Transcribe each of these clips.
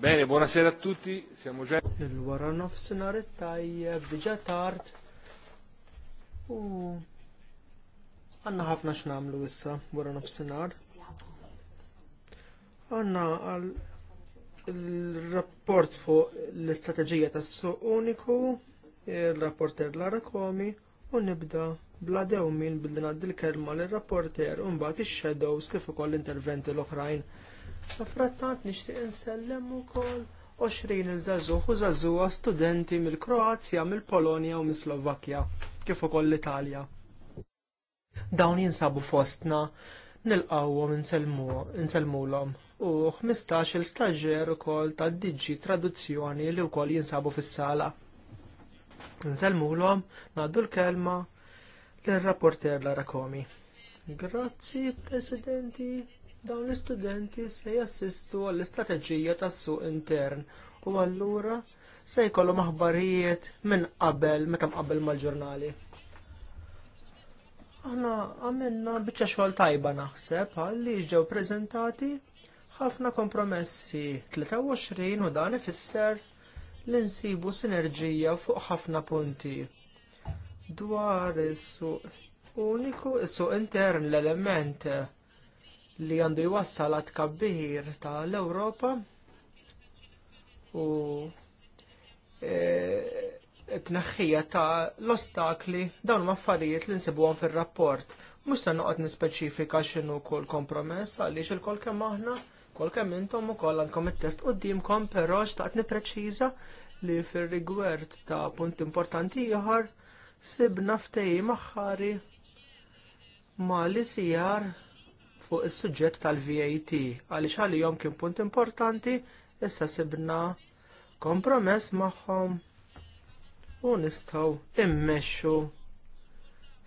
Bene, buonasera a tutti, siamo già... il Waranov Senaretta tajjeb, diġa tard, u għanna ħafna x'namlu issa wara nofsinar. Għanna il-rapport fu l-istrateġija ta' suq uniku, il-rapporter Lara Komi, u nibda bla dewmin bil-dinad l-kelma l-rapporter un bat ix-shadows kif ukoll l-interventi l-oħrajn. Safrattant nixtieq insellem ukoll 20 il-żagħżugħ u żagħżugħa studenti mill-Kroazja, mill-Polonja u mill-Slovakkja, kif ukoll l-Italja. Dawn jinsabu fostna nilqawhom insellmulhom u 15 il-staġġer ukoll ta' diġi traduzzjoni li wkoll jinsabu fis-sala. Nsellmulhom ngħaddu l-kelma lir rapporter Lara Komi. Grazzi, Presidenti dawn l-istudenti se jassistu għall-istrateġija tas-suq intern u allura se jkollhom aħbarijiet minn qabel meta mqabel mal-ġurnali. Aħna għamilna biċċa xogħol tajba naħseb għalli ġew preżentati ħafna kompromessi 23 u dan ifisser li nsibu sinerġija fuq ħafna punti dwar is-suq uniku is-suq intern l-element li għandu jwassal għat ta' tal-Ewropa u e, t-naħħija ta' l-ostakli dawn maffarijiet li nsibuhom fil-rapport. Mux sa' noqgħod nispeċifika x'inhu kull kompromess għaliex il-kol kemm aħna, kol kem intom ukoll għandkom it-test qudiemkom pero xtaqt nippreċiża li fir-rigward ta' punt importanti ieħor sibna ftehim maħħari ma' li sijar fuq is-suġġett tal-VAT għaliex għalihom kien punt importanti issa sibna kompromess magħhom u nistgħu immexxu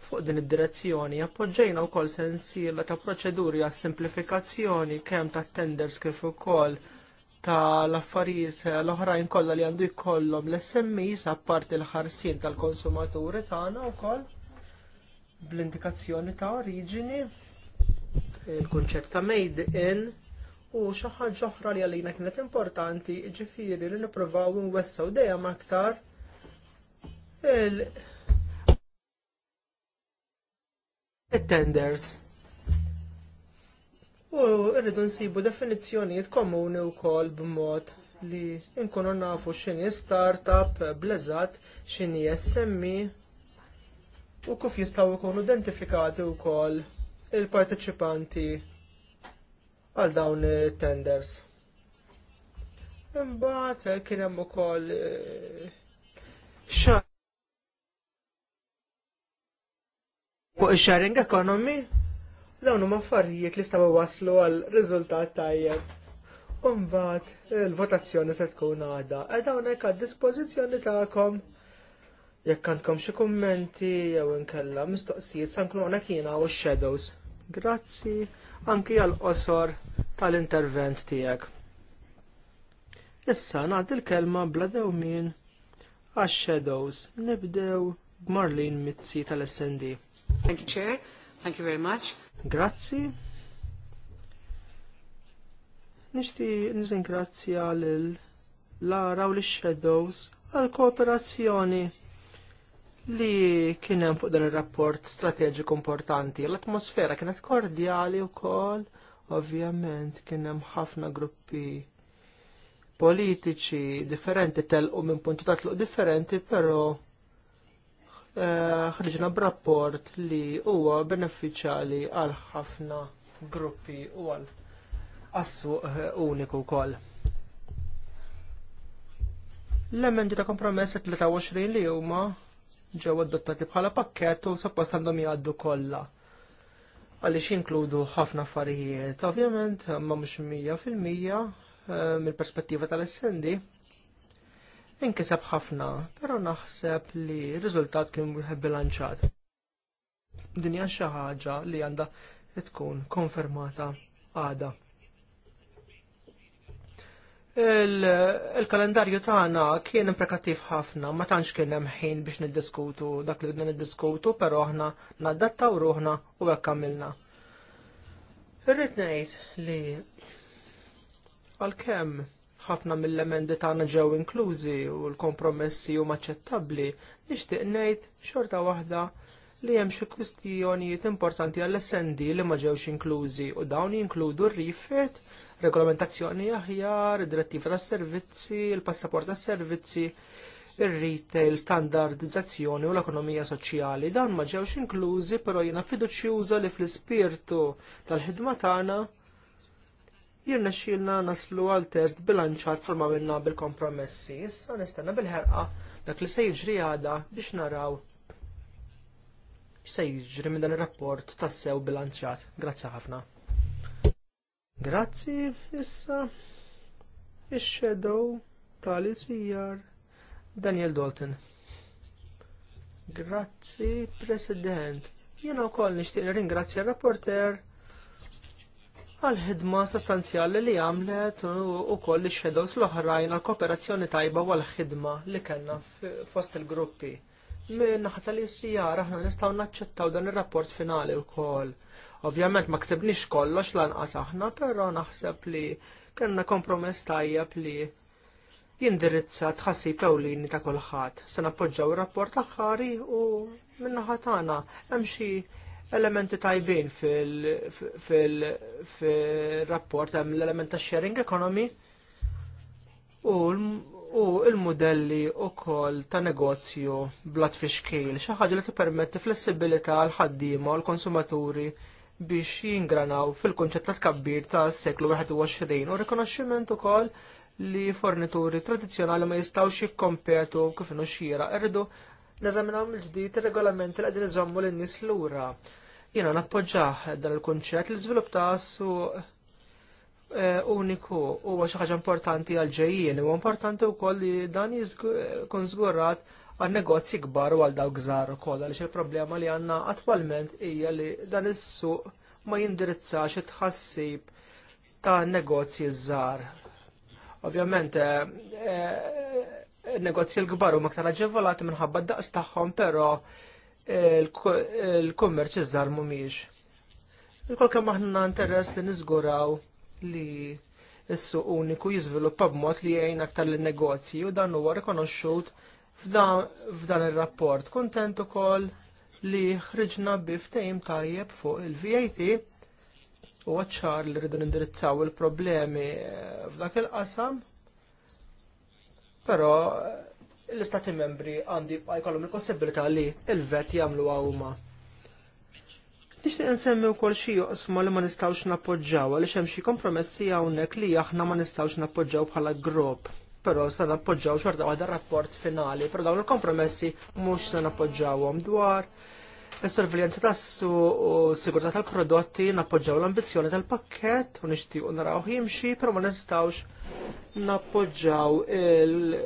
fuq din id-direzzjoni appoġġejna wkoll sensiela ta' proċeduri għas simplifikazzjoni kemm tat tenders kif ukoll tal affarijiet l-oħrajn kollha li għandu jkollhom l-SMEs apparti l ħarsien tal-konsumaturi tagħna wkoll bl-indikazzjoni ta' oriġini il-kunċett ta' made in u xi ħaġa oħra li għalina kienet importanti ġifieri li nippruvaw nwessaw dejjem aktar il tenders U rridu nsibu definizzjonijiet komuni wkoll b'mod li nkunu nafu x'inhi startup, bleżat, x'inhi SMI e, u kif jistgħu jkunu identifikati wkoll il-parteċipanti għal dawn tenders. Imbagħad eh, kien hemm ukoll eh, fuq ix-sharing economy dawn huma affarijiet li jistgħu waslu għal riżultat tajjeb. U mbagħad il-votazzjoni se tkun għadha. Qed hawnhekk għad-dispożizzjoni tagħkom jekk għandkom xi kummenti jew inkella mistoqsijiet sa nkunu hawnhekk jiena u x-shadows. Grazzi anki għal qosor tal-intervent tiegħek. Issa ngħaddi l-kelma bla dewmin għax Shadows. Nibdew Marlene Mizzi tal-SND. Thank you, Chair. Thank you very much. Grazzi. Nishti nirringrazzja lil Lara u l-Shadows għal kooperazzjoni li kien hemm fuq dan ir-rapport strateġiku importanti. L-atmosfera kienet kordjali wkoll, ovvjament kien hemm ħafna gruppi politiċi differenti telqu minn puntu ta' tluq differenti, però eh, ħriġna eh, b'rapport li huwa benefiċjali għal ħafna gruppi u għal assu eh, uniku wkoll. L-emendi ta' kompromess 23 li huma ġew adottati bħala pakkett u suppost għandhom jgħaddu kollha. Għaliex jinkludu ħafna affarijiet, ovvjament, ma mhux mija fil-mija eh, mill-perspettiva tal-essendi. Inkiseb ħafna, però naħseb li r-riżultat kien wieħed bilanċat. Dinja xi ħaġa li għandha tkun konfermata għada. Il-kalendarju tagħna kien imprekattiv ħafna, ma tantx kien hemm ħin biex niddiskutu dak li bidna niddiskutu, però aħna u ruħna u hekk għamilna. Irrid ngħid li għalkemm ħafna mill-emendi tagħna ġew inklużi u l-kompromessi huma aċċettabbli, nixtieq ngħid xorta waħda li hemm xi kwistjonijiet importanti għall essendi li ma ġewx inklużi u dawn jinkludu r-rifet regolamentazzjoni aħjar, id-direttiva tas servizzi, il-passaport tas servizzi, ir-retail, standardizzazzjoni u l-ekonomija soċjali. Dan ma ġewx inklużi, però jiena fiduċjuża li fl-ispirtu tal-ħidma tagħna jirna xilna naslu għal test bilanċar forma minna bil-kompromessi. Issa nistenna bil-ħerqa dak li se jiġri għada biex naraw x'se jiġri minn dan ir-rapport tassew bilanċat. Grazzi ħafna. Grazzi, issa, il-shadow tal-ICR Daniel Dalton. Grazzi, President. Jena u koll nishtiq ringrazzja rapporter għal-ħidma sostanzjali li għamlet u koll il-shadows l-oħrajn għal-kooperazzjoni tajba u għal-ħidma li kellna fost il-gruppi. Min naħta li s-sijara ħna nistaw naċċettaw dan il-rapport finali u kol. Ovvjament ma ksebnix kollox lanqas aħna, però naħseb li kena kompromess tajjeb li jindirizza tħassib ewlieni ta' kulħadd. Se nappoġġaw ir-rapport aħħari u minn tagħna hemm xi elementi tajbin fil-rapport hemm l-element ta' sharing economy u u il-modelli wkoll ta' negozju blat fi xkejl, xi ħaġa li permetti flessibilità għal ħaddiema u l-konsumaturi biex jingranaw fil-konċett ta' tkabbir ta' s-seklu 21 u rikonoxximent ukoll li fornituri tradizzjonali ma jistgħux jikkompetu kif inhu xira irridu neżaminaw mill-ġdid ir-regolamenti li qegħdin iżommu lin-nies lura. Jiena nappoġġaħ dan il-kunċett li żvilupp ta' suq Eh, uniku huwa xi ħaġa importanti għal ġejjien u importanti wkoll li dan jizkun eh, żgurat għal negozji kbar u għal dawk u ukoll għaliex il-problema li għandna attwalment hija li dan is-suq ma jindirizzax it-tħassib ta' negozji żgħar. Ovvjament eh, negozji l-kbar huma aktar aġevolati minħabba d-daqs tagħhom, però l-kummerċ iż-żgħar mhumiex. Il-kol kemm aħna interess li niżguraw li s-suq uniku jiżviluppa b'mod li jgħin aktar l negozji u dan huwa rikonoxxut f'dan ir-rapport. Kuntent ukoll li ħriġna biftejm tajjeb fuq il-VAT u għacċar li rridu nindirizzaw il-problemi eh, f'dak il-qasam, però eh, l-istati membri għandi jkollhom il-possibilità li il-vet jagħmlu huma. Nixtieq nsemmi wkoll xi joqsma li ma nistgħux nappoġġaw għaliex hemm xi kompromessi hawnhekk li aħna ma nistgħux nappoġġaw bħala grupp. Però se nappoġġaw xorta għada rapport finali, però dawn il-kompromessi mhux se nappoġġawhom dwar il sorveljanza tas-su u sigurtà tal-prodotti nappoġġaw l-ambizzjoni tal-pakkett u nixtiequ naraw jimxi, però ma nistgħux nappoġġaw il-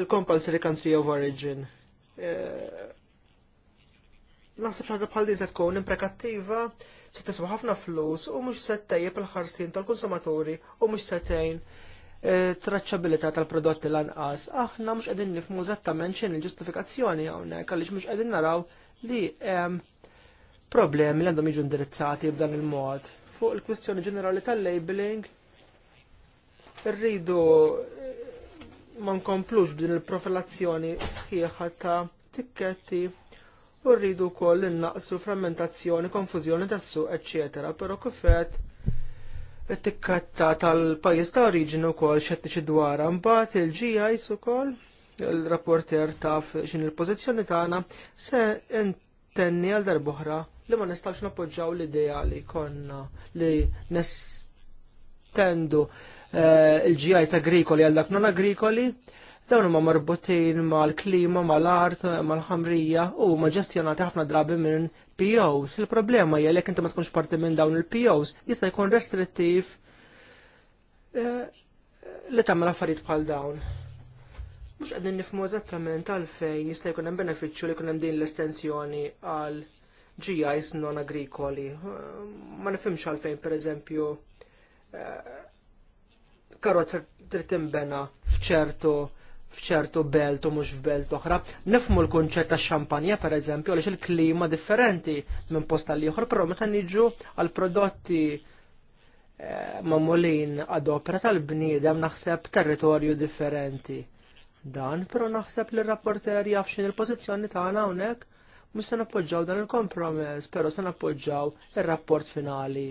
il-compulsory country of origin eh, nasib xaħda bħal din se tkun imprekattiva se tiswa ħafna flus u mhux se tejjeb il-ħarsin tal-konsumaturi u mhux se tgħin e, traċċabilità tal-prodotti lanqas. Aħna mhux qegħdin nifhmu eżattament x'in il-ġustifikazzjoni hawnhekk għaliex mhux qegħdin naraw li hemm problemi li għandhom jiġu indirizzati b'dan il-mod. Fuq il-kwistjoni ġenerali tal-labeling irridu e, ma nkomplux b'din il-profilazzjoni sħiħa ta' tikketti u rridu wkoll innaqsu frammentazzjoni, konfużjoni tas-suq, Pero però etikatta it tal-pajjiż ta' oriġinu wkoll xettiċi dwarha mbagħad il-GIs ukoll il-rapporter taf xin il-pożizzjoni tagħna se intenni għal darb'oħra li ma nistax nappoġġaw l-idea li konna li nestendu eh, il-GIs agrikoli għal dak non agrikoli dawn huma marbutin mal-klima, mal-art, mal-ħamrija u ma ġestjonati ħafna drabi minn POs. Il-problema hija jekk inti ma tkunx parti minn dawn il-POs jista' jkun restrittiv eh, li tagħmel affarijiet bħal dawn. Mhux qegħdin nifhmu eżattament għalfejn jista' jkun hemm benefiċċju li jkun hemm din l-estensjoni għal GIs non agrikoli. Ma nifhimx għalfejn pereżempju eh, karozza trid tinbena f'ċertu fċertu belt u mhux f'belt oħra. Nifmu l-kunċett tax xampanja pereżempju għaliex il-klima differenti minn posta li oħra, però meta niġu għal prodotti eh, mamulin ad opera tal-bniedem naħseb territorju differenti. Dan, però naħseb li r-rapporter jaf xin il-pozizjoni tagħna hawnhekk mhux se nappoġġaw dan il-kompromess, però se nappoġġaw ir-rapport finali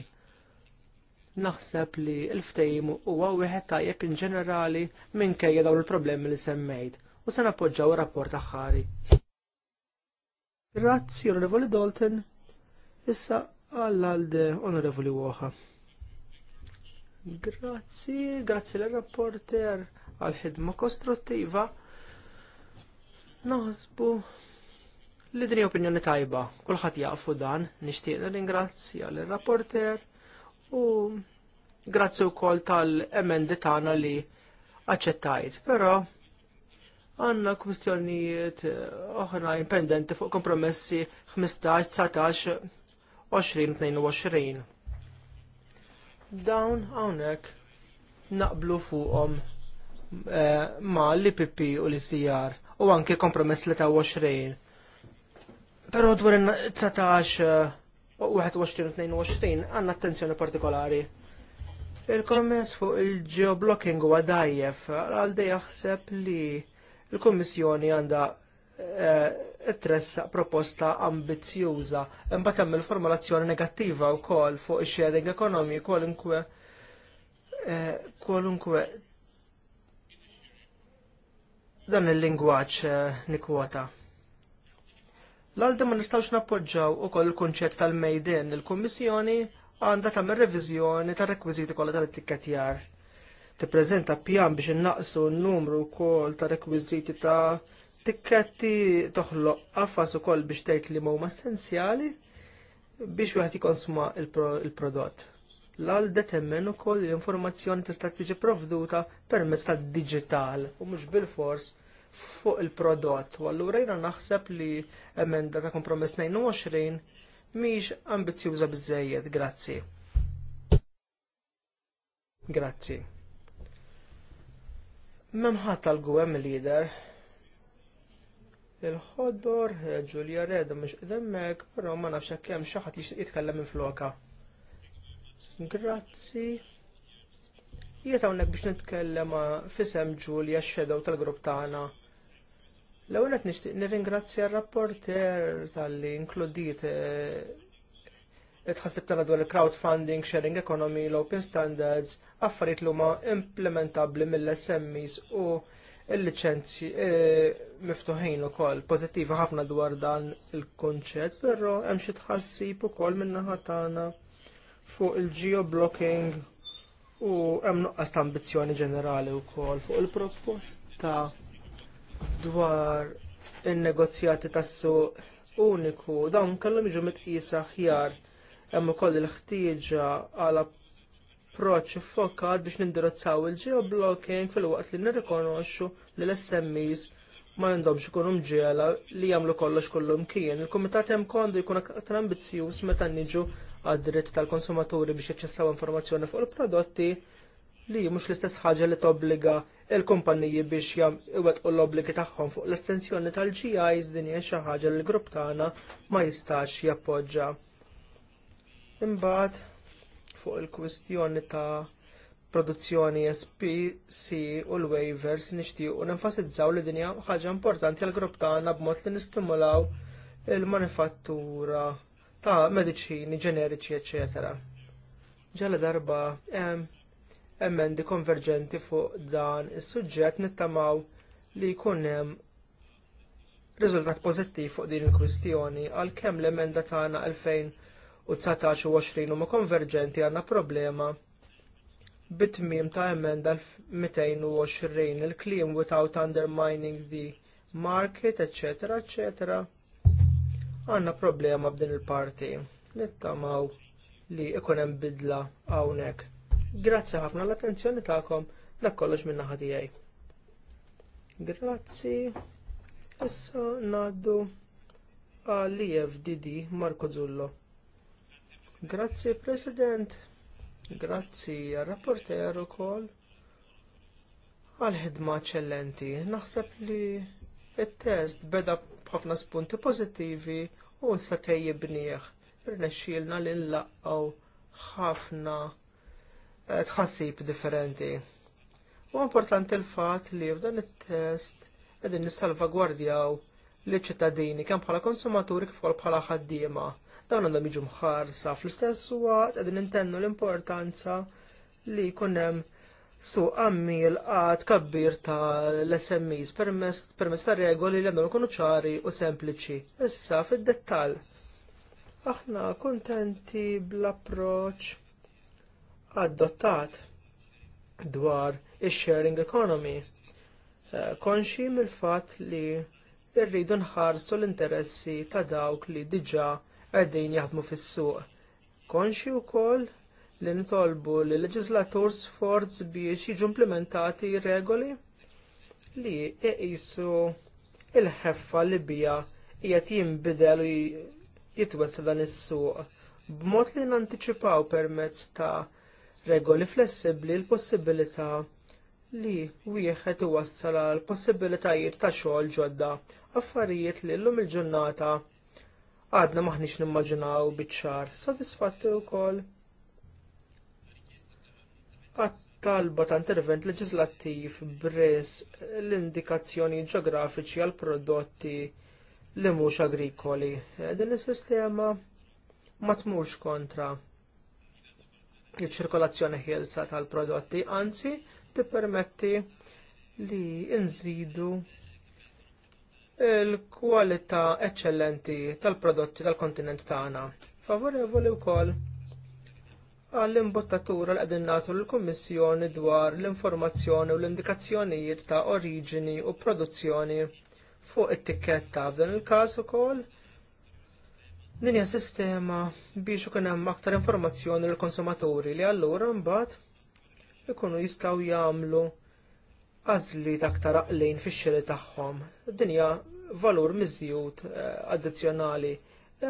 naħseb li l-ftejm huwa wieħed tajjeb in ġenerali minkejja dawn il-problemi li semmejt u se nappoġġaw ir-rapport aħħari. Grazzi Onorevoli Dalton, issa għall-għalde Onorevoli Woha. Grazzi, grazzi l-rapporter għal-ħidma kostruttiva. Naħsbu li din opinjoni tajba, kulħadd jaqfu dan, nixtieq ringrazzja l-rapporter u grazzi wkoll tal-emendi tagħna li aċċettajt. Però għandna kwistjonijiet eh, oħra impendenti fuq kompromessi 15, 19, 20, 22. Dawn hawnhekk naqblu fuqhom eh, ma l-IPP u l-ICR u anke kompromess 23. Pero dwar 19 21-22 għanna attenzjoni partikolari. Il-kommess fuq il-geoblocking huwa dajjef għal jaħseb li il-Kummissjoni għandha eh, tressa proposta ambizzjuża imbagħad hemm il-formulazzjoni negattiva wkoll fuq ix-sharing ekonomi kwalunkwe eh, kwalunkwe dan il-lingwaġġ eh, nikwota. L-għalda ma nistawx nappoġġaw u koll kunċett tal-mejden il-Kommissjoni għanda tamer revizjoni ta' rekwiziti kollha tal-etikettjar. Tippreżenta pjan biex innaqsu n-numru wkoll ta' rekwiziti ta' tikketti toħloq u ukoll biex tgħid li huma essenzjali biex wieħed jikonsma il-prodott. L-għalda u ukoll l-informazzjoni tista' tiġi provduta permezz tad-diġital u mhux bil-fors fuq il-prodott. U allura jina naħseb li emenda ta' kompromess 22 miex ambizjuża biżejjed, grazzi. Grazzi. Memħat tal-gwem lider il-ħoddor, Ġulja Reda, mux idemmek, pero ma nafxa kem xaħat li jitkellem minn floka. Grazzi. Jieta unnek biex nitkellem fisem Ġulja Shadow tal-grupp tagħna. L-ewwel nixtieq nirringrazzja r-rapporter tal-li inkludit eh, tħassib tara dwar il-crowdfunding, sharing economy, l-open standards, affarijiet li huma implementabbli mill-SMEs u l-liċenzji eh, miftuħin ukoll pożittiva ħafna dwar dan il-kunċett, però hemm xi tħassib ukoll min-naħa tagħna fuq il-geoblocking u hemm nuqqas ta' ambizzjoni ġenerali wkoll fuq il-proposta dwar in-negozjati tas-suq uniku dawn kellhom jiġu mitqisa aħjar hemm ukoll il-ħtieġa għal approċċ iffokat biex nindirizzaw il-geoblocking fil-waqt li nirrikonoxxu li l-SMEs ma għandhomx ikunu mġiela li jagħmlu kollox kullum kien. Il-Kumitat hemm kondu jkun aktar ambizzjuż meta niġu għad-dritt tal-konsumaturi biex jaċċessaw informazzjoni fuq il-prodotti li mhux l-istess ħaġa li tobbliga il-kumpaniji biex iwettqu l-obbligi tagħhom fuq l-estensjoni tal-GIs din hija xi ħaġa li l-grupp tagħna ma jistax jappoġġa. Imbagħad fuq il-kwistjoni ta' produzzjoni SPC u l-waivers nixtiequ nenfasizzaw li dinja ħaġa importanti għall grupp tagħna b'mod li nistimulaw il-manifattura ta' mediċini ġeneriċi, eċetera. Ġala darba emendi konverġenti fuq dan is-suġġett nittamaw li jkun hemm riżultat pożittiv fuq din il-kwistjoni għalkemm l-emenda tagħna 2019 u 20 huma konverġenti għandna problema bit-tmiem ta' emenda 220 il kliem without undermining the market, etc. etc. Għanna problema b'din il-parti. Nittamaw li ikun hemm bidla hawnhekk. Grazzi ħafna l-attenzjoni tagħkom dak kollox minn naħa tiegħi. Grazzi. Issa ngħaddu għal FDD Marco Zullo. Grazzi President. Grazzi għal-rapporter ukoll għal-ħidma eċċellenti. Naħseb li t test beda b'ħafna spunti pożittivi u issa tejjibnieh. Irnexxielna li nlaqqgħu ħafna Eh, tħassib differenti. U importanti l-fat li f'dan it-test qegħdin nissalvagwardjaw li ċittadini kemm bħala konsumaturi kif bħala ħaddiema. Dawn għandhom jiġu mħarsa fl-istess waqt qegħdin intennu l-importanza li jkun hemm su għammi l għad kabbir ta' l-SMEs permess ta' regoli li għandhom ikunu ċari u sempliċi. Issa fid-dettall. Aħna kontenti bl-approċ adottat dwar is-sharing economy. Eh, konxi mill-fatt li rridu nħarsu l-interessi ta' dawk li diġà qegħdin jaħdmu fis-suq. Konxi wkoll li nitolbu li leġislatur sforz biex jiġu implementati regoli li jqisu l ħeffa li bija qiegħed jinbidel u jitwessa dan is-suq b'mod li nantiċipaw permezz ta' regoli flessibbli l-possibilità li wieħed iwassal għal possibilitajiet ta' xogħol ġodda, affarijiet li llum il-ġurnata għadna maħniex nimmaġinaw biċ-ċar, sodisfatti wkoll talba ta' intervent leġislattiv bres l-indikazzjoni ġeografiċi għal prodotti li mhux agrikoli. Din is-sistema ma tmurx kontra ċirkolazzjoni ħielsa tal-prodotti, anzi tippermetti li nżidu il-kwalità eċċellenti tal-prodotti tal-kontinent tagħna. Favorevoli wkoll għall-imbottatura li qegħdin nagħtu lill-Kummissjoni dwar l-informazzjoni u l-indikazzjonijiet ta' oriġini u produzzjoni fuq it-tikketta f'dan il-każ ukoll Din hija sistema biex ikun hemm aktar informazzjoni lill konsumaturi li allura mbagħad ikunu jistgħu jagħmlu għażliet aktar aqlejn fix-xiri tagħhom. Dinja valur miżjud eh, addizzjonali.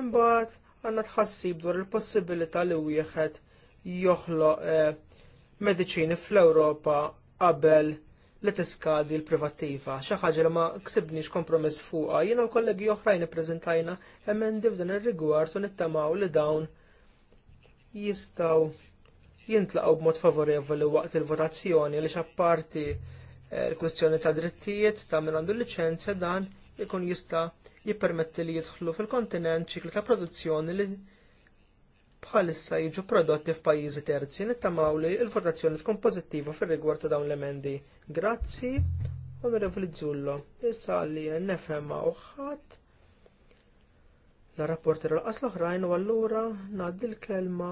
Imbagħad għandna tħassib dwar il-possibilità li wieħed joħloq eh, mediċini fl-Ewropa qabel li tiskadi l-privattiva. Xi ħaġa li ma ksibniex kompromess fuqha, jiena u kollegi oħrajn ippreżentajna emendi f'dan ir-rigward u nittamaw li dawn jistgħu jintlaqgħu b'mod favorevoli waqt il-votazzjoni għaliex apparti eh, l-kwistjoni ta' drittijiet ta' min għandu liċenzja dan ikun jista' jippermetti li jidħlu fil-kontinent ċikli ta' produzzjoni li bħalissa jiġu prodotti f'pajjiżi terzi nittamaw li l-votazzjoni tkun pożittiva fir-rigward ta' dawn l-emendi. Grazzi, Onorevoli Zullo, issa li nefhem ħadd la rapporti raqqas l-oħrajn u allura ngħaddi l-kelma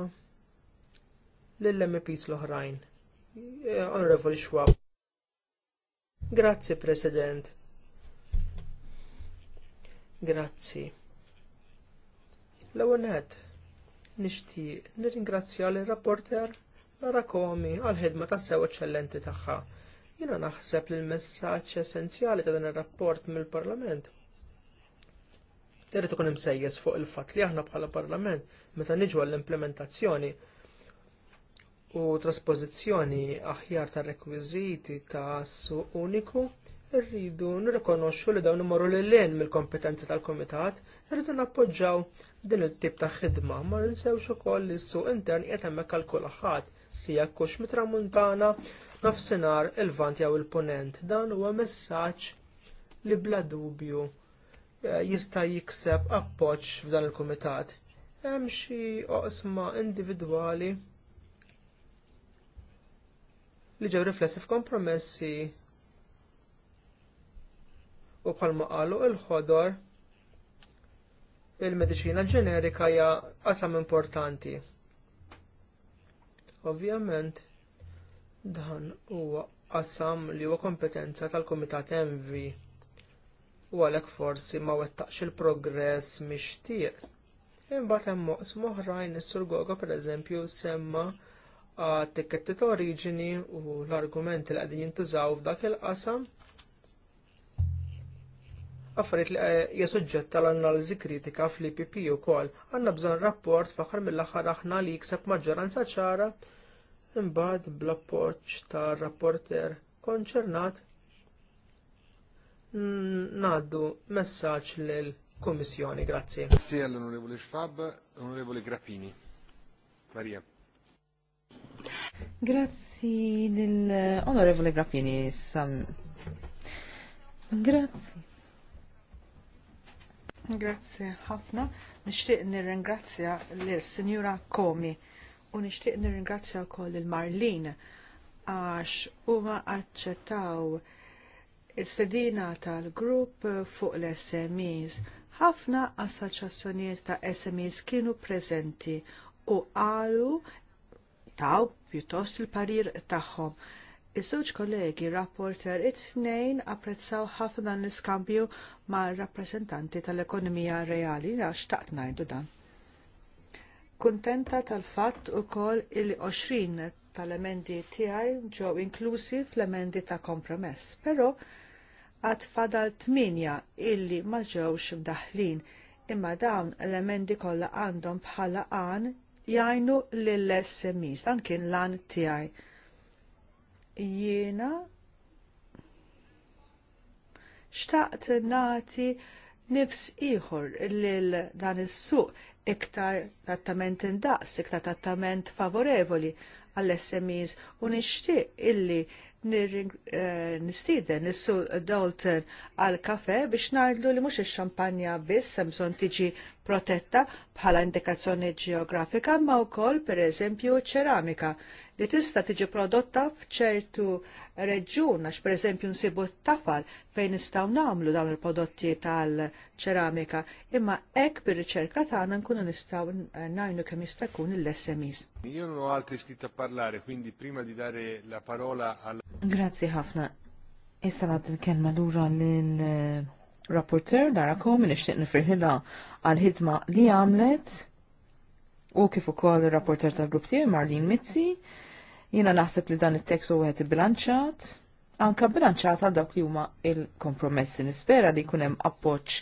lill-MPs l-oħrajn. Honorable eh, Schwab. Grazzi, President. Grazzi. L-ewwel nixtieq nirringrazzja l rapporter Lara Komi għal-ħidma ta' sew eċċellenti tagħha. Jiena naħseb li l-messaġġ essenzjali ta' dan ir-rapport mill-Parlament Irrid ikun imsejjes fuq il-fatt li aħna bħala Parlament meta niġu għall-implementazzjoni u traspożizzjoni aħjar tar rekwiżiti ta' suq uniku, rridu nirrikonoxxu li dawn imorru lil lejn mill-kompetenzi tal-Kumitat, irridu nappoġġaw din it-tip ta' ħidma ma ninsewx ukoll li s-suq intern qed hemmhekk għal kulħadd sija kux mitramuntana nofsinhar il-vant jew il-punent. Dan huwa messaġġ li bla dubju Eh, jista' jikseb appoġġ f'dan il-kumitat. Hemm xi oqsma individwali li ġew riflessi f'kompromessi u bħalma qalu il-ħodor il-mediċina ġenerika hija qasam importanti. Ovvjament, dan huwa qasam li huwa kompetenza tal-Kumitat Envi u għalhekk forsi ma wettaqx il-progress mixtieq. Imbagħad hemm moqs moħrajn is-Sur Goga pereżempju semma tikketti ta' oriġini u l-argumenti li qegħdin jintużaw f'dak il-qasam affarijiet li eh, hija suġġett tal-analiżi kritika fl-IPP ukoll. Għandna bżonn rapport fl-aħħar mill-aħħar aħna li jikseb maġġoranza ċara imbagħad bl-appoġġ tar-rapporter konċernat naddu messaġġ l Kummissjoni, grazie. Grazie all'onorevole Schwab, onorevole Grappini. Maria. Grazzi lill Grappini. Sam... Grazzi. Grazie ħafna. Nixtieq nirringrazzja lill-Sinjura Komi u nixtieq nirringrazzja wkoll il-Marlin għax huma aċċettaw il-stedina tal-grupp fuq l-SMEs. Ħafna assoċjazzjonijiet ta' SMEs kienu prezenti u qalu taw pjuttost il-parir tagħhom. Iż-żewġ kollegi rapporter it-tnejn apprezzaw ħafna l-iskambju ma' rappresentanti tal-ekonomija reali għax taqt ngħidu dan. Kuntenta tal-fatt ukoll il-20 tal-emendi tiegħi ġew inklużi fl-emendi ta' kompromess, però għad fadal tminja illi ma ġewx mdaħlin imma dawn l-emendi kollha għandhom bħala għan jgħinu lill-SMEs, dan kien l-għan tijaj. Jiena xtaqt nati nifs ieħor lil dan is-suq iktar trattament indaqs, iktar trattament favorevoli għall-SMEs u nixtieq illi Eh, nistieden nissu Dalton għal kafe biex najdlu li mhux ix-xampanja biss hemm tiġi protetta bħala indikazzjoni ġeografika ma wkoll pereżempju ċeramika li tista' tiġi prodotta f'ċertu reġjun għax pereżempju nsibu t-tafal fejn nistgħu nagħmlu dawn il-prodotti tal-ċeramika, imma hekk bir-riċerka tagħna nkunu nistgħu ngħinu kemm jista' jkun l-SMEs. Io non ho altri iscritti a parlare, quindi prima di dare la parola alla Grazzi ħafna. Issa nagħti il kelma lura lil rapporter Lara Komi nixtieq nifirħilha għall ħidma li għamlet u kif ukoll ir-rapporter tal-grupp tiegħi Marlin Mizzi Jiena naħseb li dan it-tekst u għet bilanċat, anka bilanċat għal dawk li huma il-kompromessi. Nispera li jkun hemm appoġġ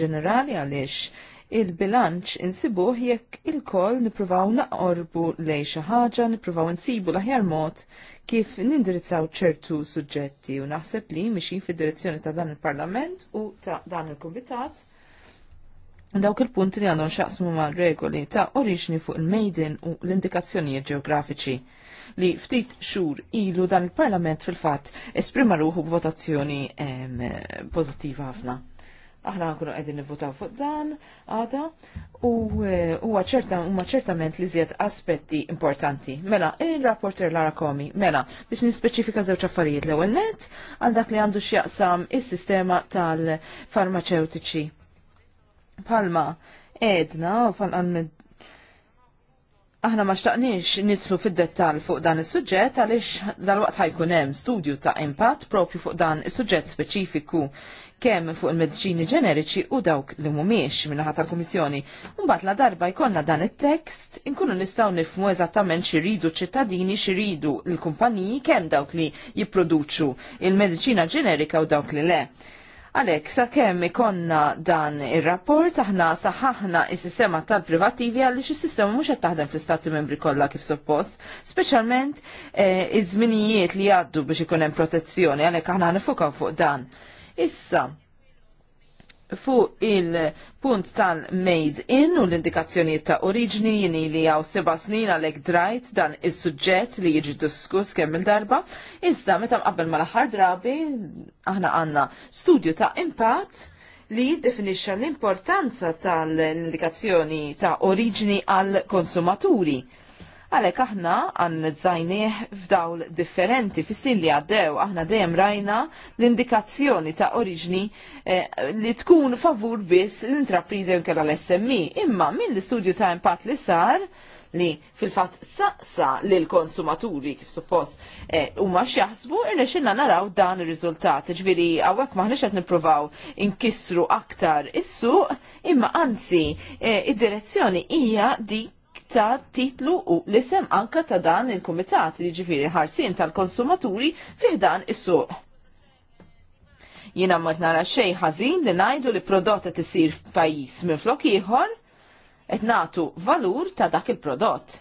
ġenerali għaliex il-bilanċ insibuh jekk il kol nipruvaw naqorbu lej xi ħaġa, nipruvaw insibu l-aħjar mod kif nindirizzaw ċertu suġġetti u naħseb li mixin fid-direzzjoni ta' dan il-Parlament u ta' dan il-Kumitat dawk il-punti li għandhom xaqsmu ma' regoli ta' oriġni fuq il-mejden u l-indikazzjonijiet ġeografiċi li ftit xur ilu dan il-Parlament fil-fatt esprima ruħu b'votazzjoni pozittiva ħafna aħna nkunu qegħdin nivvotaw fuq dan għada u e, huwa ċerta huma ċertament li zjed aspetti importanti. Mela, il-rapporter Lara Komi, mela, biex nispeċifika żewġ affarijiet l-ewwel net għal dak li għandu x'jaqsam is-sistema tal-farmaceutiċi palma edna u palma aħna ma xtaqniex nitlu fid-dettal fuq dan is-suġġett għaliex dal-waqt ħajkun hemm studju ta' impatt propju fuq dan is-suġġett speċifiku kemm fuq il-mediċini ġeneriċi u dawk li mhumiex minnaħa tal-Kummissjoni. Mbagħad la darba jkollna dan it-tekst inkunu nistgħu nifhmu eżattament xiridu ċittadini xiridu l-kumpaniji kemm dawk li jipproduċu il-mediċina ġenerika u dawk li le. Għalek, sa' kemm ikonna dan il-rapport, aħna saħħaħna il-sistema tal-privativi għalli xis sistema mhux qed taħdem fl-istati membri kollha kif suppost, specialment eh, iż-żminijiet li għaddu biex ikun hemm protezzjoni, għalek aħna nifukaw fuq dan. Issa, fuq il-punt tal-made in u l indikazzjoni ta' oriġni jini li għaw seba snin għalek drajt dan is suġġett li jiġi diskus kemm il-darba, iżda meta mqabbel mal-aħħar drabi aħna għanna studju ta' impatt li jiddefinixxa l-importanza tal-indikazzjoni ta' oriġni għal konsumaturi. Għalek aħna għannizzajnieh f'dawl differenti, fis-sin li għaddew aħna dejjem rajna l-indikazzjoni ta' oriġni eh, li tkun favur biss l-intrapriżi nkella l-SMI. Imma minn l-istudju ta' impatt li sar, li fil-fat saqsa l konsumaturi kif suppost eh, huma eh, x'jaħsbu irna xinna naraw dan ir-riżultat. Ġifieri hawnhekk maħniex qed nippruvaw inkissru aktar is-suq, imma anzi eh, id-direzzjoni hija dik ta' titlu u l-isem anka ta' dan il-Kumitat li ġifiri ħarsin tal-konsumaturi fiħdan is-suq. Jina mort nara xej ħażin li najdu li prodott qed tisir f'pajjiż minn flok ieħor qed nagħtu valur ta' dak il-prodott.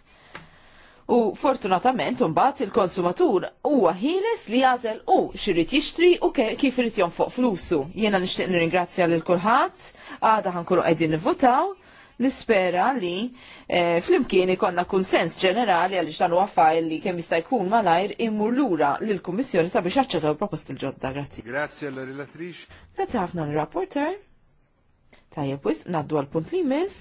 U fortunatament imbagħad il-konsumatur huwa ħieles li jażel u x'irid jixtri u kif irid jonfoq flusu. Jiena nixtieq nirringrazzja lil kulħadd, għada ħankunu qegħdin nivvutaw Nispera li eh, flimkien ikonna konsens ġenerali għaliex dan u fajl li kemm jista' jkun malajr immur lura lill kummissjoni sabiex jaċċettaw proposti l-ġodda. Grazzi. Grazie għall relatrix Grazie ħafna l-rapporter. Tajjeb wis naddu għal punt li mis.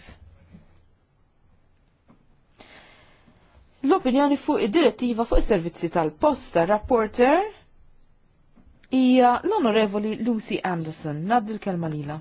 L-opinjoni fuq id-direttiva fuq is-servizzi tal-posta rapporter hija l-Onorevoli Lucy Anderson. Naddu l-kelma lila.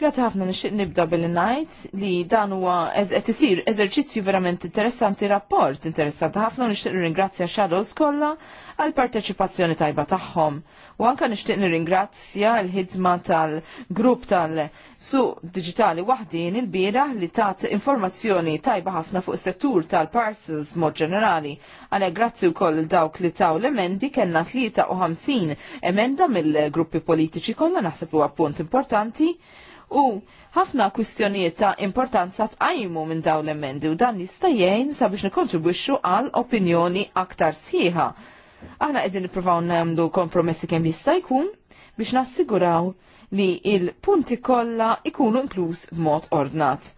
Grazzi ħafna nixtieq nibda bil ngħid li dan huwa qed isir eżerċizzju verament interessanti rapport interessanti ħafna u nixtieq nirringrazzja Shadows kollha għal parteċipazzjoni tajba tagħhom. U anke nixtieq nirringrazzja l-ħidma tal-grupp tal-suq diġitali waħdin il-bieraħ li tat informazzjoni tajba ħafna fuq settur tal-parcels mod ġenerali. Għalhekk grazzi wkoll dawk li taw l-emendi kellna 53 emenda mill-gruppi politiċi kollha naħseb huwa punt importanti U ħafna kwistjonijiet ta' importanza tqajmu minn dawn l-emendi u dan jista' jgħin sabiex nikkontribwixxu għal opinjoni aktar sħiħa. Aħna qegħdin nippruvaw nagħmlu kompromessi kemm jista' jkun biex nassiguraw li il-punti kollha ikunu inkluż b'mod ordnat.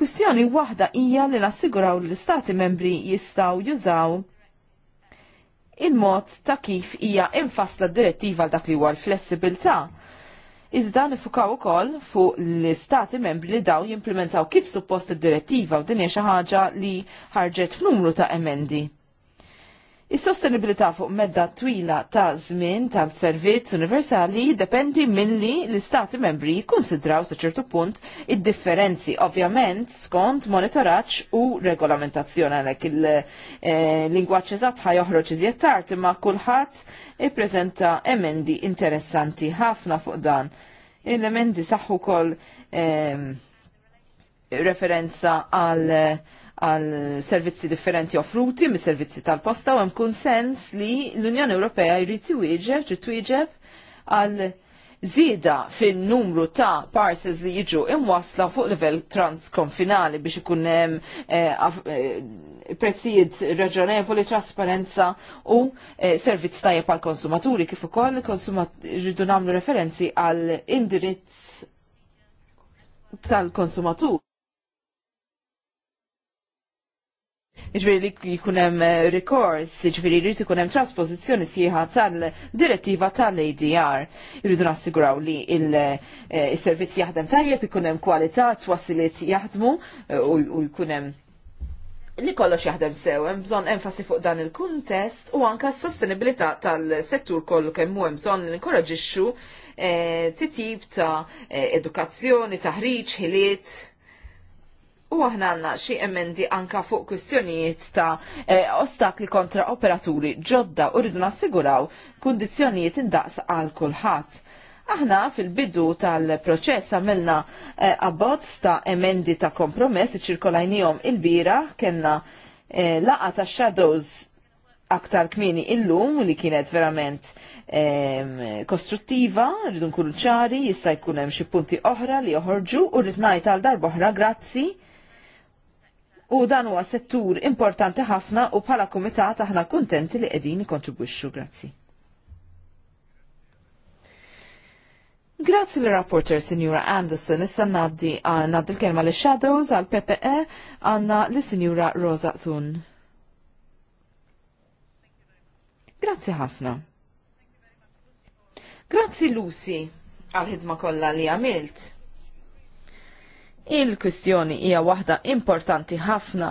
Kwistjoni waħda hija li nassiguraw li l-istati membri jistgħu jużaw il-mod ta' kif hija infasla d direttiva dak li huwa l-flessibilità iżda nifukaw ukoll fuq l-istati membri li daw jimplementaw kif suppost id-direttiva u din hija xi ħaġa li ħarġet f'numru ta' emendi. Is-sostenibilità fuq medda twila ta' żmien tal-servizz universali jiddependi milli l-istati membri jikkonsidraw sa ċertu punt id-differenzi ovvjament skont monitoraċ u regolamentazzjoni għalhekk il-lingwaġġ eh, eżatt ħaj joħroġ iżjed tard imma kulħadd ippreżenta emendi interessanti ħafna fuq dan. Il-emendi saħħu kol eh, referenza għal għal servizzi differenti offruti mis servizzi tal-posta u hemm kunsens li l-Unjoni Ewropea jrid twieġeb trid twieġeb għal zieda fin-numru ta' parses li jiġu imwasla fuq livell transkonfinali biex ikun hemm eh, eh, prezzijiet raġonevoli, trasparenza u eh, servizz tajjeb għal konsumaturi kif ukoll rridu nagħmlu referenzi għal indirizz tal-konsumatur Ġviri li kunem eh, rekors, ġviri li kunem transpozizjoni sieħa tal-direttiva tal-ADR. Rridu nassiguraw li eh, il-servizz jaħdem tajjeb, jkunem kwalità, twasilit jaħdmu eh, u jkunem li kollox jaħdem sew, hemm bżonn enfasi fuq dan il-kuntest u anka s-sostenibilità tal-settur kollu kemm hu hemm bżonn inkoraġixxu titjib ta' edukazzjoni, taħriġ, ħiliet, U aħna għanna xie emendi anka fuq kwistjonijiet ta' eh, ostakli kontra operaturi ġodda u rridu nassiguraw kondizjonijiet indaqs għal kulħadd. Aħna fil-bidu tal-proċess għamilna eh, abbozz ta' emendi ta' kompromess ċirkolajnijom il-bira kena eh, laqa ta' shadows aktar kmini illum li kienet verament kostruttiva, rridu nkunu ċari, jista' jkun hemm xi punti oħra li joħorġu u rrid ngħid għal darba oħra grazzi U dan huwa settur importanti ħafna u bħala kumitat aħna kuntenti li qegħdin ikontribwixxu. Grazzi. Grazzi l rapporter Sinjura Anderson, issa naddi ah, naddi l-kelma li Shadows għal PPE għanna li Sinjura Rosa Thun. Grazzi ħafna. Grazzi Lucy għal-ħidma kollha li għamilt. Il-kwistjoni hija waħda importanti ħafna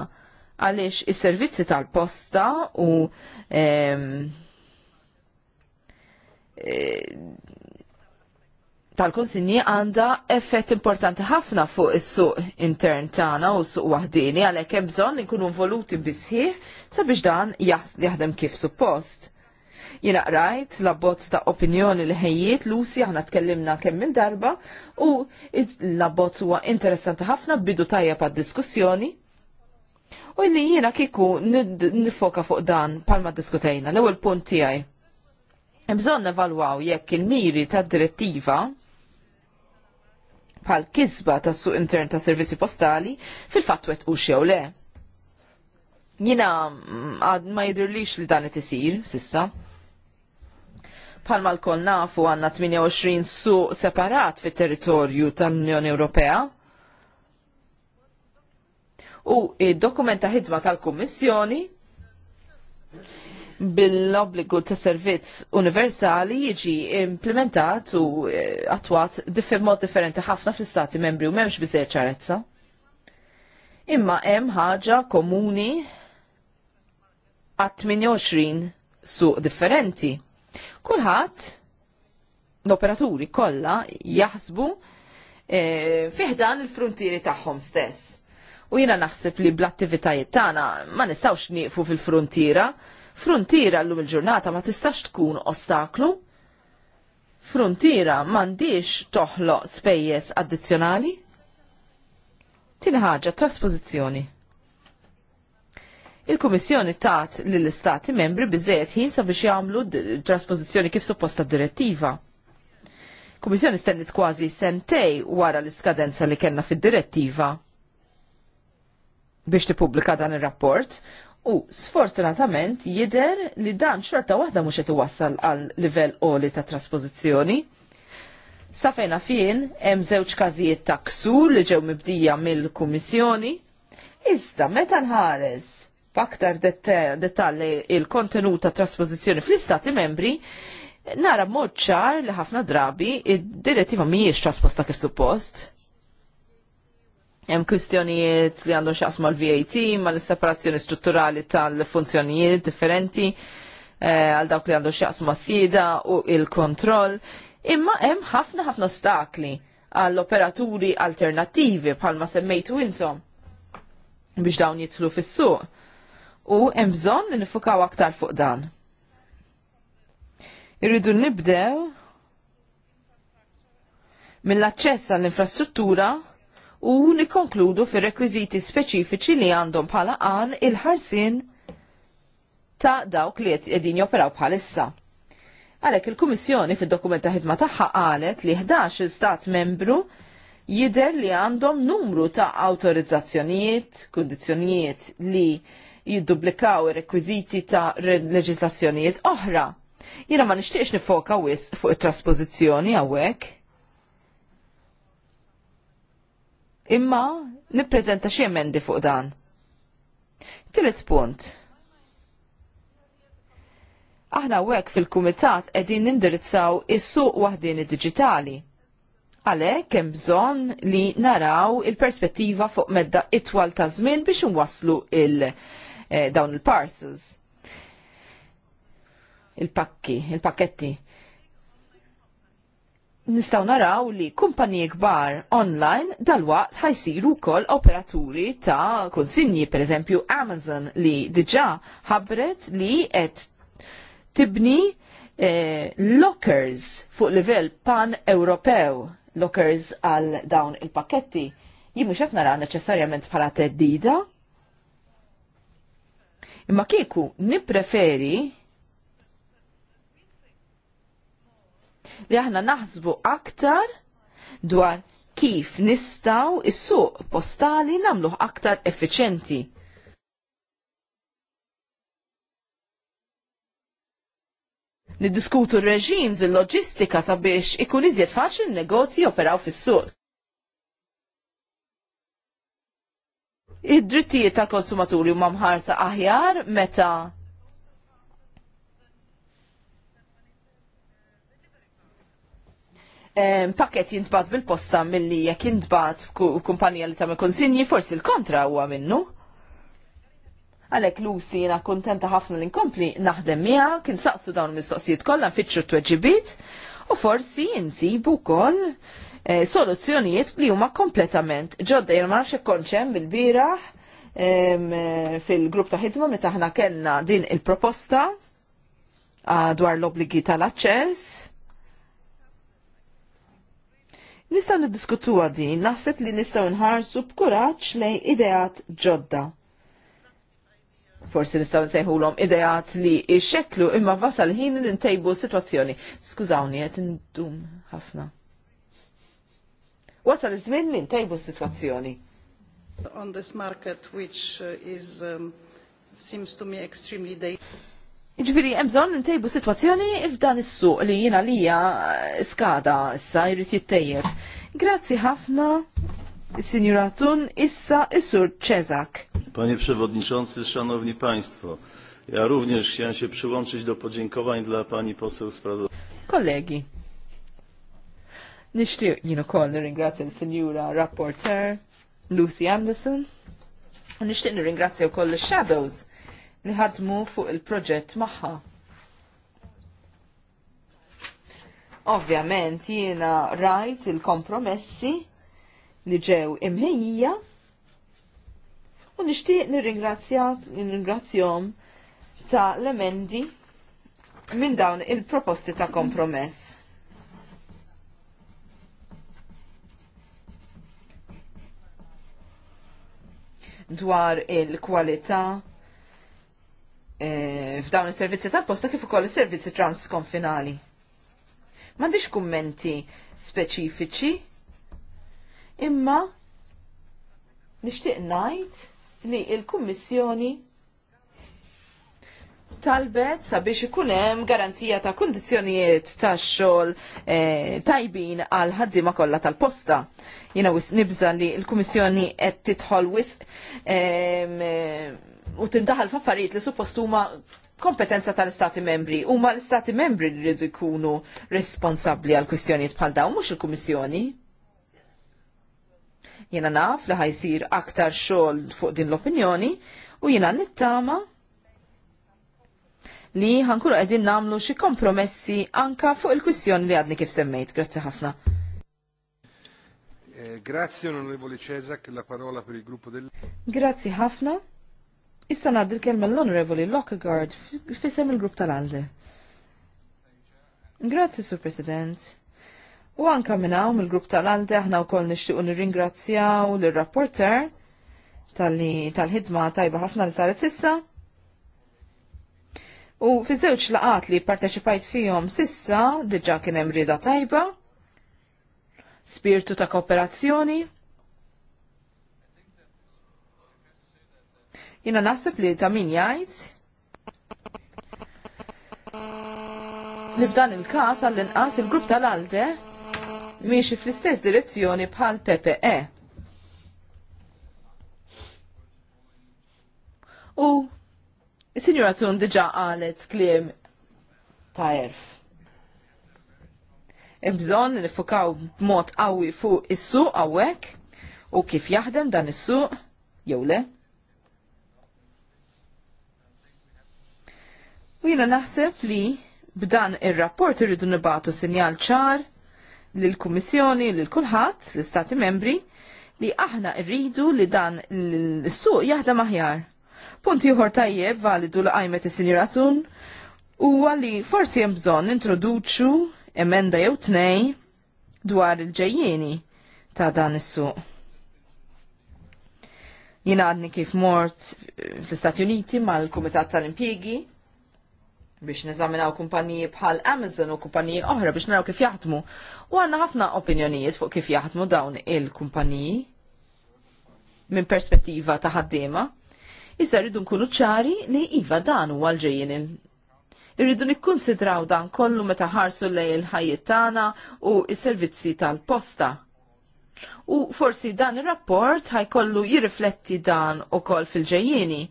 għaliex is-servizzi tal-posta u um, e, tal-konsinji għanda effett importanti ħafna fuq is-suq intern tagħna u suq waħdini għalhekk hemm bżonn inkunu involuti bisħieħ sabiex dan jaħdem kif suppost. Jina rajt l-abbozz ta' opinjoni li ħejjiet Lucy aħna tkellimna kemm minn darba u la abbozz huwa interessanti ħafna bidu tajja pa' diskussjoni. U li jina kiku nifoka fuq dan palma diskutejna l-ewwel punt tiegħi. Bżonn nevalwaw jekk il-miri tad direttiva pal kisba tas suq intern ta' servizzi postali fil-fatt wet u xew le. Jina mm, ma jidrlix li dan it-isir, sissa. Palma l koll nafu għanna 28 suq separat fit territorju tal-Unjoni Ewropea. U id-dokumenta ħidma tal-Kummissjoni bil-obbligu ta' servizz universali jiġi implementat u eh, differ mod differenti ħafna fl-istati membri u memx bizzej ċarezza. Imma hemm ħaġa komuni għat 28 suq differenti. Kulħadd l-operaturi kollha jaħsbu e, eh, fiħdan il-frontieri tagħhom stess. U jiena naħseb li bl-attivitajiet tagħna ma nistgħux nieqfu fil-frontiera. Frontiera llum il-ġurnata ma tistax tkun ostaklu. Frontiera m'għandix toħloq spejjeż addizzjonali. Tieni ħaġa, traspożizzjoni Il-Kummissjoni tat lill-Istati membri biżejjed ħin sabiex jagħmlu trasposizzjoni kif supposta direttiva. Kummissjoni stennit kważi sentej wara l-iskadenza li kellna fid-direttiva biex tippubblika dan ir-rapport u sfortunatament jidher li dan xorta waħda mhux qed iwassal għal livell qoli ta' trasposizzjoni. Sa fejna fien hemm żewġ każijiet ta' ksur li ġew mibdija mill-Kummissjoni. Iżda meta nħares b'aktar dettalli il-kontenut ta' trasposizjoni fl-istati membri, nara b'mod ċar li ħafna drabi id-direttiva mhijiex trasposta kif suppost. Hemm kwistjonijiet li għandhom x'aqs mal-VAT, mal-separazzjoni strutturali tal-funzjonijiet differenti eh, għal dawk li għandhom x'aqs mas-sieda u il-kontroll. Imma hemm ħafna ħafna ostakli għall operaturi alternattivi bħalma semmejtu intom biex dawn jitlu fis-suq u hemm bżonn li nifukaw aktar fuq dan. Irridu nibdew mill-aċċess għall-infrastruttura u nikkonkludu fir rekwiżiti speċifiċi li għandhom bħala għan il-ħarsin ta' dawk li qegħdin joperaw bħalissa. Għalhekk il-Kummissjoni fid-dokument ta' ħidma tagħha qalet li 11 stat membru jidher li għandhom numru ta' awtorizzazzjonijiet, kundizzjonijiet li jiddublikaw ir-rekwiżiti ta' leġislazzjonijiet oħra. Jiena ma nixtieqx nifoka wis fuq it-traspożizzjoni hawnhekk. Imma nippreżenta xi emendi fuq dan. Tilet punt. Aħna hekk fil-kumitat qegħdin nindirizzaw is-suq waħdin id-diġitali. Għalhekk hemm bżonn li naraw il-perspettiva fuq medda itwal ta' żmien biex nwaslu il- eh, dawn il-parcels. Il-pakki, il-pakketti. Nistaw naraw li kumpaniji kbar online dal-waqt ħajsiru kol operaturi ta' konsigni, per eżempju Amazon li diġa ħabret li qed tibni eh, lockers fuq livell pan-Ewropew lockers għal dawn il-pakketti, jimmu xef nara neċessarjament bħala teddida, Imma kieku nippreferi li aħna naħsbu aktar dwar kif nistaw is-suq postali namluħ aktar effiċenti. Niddiskutu r-reġims il-loġistika sabiex ikun iżjed faċli n-negozji operaw fis-suq. id-drittijiet tal-konsumaturi huma mħarsa aħjar meta pakket jintbat bil-posta mill-li jek jintbat kumpanija li tamme konsinji, forsi l-kontra huwa minnu. Għalek Lucy jina kontenta ħafna l-inkompli naħdem miegħek, kien saqsu dawn mistoqsijiet kollha nfittxu t-tweġibiet u forsi jinsibu koll Eh, soluzzjonijiet li huma kompletament ġodda jien ma nafx bil-bieraħ eh, fil-grupp ta' ħidma meta aħna kellna din il-proposta ah, dwar l-obbligi tal-aċċess. Nista' niddiskutuha din, naħseb li nistgħu nħarsu b'kuraġġ lejn ideat ġodda forsi nistaw nsejħulhom ideat li xeklu imma wasal ħin li ntejbu situazzjoni. Skużawni, qed indum ħafna. Wasal iż-żmien li ntejbu s-sitwazzjoni. On this market which uh, is um, seems to me extremely dangerous. Ġviri, emżon ntejbu situazzjoni f'dan is-suq li jina li lija skada issa jrid jittejjeb. Grazzi ħafna, Signora Tun, issa is-sur Czezak. Panie Przewodniczący, Szanowni Państwo, ja również chciałem się przyłączyć do podziękowań dla Pani Poseł Sprawozdawcy. Kolegi, Nishtiq jien ukoll nirringrazzja l-Sinjura Rapporter Lucy Anderson. U nixtieq nirringrazzja wkoll ix-Shadows li ħadmu fuq il-proġett magħha. Ovvjament jiena rajt il-kompromessi li ġew imħejja u nixtieq nirringrazzja nirringrazzjom ta' l-emendi minn dawn il-proposti ta' kompromess dwar il-kwalità eh, f'dawn is-servizzi tal-posta kif ukoll is-servizzi transkonfinali. M'għandix kummenti speċifiċi, imma nixtieq ngħid li l-Kummissjoni talbet sabiex ikun hemm garanzija ta' kundizzjonijiet tax-xogħol eh, tajbin għal ħaddiema kollha tal-posta. Jiena wis nibża li l-Kummissjoni qed tidħol wisq u tindaħal f'affarijiet li suppost huma kompetenza tal-Istati membri. Huma l-Istati membri li rridu jkunu responsabbli għal kwistjonijiet bħal dawn mhux il-Kummissjoni. Jiena naf li ħajsir aktar xogħol fuq din l-opinjoni u jiena nittama' li ħankunu qegħdin nagħmlu xi kompromessi anka fuq il-kwistjoni li għadni kif semmejt. Grazzi ħafna. Eh, grazie Onorevoli Cesak, la parola per il gruppo del... Grazie ħafna. Issa ngħaddi l-kelma l-onorevoli Lockegard fisem il-grupp tal-Alde. Grazie, Sur President. U anka u mill-grupp tal-Alde aħna wkoll nixtiequ nirringrazzjaw lir rapporter tal-ħidma tajba ħafna li saret sissa U fi żewġ laqat li parteċipajt fihom sissa diġà kien hemm rieda tajba, spirtu ta' kooperazzjoni. Jina naħseb li ta' min jgħid li f'dan il-każ għall-inqas il-grupp tal-Alde miexi fl-istess direzzjoni bħal PPE. U Signora sinjura Tun diġa qalet kliem ta' erf. Imbżon nifukaw b'mod qawwi fuq is-suq hawnhekk u kif jaħdem dan is-suq jew le. U jina naħseb li b'dan ir-rapport irridu nibatu sinjal ċar lill-Kummissjoni, lil kulħadd, l-Istati Membri, li aħna rridu li dan l-suq jaħdem aħjar. Punti uħor tajjeb validu li għajmet is-sinjura u għalli forsi hemm bżonn introduċu emenda jew tnej dwar il-ġejjieni ta' dan is-suq. Jina għadni kif mort fl-Istati Uniti mal-Kumitat tal-Impjegi biex neżaminaw kumpaniji bħal Amazon u kumpaniji oħra biex naraw kif jaħdmu. U għanna ħafna opinjonijiet fuq kif jaħdmu dawn il-kumpaniji minn perspettiva ta' ħaddiema. Iżda rridu nkunu ċari li iva dan huwa l-ġejjin irridu nikkunsidraw dan kollu meta ħarsu lej il ħajjiet tagħna u s-servizzi tal-posta. U forsi dan ir-rapport ħajkollu jirrifletti dan ukoll fil-ġejjieni.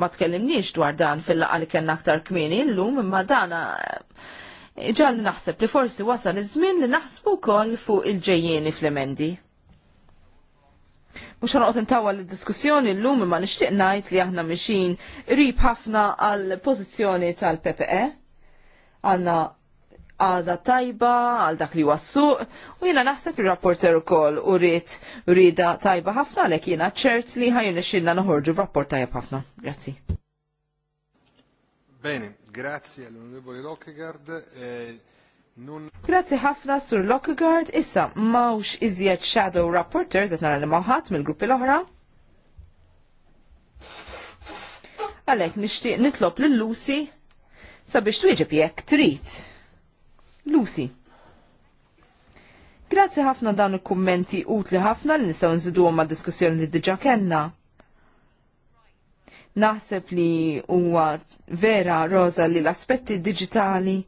Ma tkellimniex dwar dan fil-laqa li kellna aktar kmieni llum imma dan eh, ġalli naħseb li forsi wasal iż-żmien li naħsbu wkoll fuq il-ġejjieni fl-emendi. Mux ħanqot intawal l diskussjoni l-lum ma nishtiq najt li aħna mixin rib ħafna għal pozizjoni tal-PPE. Għanna għada tajba, għal dak li wassuq, u jena naħseb il-rapporter u koll u rrit rrida tajba ħafna l jena ċert li ħajun xinna noħorġu b'rapport tajb ħafna. Grazzi. Bene, grazie all'onorevole Lockegaard. Eh... Grazzi ħafna sur Lockegaard, issa mawx iżjed shadow rapporters qed nara li maħat mill-gruppi l-oħra. Għalhekk nixtieq nitlob lil Lucy sabiex twieġeb jekk trid. Lucy. Grazzi ħafna dawn il-kummenti utli ħafna li nistgħu nżiduhom ma' diskussjoni li diġà kellna naħseb li huwa vera roza li l-aspetti digitali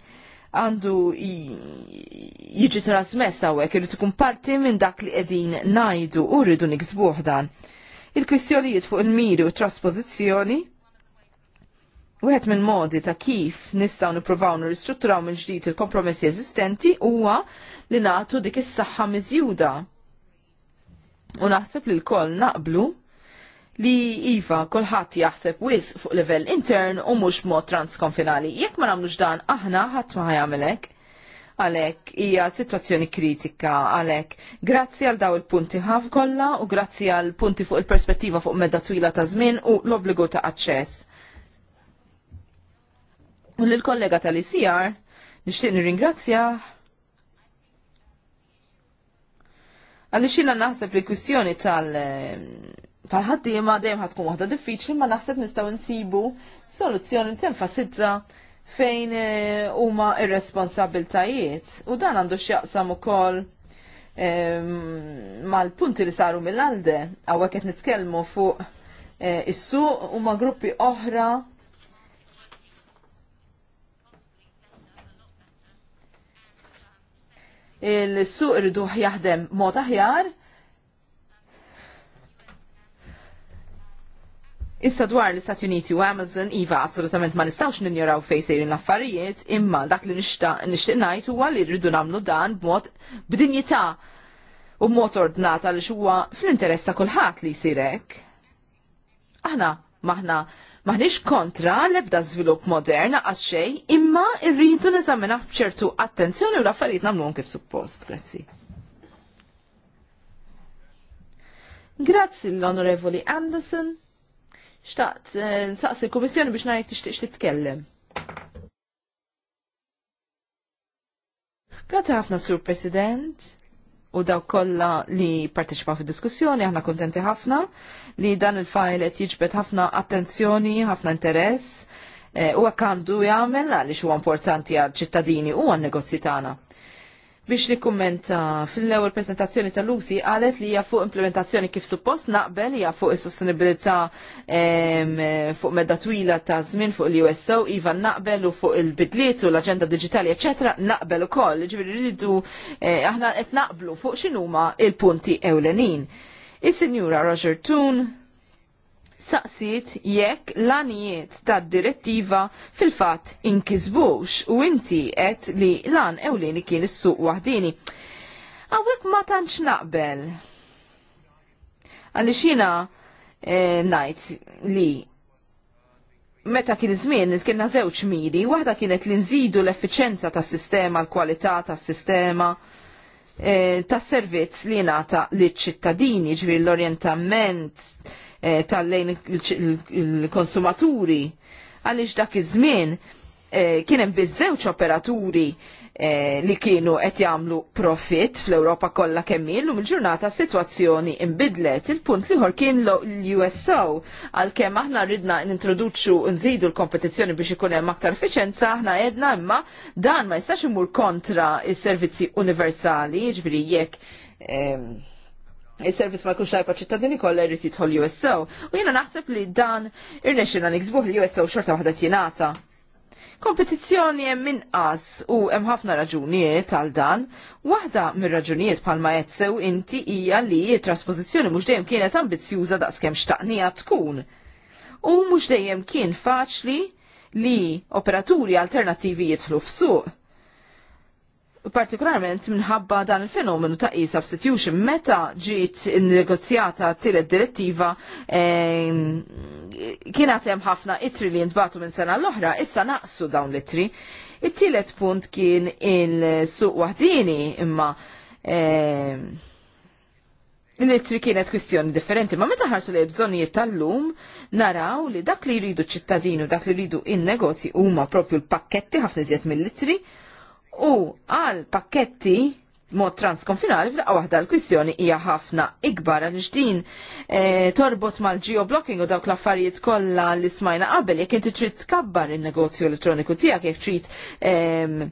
għandu jiġi trasmess għawek, irrid ikun parti minn dak li qegħdin ngħidu u rridu niksbuh dan. Il-kwistjonijiet fuq il-miri u traspożizzjoni Wieħed mill modi ta' kif nistgħu nippruvaw nirristrutturaw mill ġdid il-kompromessi eżistenti huwa li nagħtu dik is-saħħa miżjuda. U naħseb li l-koll naqblu li Iva kolħat jaħseb wis fuq level intern u mux mod transkonfinali. Jekk ma namlux dan aħna ħadd ma ħajamelek. Għalek, hija situazzjoni kritika, għalek, grazzi għal daw il-punti ħaf kolla u grazzi għal punti fuq il-perspettiva fuq medda twila ta' żmien u l-obbligu ta' aċċess. U l-kollega tal-ICR, nishtiq nirringrazzja għalli xina naħseb li kwistjoni tal- tal-ħaddiema dejjem ħad tkun waħda diffiċli ma naħseb nistgħu nsibu soluzzjoni tenfasizza fejn eh, huma ir-responsabiltajiet u dan għandu x'jaqsam ukoll e, mal-punti li saru mill-alde għawek qed nitkellmu fuq e, is-suq huma gruppi oħra il-suq irridu jaħdem mod aħjar Issa dwar l-Istati Uniti u Amazon, Iva, assolutament ma nistawx ninjoraw fej sejrin l-affarijiet, imma dak li nishtiq najt huwa li rridu namlu dan b'mod b'dinjità u b'mod ordnata li huwa fl-interess ta' kulħadd li jsirek. Aħna maħna maħniex kontra l-ebda żvilupp modern għas imma rridu neżaminaħ b'ċertu attenzjoni u l-affarijiet nagħmluhom kif suppost. Grazzi. Grazzi l-Onorevoli Anderson. Xtaqt, eh, nsaqs il-Komissjoni biex najk tixtiq titkellem. Grazie ħafna, Sur President, u daw kolla li parteċipaw fi diskussjoni, aħna kontenti ħafna li dan il-fajl qed jiġbed ħafna attenzjoni, ħafna interess, eh, u għakandu jgħamil għaliex huwa importanti għal ċittadini u għan negozji tagħna biex kummenta fil-ewwel prezentazzjoni tal-Lucy qalet li hija fuq implementazzjoni kif suppost naqbel hija fuq is-sostenibilità eh, fuq medda twila ta' żmien fuq l-USO iva naqbel u fuq il-bidliet u l-aġenda diġitali eċetera naqbel ukoll, ġifieri rridu eh, aħna qed naqblu fuq x'inhuma il-punti ewlenin. Is-Sinjura Roger Toon saqsiet jekk l-anijiet tad direttiva fil-fat inkisbux u inti qed li lan ewlieni kien is-suq waħdini. Għawek ma tantx naqbel. Għalli xina e, eh, najt li meta kien żmien kien żewġ miri, waħda kienet li nżidu l-effiċenza tas sistema, l-kwalità tas sistema e, eh, tas servizz li nata liċ ċittadini ġviri l-orientament Eh, tal-lejn il-konsumaturi. Għaliex dak iż-żmien eh, kien hemm operaturi eh, li kienu qed jagħmlu profit fl-Ewropa kollha kemm illum il-ġurnata s-sitwazzjoni inbidlet. Il-punt liħor kien l-USO għalkemm aħna ridna nintroduċu nżidu l-kompetizzjoni biex ikun hemm aktar efficienza aħna għedna imma dan ma jistax imur kontra s servizzi universali, jiġifieri jekk il-servis ma kunx tajpa ċittadini kollha jrid jidħol USO. U jiena naħseb li dan irnexxina niksbuh li USO xorta waħda tingħata. Kompetizzjoni hemm inqas u hemm ħafna raġunijiet għal dan. Waħda mir-raġunijiet bħalma qed sew inti hija li t-traspożizzjoni mhux dejjem kienet ambizzjuża daqskemm xtaqnija tkun. U mhux dejjem kien faċli li operaturi alternattivi jidħlu f'suq partikolarment minħabba dan il-fenomenu ta' e substitution. Meta ġiet negozjata tielet direttiva kienet hemm ħafna itri li jintbatu minn sena l-oħra, issa naqsu dawn l-itri. It-tielet punt kien il-suq waħdini imma l-itri kienet kwistjoni differenti, ma meta ħarsu li bżonijiet tal-lum naraw li dak li jridu ċittadini u dak li jridu in-negozji huma propju l-pakketti ħafna iżjed mill-litri u għal pakketti mod transkonfinali f'daqqa waħda l-kwistjoni hija ħafna ikbar għal din e, torbot mal-geoblocking u dawk l-affarijiet kollha li smajna qabel jekk inti trid tkabbar in-negozju elettroniku tiegħek jekk trid ehm,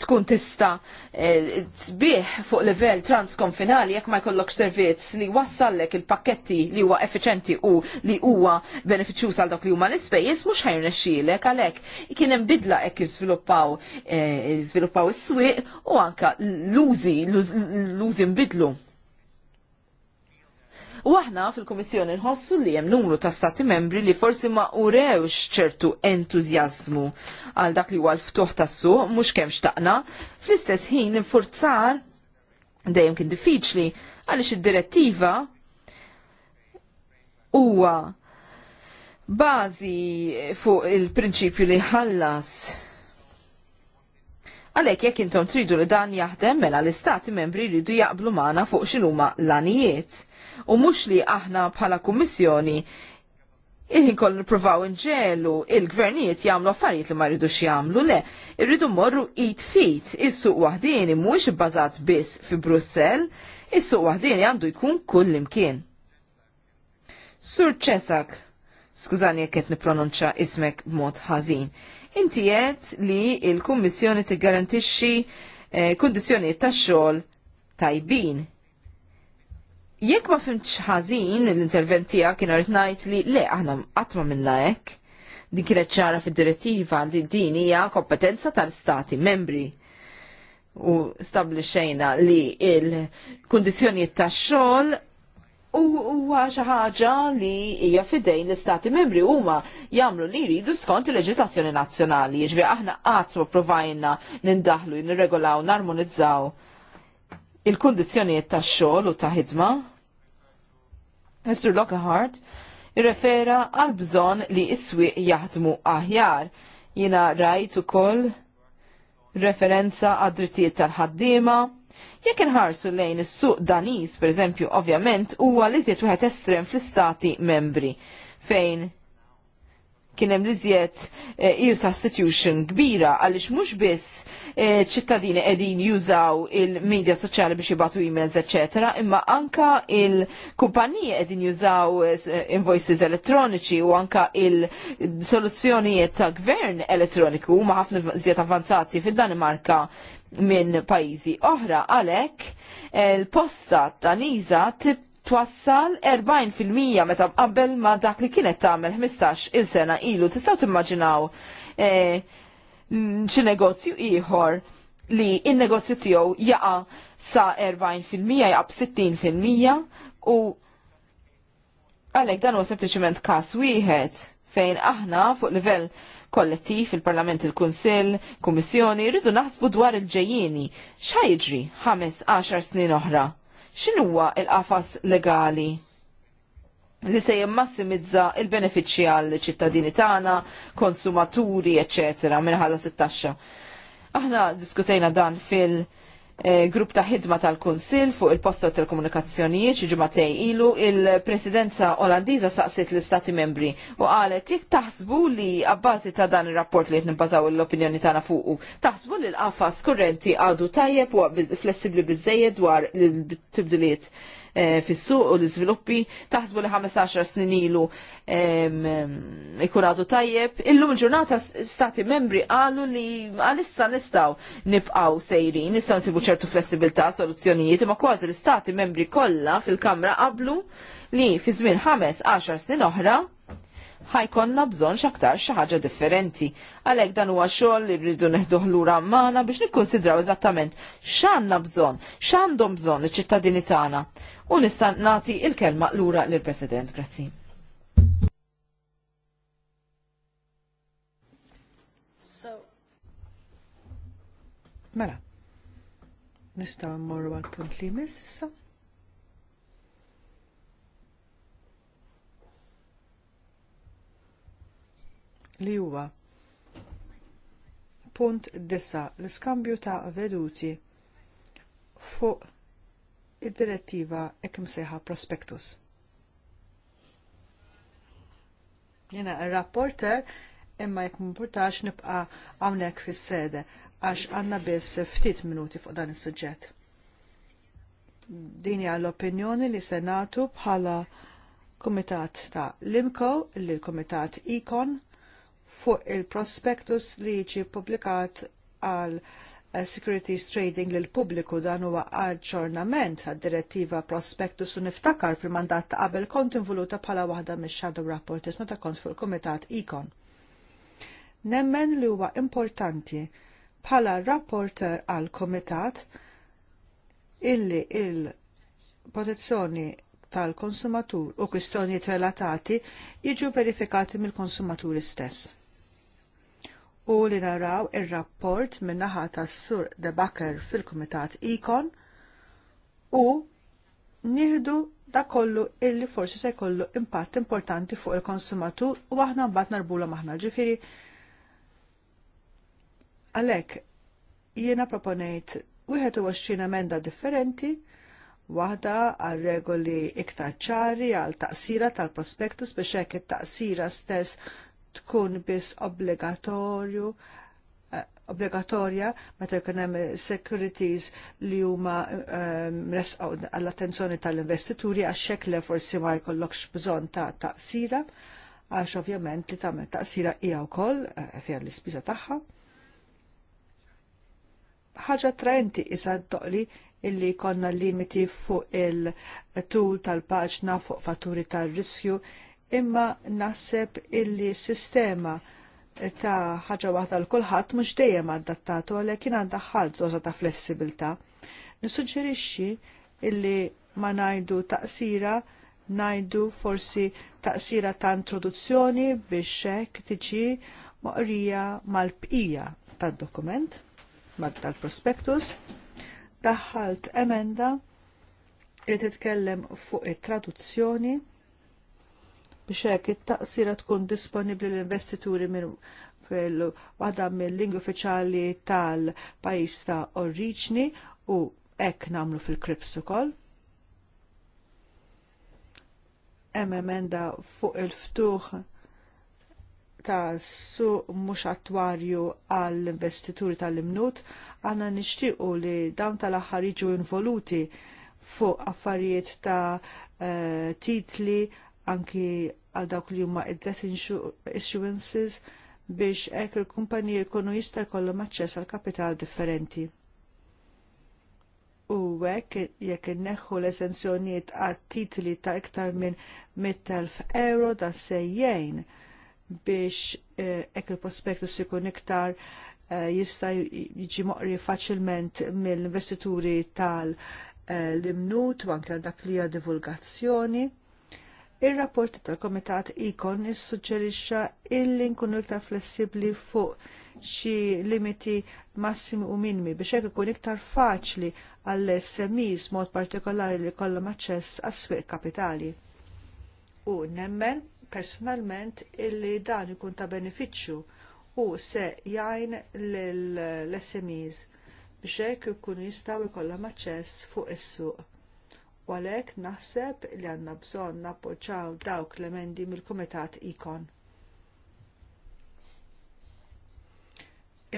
tkun tista eh, tbieħ fuq livell transkonfinali jekk ma jkollok servizz li wassallek il-pakketti li huwa effiċenti u li huwa benefiċċju għal dak li huma l-ispejjeż mhux ħajrnexxielek għalhekk kien hemm bidla hekk iżviluppaw iżviluppaw eh, is-swieq u anke l-użi l-użi nbidlu U aħna fil-Komissjoni nħossu li hemm numru ta' stati membri li forsi ma urewx ċertu entużjażmu għal dak li huwa l-ftuħ tas-suq mhux kemm xtaqna, fl-istess ħin infurzar dejjem kien diffiċli għaliex id-direttiva huwa bażi fuq il-prinċipju li ħallas Għalek jekk intom tridu li dan jaħdem mela l-istati membri jridu jaqblu magħna fuq x'inhuma l-anijiet u mhux li aħna bħala kummissjoni il kollu nipruvaw inġelu il-gvernijiet jagħmlu affarijiet li ma rridux jagħmlu le, irridu morru eat fit is-suq waħdini mhuwiex ibbażat biss fi Brussell, is-suq waħdini għandu jkun kull imkien. Sur Ċesak, skużani jekk qed nippronunċa ismek b'mod ħażin. Inti qed li l-Kummissjoni tiggarantixxi eh, kundizzjonijiet tax-xogħol tajbin Jekk ma fimt ħażin l interventija kien qed ngħid li le aħna qatt ma minna hekk. Din kienet ċara fid-direttiva li din hija kompetenza tal-stati membri u xejna li il-kundizzjonijiet tax-xogħol u huwa xi ħaġa li hija fidejn l-istati membri huma jagħmlu li jridu skont il-leġislazzjoni nazzjonali, jiġri aħna qatt ma provajna nindaħlu, nirregolaw, narmonizzaw il-kundizzjonijiet tax-xogħol u ta' ħidma Mr. Lockhart irrefera għal bżon li iswi jaħdmu aħjar. Jina rajt ukoll referenza għad drittijiet tal-ħaddiema. Jekk inħarsu lejn is-suq Daniż, pereżempju, ovvjament huwa li żiet wieħed estrem fl-istati membri fejn kienem li zjed eh, EU substitution kbira għalix mux biss eh, ċittadini edin jużaw il-medja soċjali biex jibatu emails, etc. imma anka il-kumpanije edin jużaw eh, invoices elettroniċi u anka il-soluzzjonijiet ta' gvern elettroniku ma' ħafna zjed avanzati fil-Danimarka minn pajizi oħra għalek il-posta ta' niza tip twassal 40% meta qabel ma dak li kienet tagħmel 15 il-sena ilu. Tistgħu timmaġinaw eh, xi negozju ieħor li in-negozju tiegħu jaqa sa 40% jaqa mija u għalhekk dan huwa sempliċement każ wieħed fejn aħna fuq livell kollettiv il-Parlament il-Kunsill, Kummissjoni, rridu naħsbu dwar il ġejjini X'ħajġri ħames għaxar snin oħra? X'inhuwa il-qafas legali li se jimmassimizza il-benefiċċji għall ċittadini tagħna, konsumaturi, eċċetera, minħala sit-taxxa. Aħna diskutejna dan fil- Eh, grupp ta' ħidma tal-Kunsil fuq il-posta tal-komunikazzjonijiet xi ġimatej ilu il-Presidenza Olandiża saqsit l-Istati membri u qalet jekk taħsbu li abbażi ta' dan ir-rapport li qed nibbażaw l-opinjoni tagħna fuqu, taħsbu li l-qafas kurrenti għadu tajjeb u flessibbli biżejjed dwar l-tibdiliet Eh, fis-suq u l-iżviluppi taħsbu li 15 snin ilu ikuradu tajjeb. Illum il-ġurnata stati membri qalu li għalissa nistaw nibqaw sejrin, nistaw nsibu ċertu flessibilità, soluzzjonijiet, ma kważi l-istati membri kollha fil-Kamra qablu li fi żmien 5-10 snin oħra ħajkonna bżonn x'aktar xi ħaġa differenti. Għalhekk dan huwa xogħol li rridu neħduh lura magħna biex nikkonsidraw eżattament x'għandna bżonn, x'għandhom bżonn iċ-ċittadini tagħna. U nista' nagħti l kelma lura lill-President. Grazzi. So... Mela, nistaw mmorru għal-punt li jmiss issa? li huwa punt disa l-iskambju ta' veduti fuq id-direttiva ekim seħa prospektus. Jena il-rapporter imma jek mpurtax nibqa għawnek fis sede għax għanna biss ftit minuti fuq dan is-suġġett. Dini għall-opinjoni li senatu bħala Kumitat ta' Limco, li l-Kumitat ICON fuq il-prospektus li ġi publikat għal eh, Securities Trading lil pubbliku dan huwa aġġornament għad direttiva prospektus u niftakar fil-mandat ta' qabel kont involuta bħala waħda mix shadow rapportis meta kont fil-Kumitat Ikon. Nemmen li huwa importanti bħala rapporter għal Kumitat illi il-protezzjoni tal-konsumatur u kwistjonijiet relatati jiġu verifikati mill-konsumaturi stess u li naraw ir-rapport min-naħa tas-sur Debaker fil-Kumitat Ikon u nieħdu da kollu illi forsi se jkollu impatt importanti fuq il-konsumatur u aħna mbagħad narbula maħna ġifieri. Għalhekk jiena proponejt 21 emenda differenti, waħda għal regoli iktar ċari għal taqsira tal-prospektus biex hekk it-taqsira stess tkun biss obbligatorju eh, obbligatorja meta jkun hemm securities li huma ehm, mresqaw um, għall-attenzjoni tal-investituri għax le forsi ma jkollokx bżonn ta' taqsira għax ovvjament li tagħmel taqsira hija wkoll fiha eh, l-ispiża tagħha. Ħaġa trenti isa toqli illi konna limiti fuq il-tul tal-paġna fuq fatturi tal-riskju imma naħseb illi sistema ta' ħaġa waħda l kulħadd mhux dejjem adattatu għalhekk kien għandha ħadd doża ta' flessibilità. Nissuġġerixxi illi ma ngħidu taqsira ngħidu forsi taqsira ta' introduzzjoni biex hekk tiġi moqrija mal-bqija tad-dokument tal-prospektus daħħalt emenda li titkellem fuq it-traduzzjoni biex hekk it-taqsira tkun disponibbli l-investituri minn waħda mill-lingwi uffiċjali tal-pajjiż ta' oriġni u hekk namlu fil-krips ukoll. Hemm emenda fuq il-ftuħ ta' su mhux attwarju għall-investituri tal-imnut, għandna nixtiequ li dawn tal-aħħar jiġu involuti fuq affarijiet ta' eh, titli anki għal dawk li huma id-death issuances biex ek il-kumpaniji jkunu jista' jkollhom aċċess għal kapital differenti. U hekk jekk inneħħu l-esenzjonijiet għat titli ta' iktar minn 100,000 euro da sejjejn biex eh, ek il-prospektus jkun iktar eh, jista' jiġi moqri faċilment mill-investituri tal- eh, limnut u anke dak li hija divulgazzjoni Ir-rapport tal-Komitat Ikon issuġġerixxa illi nkunu iktar flessibbli fuq xi limiti massimi u minimi biex hekk ikun iktar faċli għall smis mod partikolari li kollhom aċċess għas-swieq kapitali. U nemmen personalment illi dan ikun ta' benefiċċju u se jgħin l-SMEs biex hekk ikun jistgħu jkollhom aċċess fuq is-suq u għalhekk naħseb li għandna bżonn nappoġġjaw dawk l-emendi mill-Kumitat Ikon.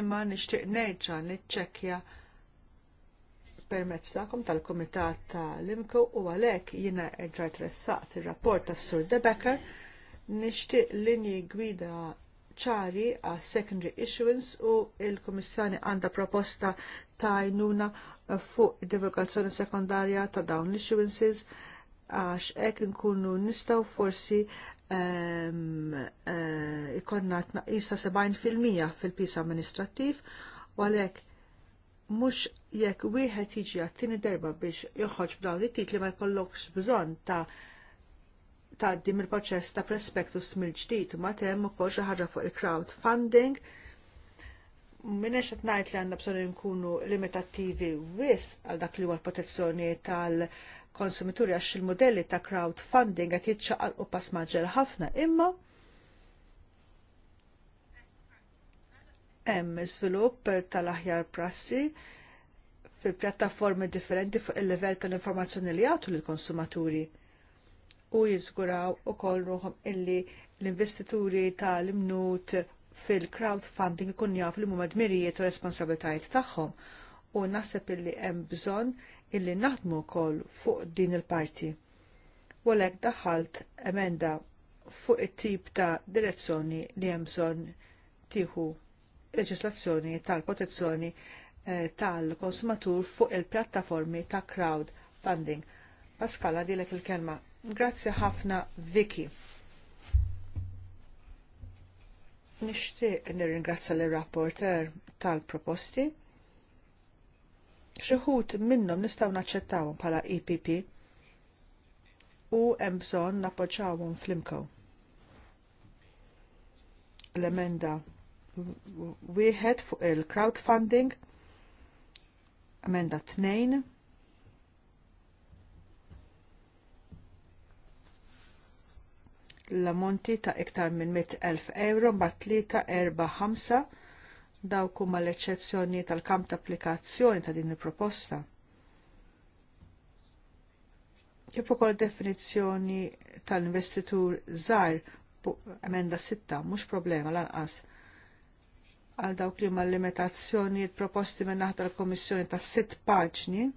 Imma nixtieq nerġa' niċċekkja permezz tagħkom tal-Kumitat tal-Imko u għalhekk jiena erġa' tressaqt ir-rapport tas-Sur Debecker nixtieq linji gwida ċari għas secondary issuance u l kummissjoni għandha proposta ta' għajnuna fuq divulgazzjoni sekondarja ta' dawn l-issuances għax hekk inkunu nistgħu forsi ehm, eh, ikonna tnaqqis 70% fil-pis amministrattiv u għalhekk mhux jekk wieħed jiġi għat-tieni darba biex joħroġ b'dawn it-titli ma jkollokx bżonn ta' tgħaddi mill-proċess ta' prospektus mill-ġdid ma' temm ukoll xi ħaġa fuq il-crowdfunding funding Minnex qed ngħid li għandna bżonn nkunu limitattivi wis għal dak li huwa l-protezzjoni tal-konsumituri għax il-modelli ta' crowdfunding qed jiċċaqalqu pass maġġel ħafna imma hemm iżvilupp tal-aħjar prassi fil-pjattaformi differenti fuq il-livell tal-informazzjoni li jagħtu lill-konsumaturi u jiżguraw ukoll ruħhom illi l-investituri tal-imnut fil-crowdfunding ikun jaf li mumad dmirijiet u responsabiltajiet tagħhom u naħseb illi hemm bżonn illi naħdmu wkoll fuq din il-parti. U għalhekk daħalt emenda fuq it-tip ta' direzzjoni li hemm bżonn tieħu leġislazzjoni tal-protezzjoni eh, tal-konsumatur fuq il-pjattaformi ta' crowdfunding. Pascal, dilek il-kelma. Grazzi ħafna, Vicky. Nixtieq nirringrazzja l-rapporter tal-proposti. Xi wħud minnhom nistgħu naċċettawhom bħala EPP u hemm bżonn nappoġġawhom flimkow. L-emenda wieħed fuq il-crowdfunding, emenda tnejn l-ammonti ta' iktar minn 100.000 euro mbagħad tlieta erba' ħamsa dawk huma l-eċċezzjoni tal-kamp ta' applikazzjoni ta' din il-proposta. Kif ukoll definizzjoni tal-investitur żgħar emenda sitta mhux problema lanqas għal dawk li huma limitazzjoni proposti minn naħta l-Komissjoni ta' sitt paġni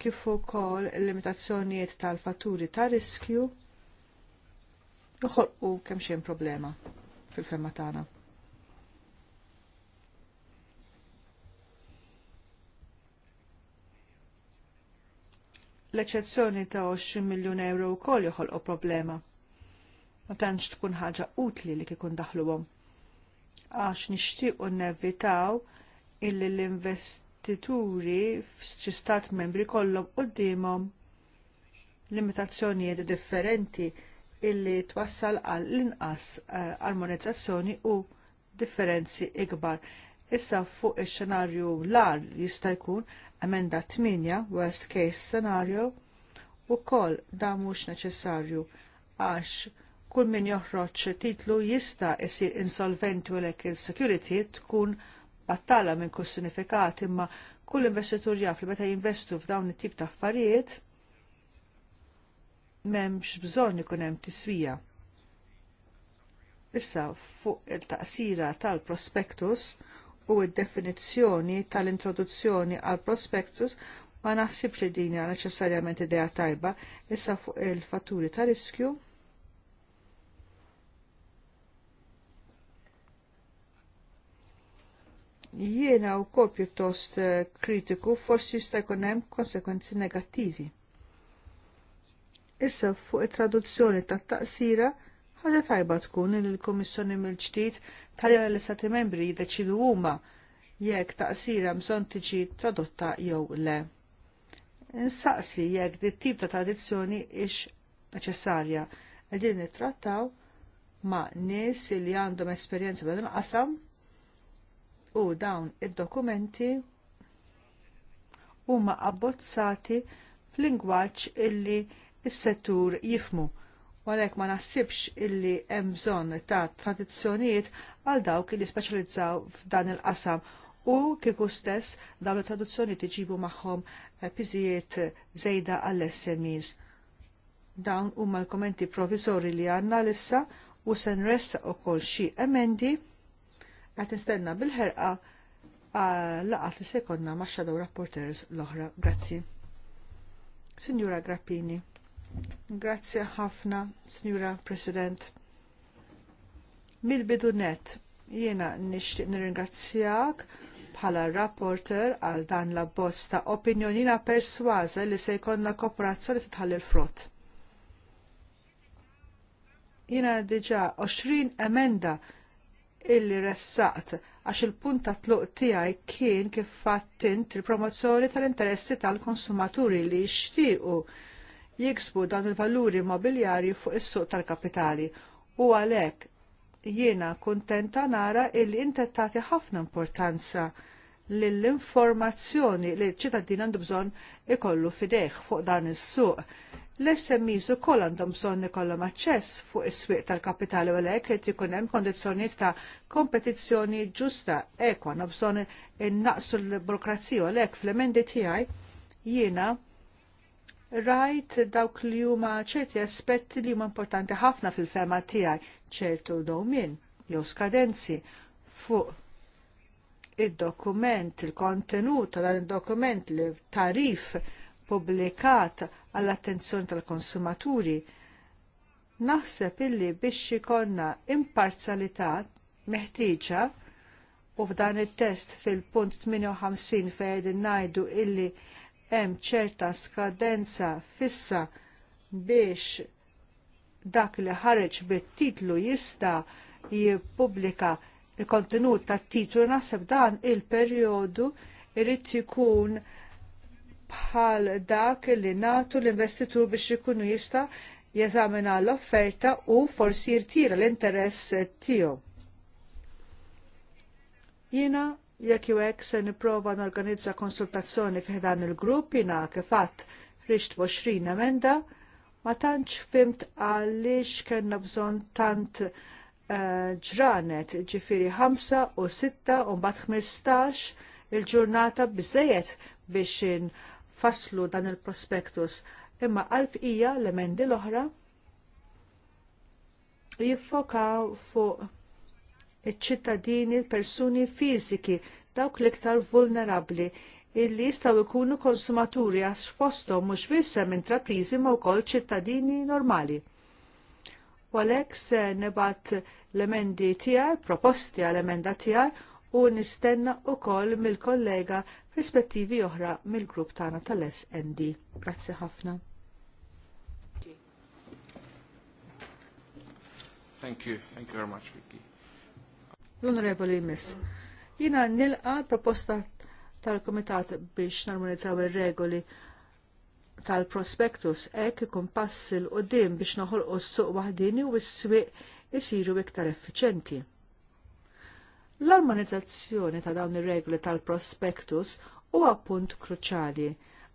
kif ukoll il limitazzjonijiet tal-fatturi ta' riskju U kemm xejn problema fil-femma tagħna. L-eċezzjoni ta' 20 miljun euro wkoll joħolqu problema. Ma tantx tkun ħaġa utli li kikun daħluhom. Għax nixtiequ nevitaw illi l-investituri f'xi stat membri kollhom qudiemhom limitazzjonijiet differenti illi twassal għal l-inqas eh, armonizzazzjoni u differenzi ikbar. Issa fuq ix-xenarju l-ar jista' jkun emenda 8 worst case scenario u kol da mhux neċessarju għax kull min joħroġ titlu jista' jsir insolventi u lek il-security tkun battala minn kull sinifikat imma kull investitur jaf li meta jinvestu f'dawn it-tip ta' affarijiet memx bżon ikun hemm tiswija. Issa fuq il-taqsira tal-prospektus u id-definizzjoni tal-introduzzjoni għal prospektus ma naħsibx li din hija neċessarjament idea tajba issa fuq il-fatturi ta' riskju. Jiena wkoll pjuttost eh, kritiku forsi jista' jkun hemm konsekwenzi negattivi. Issa fuq it-traduzzjoni tat-taqsira ħaġa tajba tkun li l-Kummissjoni mill-ġdid tal-jara l istati membri jiddeċidu huma jekk taqsira bżonn tiġi tradotta jew le. Insaqsi jekk dit tip ta' tradizzjoni ix neċessarja qegħdin nittrattaw ma' nies li għandhom esperjenza dan il-qasam u dawn id-dokumenti huma abbozzati f'lingwaġġ illi is-settur jifmu. U għalhekk ma naħsibx illi hemm bżonn ta' tradizzjonijiet għal dawk li speċjalizzaw f'dan il-qasam u kieku stess dawn il-traduzzjonijiet iġibu magħhom eh, piżijiet żejda għall smis Dawn huma l-kommenti provizori li għandna lissa u se nressaq ukoll xi emendi għat nistenna bil-ħerqa laqat li sekonna max Shadow Rapporters l-oħra. Grazzi. Signora Grappini. Grazzi ħafna, Signora President. Mil-bidu net, jena nishtiq nirringrazzjak bħala rapporter għal dan la bozz ta' opinjonina perswaza li se jkollna kooperazzjoni titħalli l-frott. Jena diġa 20 emenda illi ressaqt għax il-punt ta' tluq tiegħi kien kif fattint il-promozzjoni tal-interessi tal-konsumaturi li jixtiequ jiksbu dawn il-valuri mobiljari fuq is-suq tal-kapitali u għalhekk jiena kuntenta nara qed tagħti ħafna importanza lill-informazzjoni li ċ-ċittadin għandu bżonn ikollu fidejh fuq dan is-suq. L-SMEs ukoll għandhom bżonn ikollhom aċċess fuq is-swieq tal-kapitali u għalhekk qed ikun hemm kondizzjonijiet ta' kompetizzjoni ġusta ekwa għandhom bżonn innaqsu l-burokrazija u għalhekk fl-emendi tiegħi jiena rajt dawk li huma ċerti aspetti li huma importanti ħafna fil-fema tiegħi ċertu domin jew skadenzi fuq id-dokument, il kontenut tal dan id-dokument li tarif publikat għall-attenzjoni tal-konsumaturi. Naħseb illi biex ikonna imparzjalità meħtieġa u f'dan it-test fil-punt 58 fejn ngħidu illi hemm ċerta skadenza fissa biex dak li ħareġ bit-titlu jista' jippubblika l kontenut tat-titlu naħseb dan il-perjodu irid ikun bħal dak li nagħtu l-investitur biex ikun jista' jeżamina l-offerta u forsi jirtira l-interess tiegħu. Jiena jekk jew hekk se nipprova norganizza konsultazzjoni fih dan il-grupp jina kifatt rixt 20 emenda ma tantx fimt għaliex kellna bżonn tant eh, ġranet ġifiri 5 u 6 u mbagħad 15 il-ġurnata biżejjed biex faslu dan il-prospektus imma qalb hija l-emendi l-oħra jiffokaw fuq iċ-ċittadini, l-persuni fiziki dawk l-iktar vulnerabbli illi jistgħu jkunu konsumaturi għax fosthom mhux biss hemm intrapriżi ma wkoll ċittadini normali. U għalhekk se nebat l-emendi tiegħi, proposti għal emenda tiegħi u nistenna wkoll mill-kollega rispettivi oħra mill-grupp tagħna tal-SND. Grazzi ħafna. Thank you. Thank you very much, Vicky l-Onorevoli Miss. Jina nilqa proposta tal-Komitat biex narmonizzaw ir-regoli tal-prospektus ek ikun passi il qudiem biex noħolqu s-suq wahdini u s-swieq isiru iktar effiċenti. L-armonizzazzjoni ta' dawn ir-regoli tal-prospektus huwa punt kruċali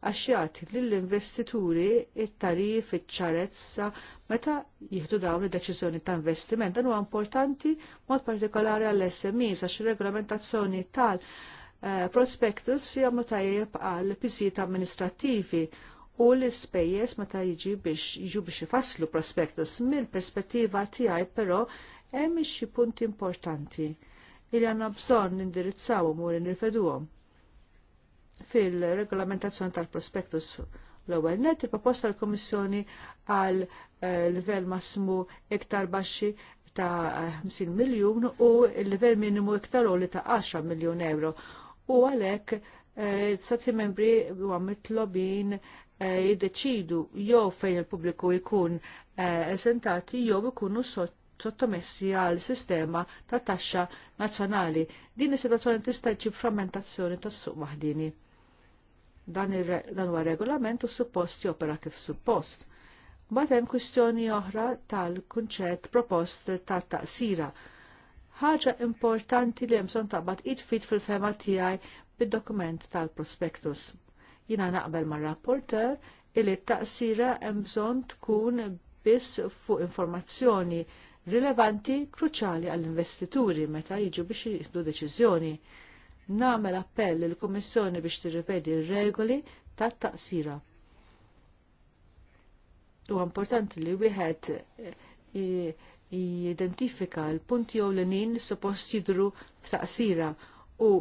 għax jagħti lill-investituri il tarif iċ-ċarezza meta jieħdu dawn id-deċiżjoni ta' investiment. Dan huwa importanti mod partikolari għall smi għax ir-regolamentazzjoni tal eh, prospectus jgħamlu tajjeb għal pisijiet amministrattivi u l-ispejjeż meta jiġi biex jiġu biex ifasslu prospectus. Mill-perspettiva tiegħi però hemm xi punti importanti li għandna bżonn nindirizzawhom u nirfeduhom fil-regolamentazzjoni tal-prospektus l-ewwel net il-proposta l kummissjoni għal eh, livell massimu iktar baxxi ta' 50 miljun u l-livell minimu iktar u li ta' 10 miljun euro. U għalhekk eh, stati membri huwa mitlobin eh, jiddeċidu jew fejn il-pubbliku jkun eżentati jew ikunu sottomessi għal sistema ta' taxxa nazzjonali. Din is sitwazzjoni tista' ġib frammentazzjoni tas-suq maħdini dan huwa regolament u suppost jopera kif suppost. Mbagħad hemm kwistjoni oħra tal-kunċett propost ta' taqsira. Ħaġa importanti li hemm bżonn taqbad id-fit fil-fema tiegħi bid-dokument tal-prospektus. Jina naqbel ma' rapporter illi t-taqsira hemm bżonn tkun biss fuq informazzjoni rilevanti kruċali għall-investituri meta jiġu biex jieħdu deċiżjoni. Namel appell l-Kummissjoni biex tirrivedi r-regoli ta' taqsira U importanti li wieħed jidentifika l-punti jew l-nin li suppost jidru f'taqsira u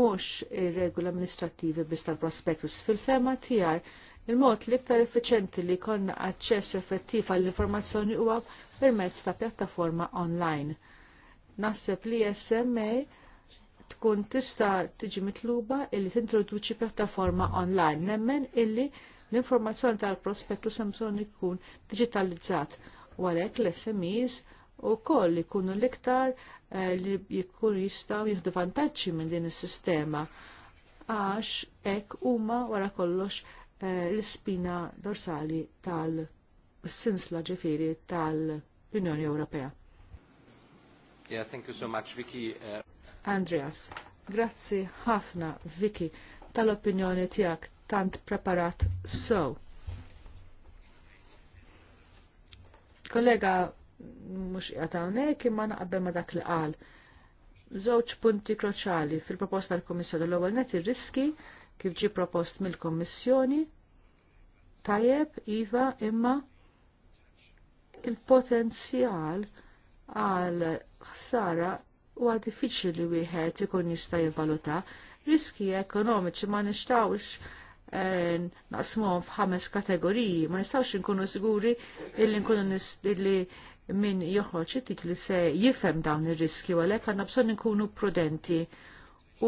mhux ir-regoli amministrattivi biss tal prospectus fil-fema tiegħi Il-mod l-iktar effiċenti li konna aċċess effettiv għall-informazzjoni huwa permezz ta' pjattaforma online. Naħseb li SMA tkun tista' tiġi mitluba illi tintroduċi pjattaforma online. Nemmen illi l-informazzjoni tal-prospettu samson ikun digitalizzat u għalek l-SMEs u koll ikunu l-iktar eh, li jikun jistaw jihdu vantaġġi minn din is-sistema għax ek huma wara kollox eh, l-spina dorsali tal-sinsla ġifiri tal-Unjoni Ewropea. Yeah, thank you so much, Vicky. Uh... Andreas. Grazzi ħafna, Vicky, tal-opinjoni tijak tant preparat so. Kollega, mux jgħatawnek, imma naqabbel ma dak li qal. Żewġ punti kroċali fil-proposta tal-Komissjoni l-ewwel net ir-riski kif ġi propost mill kummissjoni tajjeb iva imma il-potenzjal għal ħsara huwa diffiċli li wieħed ikun jista' jivvaluta riski ekonomiċi ma nixtawx eh, naqsmuhom f'ħames kategoriji, ma nistawx inkunu siguri illi nkunu illi min joħroġ it li se jifhem dawn ir-riski għalhekk għandna bżonn inkunu prudenti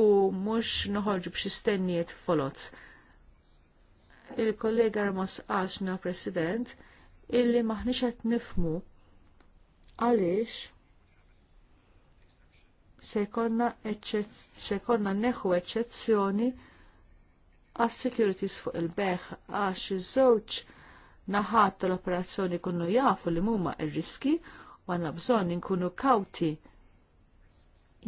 u mhux noħorġu b'xi stennijiet folot. Il-kollega Ramos Asna President illi maħniex qed nifmu għaliex se jkollna neħu eċċezzjoni għas securities fuq il-beħ għax iż-żewġ naħat tal-operazzjoni kunu jafu li mumma ir-riski u għanna bżon inkunu kawti.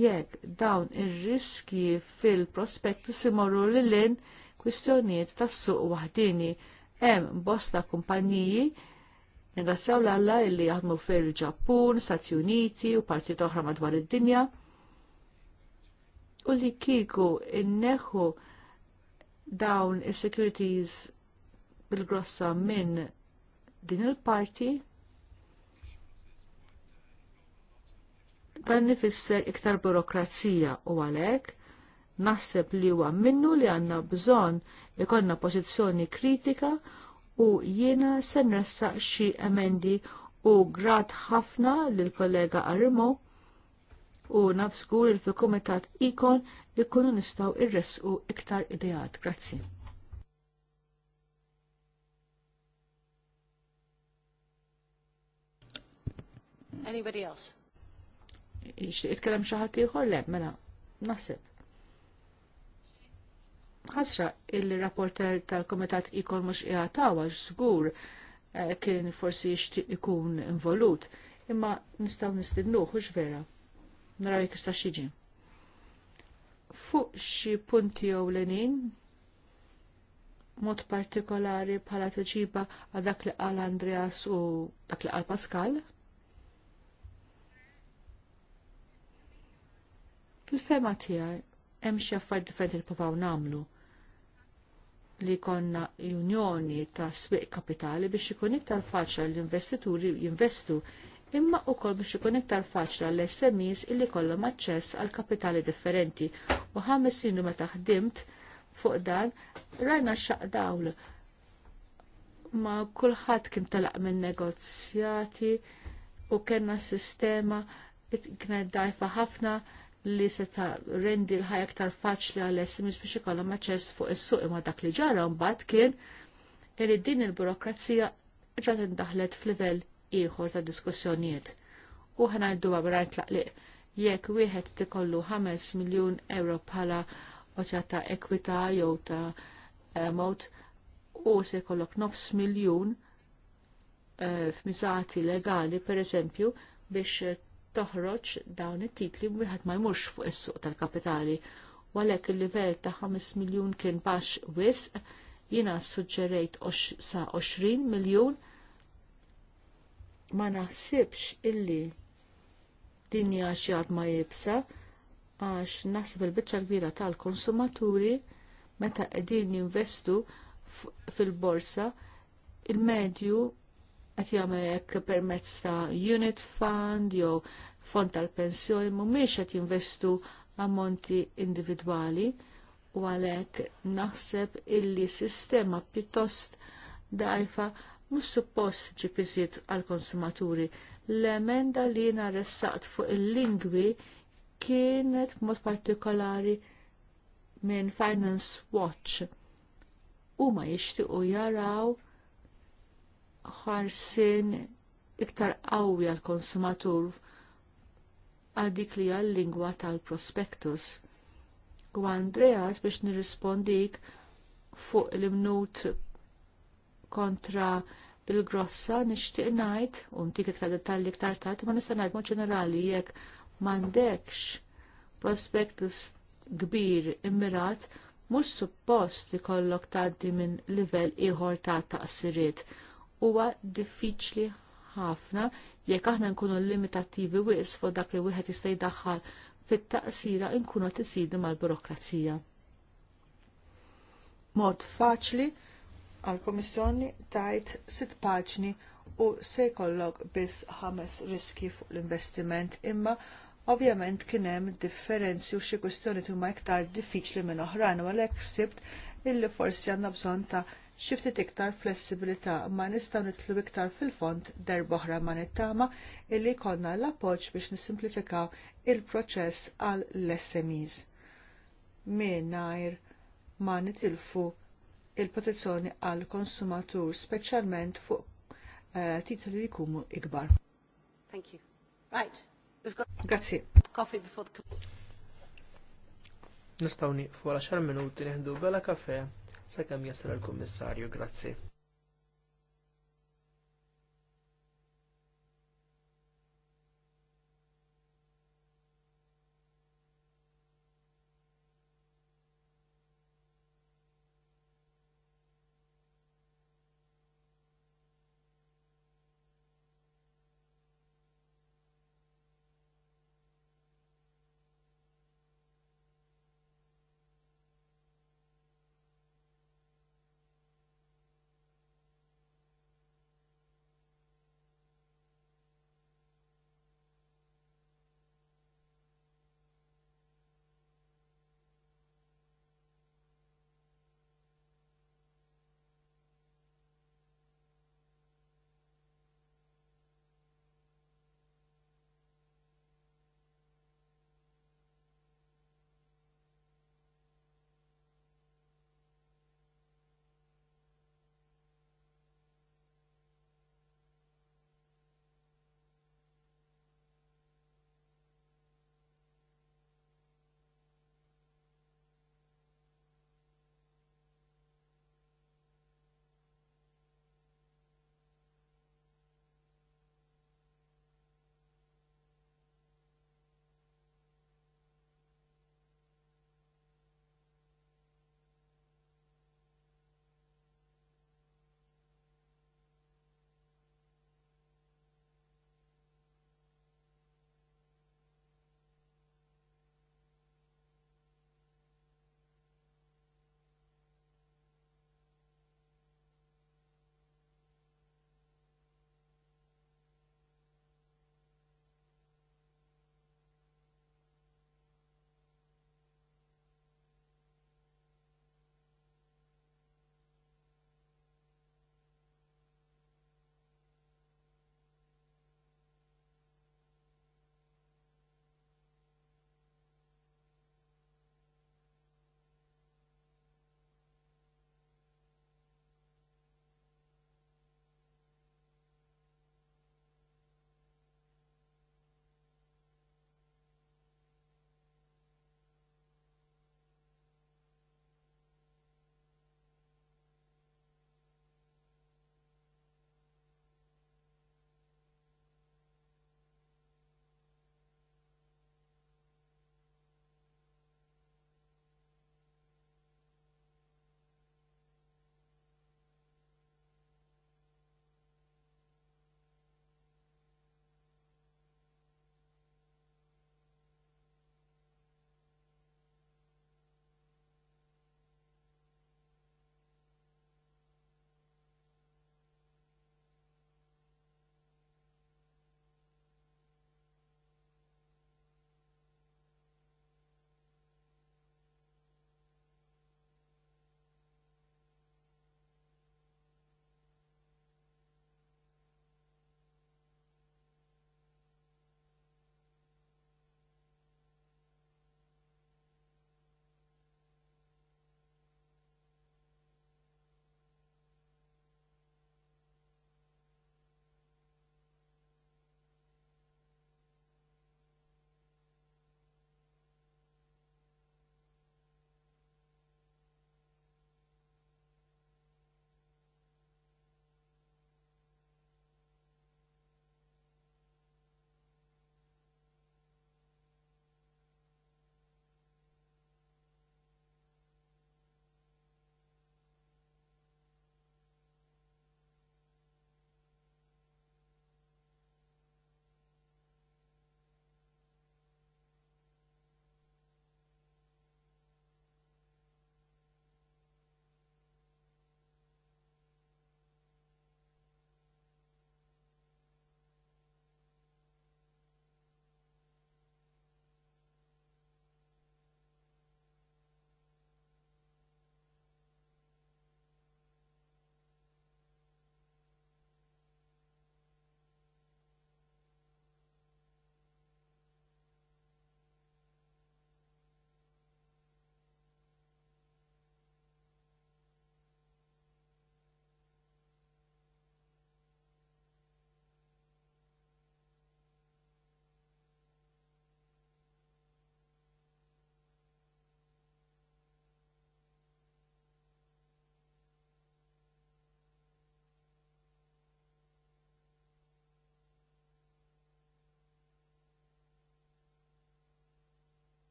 jekk dawn ir-riski fil-prospekt simorru li l kwistjonijiet tas suq waħdini hemm bosta kumpaniji Ringrazzjaw l-Alla illi jaħdmu fil-Ġappun, Stati Uniti u partit oħra madwar id-dinja u li kiku inneħu dawn is-securities bil-grossa minn din il-parti dan nifisser iktar burokrazija u għalhekk naħseb li huwa minnu li għandna bżonn ikollna pożizzjoni kritika u jiena se nressaq xi emendi u grat ħafna lill kollega Arimo u naf żgur il fil-kumitat ikon ikunu nistgħu irresqu iktar ideat. Grazzi. Anybody else? Ixtiq itkellem xi ħadd ieħor le, mela, naħseb. Ħasra il-rapporter tal-Komitat ikon mhux iħatawa, xgur, żgur eh, kien forsi jixtieq ikun involut, imma nistgħu nistidnuh, vera naraw jekk jista' xiġi. Fuq xi punti jew lenin mod partikolari bħala tweġiba għal dak li qal Andreas u dak li qal Pascal. Fil-fema tiegħi hemm xi affarijiet differenti li provaw nagħmlu li konna unjoni ta' swieq kapitali biex ikun iktar faċa l-investituri jinvestu imma wkoll biex ikun iktar faċli għall smis illi jkollhom aċċess għal kapitali differenti. U ħames ilu meta ħdimt fuq dan rajna xaq dawl ma kulħadd kien telaq minn negozjati u kellna sistema kienet dajfa ħafna li se ta' rendi l-ħajja aktar faċli għal SMS biex ikollhom aċċess fuq is-suq imma dak li ġara mbagħad kien li din il-burokrazija ġrat indaħlet f'livell ieħor ta' diskussjonijiet. U ħanajdu għabrar tlaqliq jekk wieħed tikollu 5 miljun euro bħala oċa ta' ekwita jew ta' eh, mod u se jkollok 9 miljun eh, f'miżati legali pereżempju biex toħroġ dawn it-titli wieħed ma jmurx fuq is-suq tal-kapitali. u għalhekk il-livell ta' 5 miljun kien baxx wisq, jiena suġġerejt sa 20 miljun ma naħsibx illi dinja hija xi għad ma jibsa għax naħseb il-biċċa kbira tal-konsumaturi meta qegħdin jinvestu fil-borsa il-medju qed jagħmel hekk permezz ta' unit fund jew fond tal-pensjoni mhumiex qed jinvestu ammonti individwali u għalhekk naħseb illi sistema pjuttost dajfa mhux suppost ġipiżiet għall konsumaturi L-emenda li jiena ressaqt fuq il-lingwi kienet b'mod partikolari minn Finance Watch. Huma jixtiequ jaraw ħarsien iktar qawwi għall konsumatur għal dik li għal lingwa tal-prospektus. U Andreas biex nirrispondik fuq l-imnut kontra il-grossa nixtieq ngħid u ntik ta' dettalji iktar ta' ma nista' ngħid mod ġenerali jekk m'għandekx prospectus kbir immirat mhux suppost li kollok tgħaddi minn livell ieħor ta' taqsiriet. Huwa diffiċli ħafna jekk aħna nkunu limitattivi wis fuq dak li wieħed jista' jdaħħal fit-taqsira nkunu qed isidu mal-burokrazija. Mod faċli għall-Kummissjoni tajt sitt paġni u se jkollok biss ħames riski fuq l-investiment imma ovvjament kien hemm differenzi u xi kwistjoni huma iktar diffiċli minn oħrajn u għalhekk sibt illi forsi għandna bżonn ta' xi ftit iktar flessibilità ma nistgħu nitlu iktar fil-fond oħra ma nittama illi jkollna l-appoġġ biex nisimplifikaw il-proċess għall l-SMEs. Mingħajr ma nitilfu il-protezzjoni għall konsumatur speċjalment fuq uh, titoli li jkunu ikbar. Thank you. Right. We've got Grazie. Coffee before the Nistaw niqfu għal 10 minuti neħdu bella kafe sa' kemm jasal il-Kummissarju. Grazzi.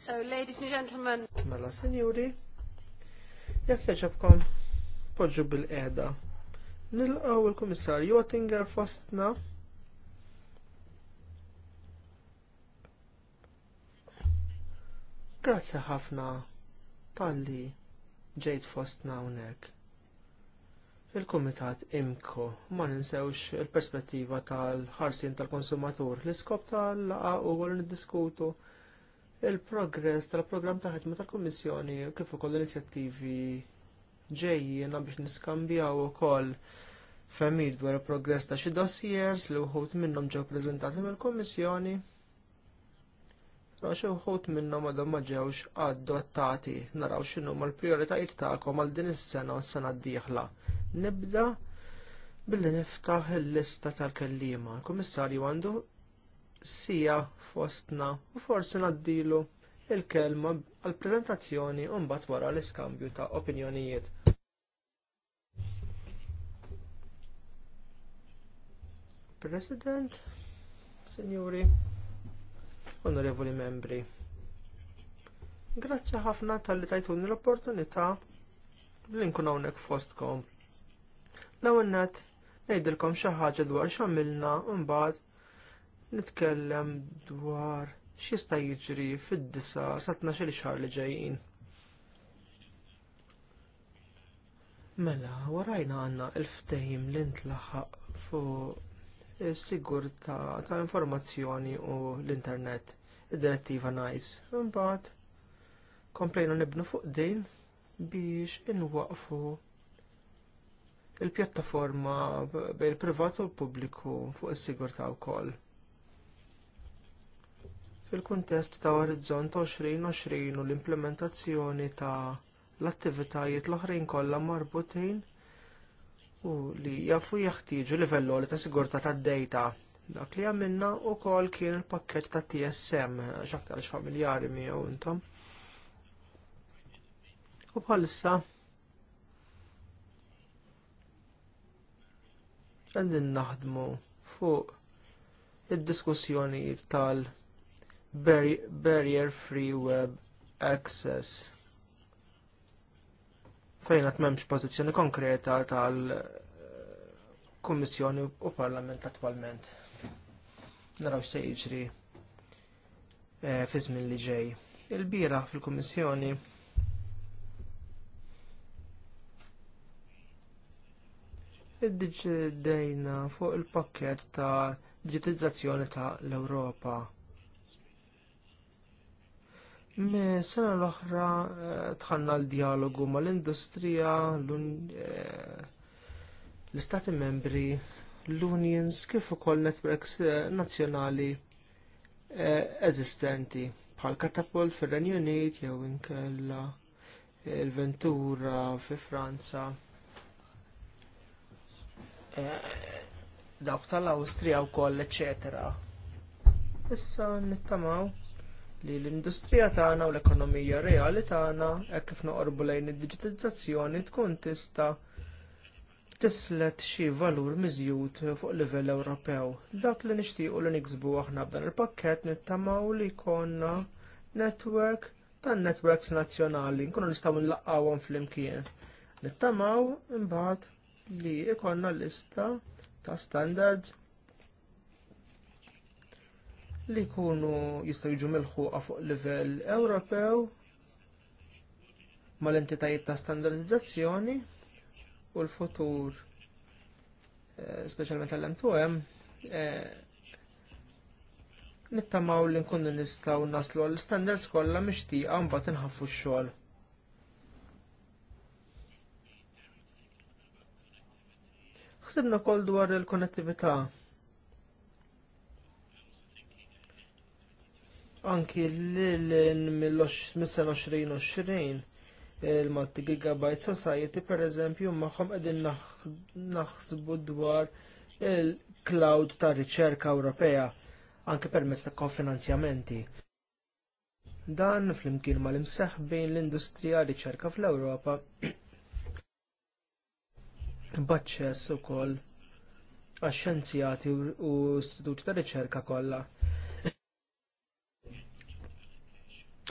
So, ladies and gentlemen. Mela, senjuri, jekk jaġabkom, podġu bil-qeda. għaw il-komissarju Ottinger fostna. Grazzi ħafna tal-li ġejt fostna unek il kumitat IMCO ma ninsewx il-perspettiva tal ħarsien tal-konsumatur. L-iskop tal-laqa u għol niddiskutu il-progress tal-programm ta' ħidma tal-Kummissjoni kif ukoll l-inizjattivi ġejjin biex niskambjaw ukoll femmid dwar il-progress ta' xi dossiers li wħud minnhom ġew preżentati mill-Kummissjoni. Ra uħut minnom għadhom maġewx għaddu adottati naraw x'inhu l-prijoritajiet tagħkom għal din is-sena u s-sena d-dieħla. Nibda billi niftaħ il-lista tal-kellima. Komissarju kummissarju għandu sija fostna u forsi naddilu il-kelma għall prezentazzjoni u mbagħad wara l-iskambju ta' opinjonijiet. President, Signori, Onorevoli Membri, Grazzi ħafna tal-li tajtuni l-opportunità li nkun hawnhekk fostkom. L-ewwel nett ngħidilkom xi ħaġa dwar x'għamilna mbagħad nitkellem dwar x'jista' jiġri fid-disa sa tnax-il xahar li ġejjin. Mela, warajna għandna il-ftehim li ntlaħaq fuq is-sigurtà tal-informazzjoni u l-internet, id-direttiva NICE. Imbagħad komplejna nibnu fuq din biex inwaqfu il-pjattaforma bejn il-privat u l-pubbliku fuq is-sigurtà wkoll fil-kuntest ta' Orizzont 2020 u l-implementazzjoni ta' l-attivitajiet l-oħrajn kollha marbutin u li jafu jeħtieġu livell li ta' sigurtà tad-dejta. Dak li għamilna wkoll kien il-pakket ta' TSM, xaktar familjari miegħu intom. U bħalissa għandin naħdmu fuq id-diskussjoni tal- barrier free web access fejn għat memx pozizjoni konkreta tal kummissjoni u parlament attualment. Naraw se iġri e, eh, fi żmien li ġej. Il-bira fil-kummissjoni id dġedajna fuq il-pakket ta' digitalizzazzjoni ta' l-Europa. Sena l-oħra eh, tħanna l-dialogu mal l-industrija, eh, l-istati membri, l-unions, kif ukoll networks eh, nazzjonali eżistenti bħal Katapult fir renju Unit jew inkella il-Ventura fi Franza. Dawk tal-Awstrija wkoll, eċetera. Issa nittamaw li l-industrija tagħna u l-ekonomija reali tagħna hekk kif noqorbu lejn id-diġitalizzazzjoni tkun tista tislet xi valur miżjud fuq livell Ewropew. Dak li nixtiequ li niksbu aħna b'dan il-pakkett nittamaw li jkollna netwerk tan netwerks nazzjonali nkunu nistgħu nlaqqawhom flimkien. Nittamaw imbagħad li jkollna lista ta' standards li jkunu jistgħu jiġu milħuqa fuq livell Ewropew mal-entitajiet ta' standardizzazzjoni u l-futur eh, speċjalment tal m eh, nittamaw li nkunu nistaw naslu għall standards kollha mixtieqa mbagħad inħaffu x-xogħol. Ħsibna wkoll dwar il-konnettività Anki l-2020 il-Malti Gigabyte Society per eżempju maħħom għedin naħsbu dwar il-cloud ta' riċerka Ewropea anke permezz ta' konfinanzjamenti. Dan fl-imkien mal-imseħ bejn l-industrija riċerka fl-Ewropa b'aċċess ukoll għax-xjenzjati u istituti ta' riċerka kollha.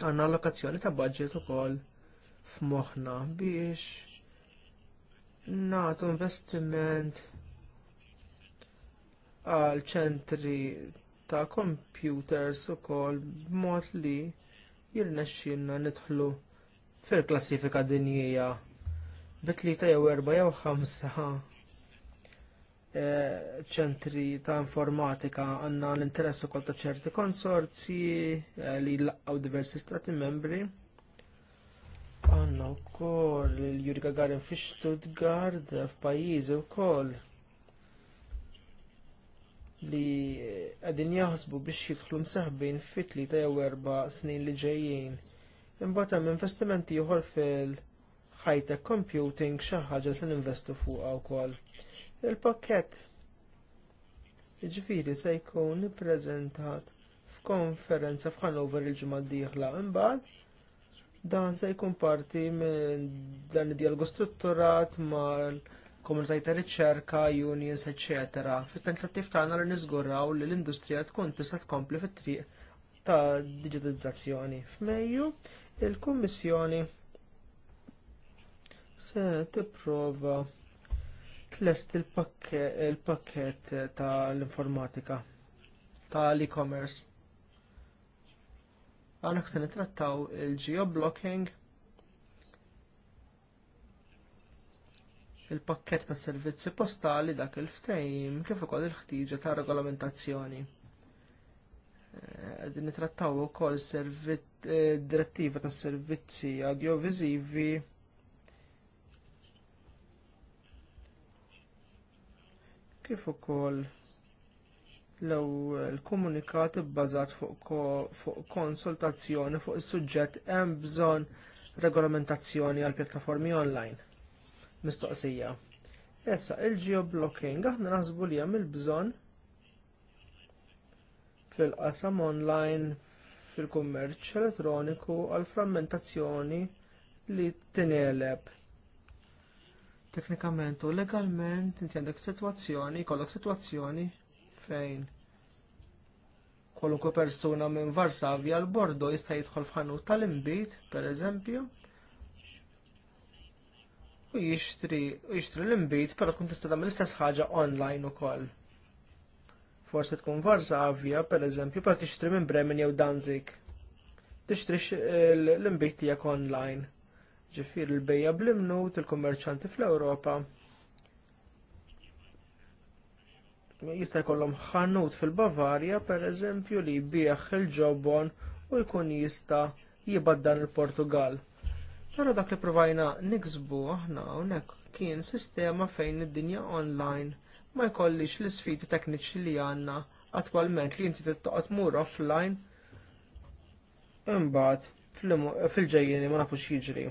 għanna allokazzjoni ta' budget ukoll f'moħħna biex nagħtu investiment għal ċentri ta' computers ukoll b'mod li jirnexxinna nidħlu fil-klassifika dinjija bitli tlieta jew erba' jew ħamsa ċentri ta' informatika għandna l-interess ukoll ta' ċerti konsorzji eh, li laqgħu diversi stati membri. Għandna wkoll il-Juri Gagarin fi Stuttgart f'pajjiżi wkoll li qegħdin jaħsbu biex jidħlu msaħbin fitli tlieta jew erba' snin li ġejjin. Imbagħad hemm investimenti ieħor fil-high-tech computing xi ħaġa se ninvestu fuqha wkoll Il-pakket ġifiri se jkun ippreżentat f'konferenza f'Hanover il-ġimgħa d-dieħla imbagħad dan se jkun parti minn dan id-dialogu strutturat mal-komunitajiet ta' riċerka, unions, etc. Fit-tentattiv tagħna li niżguraw li l-industrija tkun tista' tkompli fit-triq ta' digitalizzazzjoni. F'Mejju il-Kummissjoni se tipprova tlest il-pakket tal-informatika tal-e-commerce. Għana se nitrattaw il-geoblocking, il-pakket ta' servizzi postali dak il-ftejm kif ukoll il-ħtiġa ta' regolamentazzjoni. Nitrattaw ukoll eh, direttiva ta' servizzi audiovisivi kif ukoll l-ewwel komunikat ibbażat fuq konsultazzjoni fuq is-suġġett hemm bżonn regolamentazzjoni għal pjattaformi online. Mistoqsija. Issa il-geoblocking aħna naħsbu li hemm il-bżonn fil-qasam online fil-kummerċ elettroniku għal frammentazzjoni li tineleb teknikament u legalment inti għandek sitwazzjoni, jkollok sitwazzjoni fejn kwalunkwe persuna minn Varsavja l bordo jista' jidħol f'ħanut tal-imbit, pereżempju, u jixtri l-imbit, però tkun tista' tagħmel istess ħaġa online ukoll. Forsi tkun Varsavja, pereżempju, però tixtri minn Bremen jew Danzig. Tixtri l-imbit tiegħek online ġifir il-bejja bl-imnut il-kummerċanti fl-Ewropa jista' jkollhom ħanut fil-Bavarja pereżempju li jbieħ il-ġobon u jkun jista' jibad dan il-Portugal. Però dak li provajna niksbu aħna hawnhekk kien sistema fejn id-dinja online ma jkollix l isfidi tekniċi li għandna attwalment li inti tittaqgħod mur offline imbagħad fil-ġejjeni ma nafux jiġri.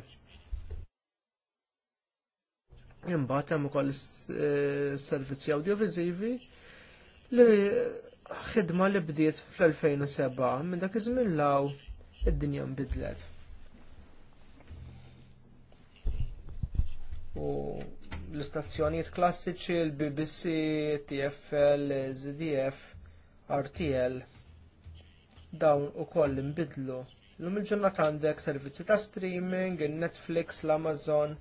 Imbagħad hemm ukoll eh, servizzi awdjoviżivi li ħidma li bdiet fl-2007 minn dak iż-żmien law id-dinja nbidlet. U l-istazzjonijiet klassiċi l-BBC, TFL, ZDF, RTL dawn ukoll l Lum il-ġurnata għandek servizzi ta' streaming, il-Netflix, l-Amazon,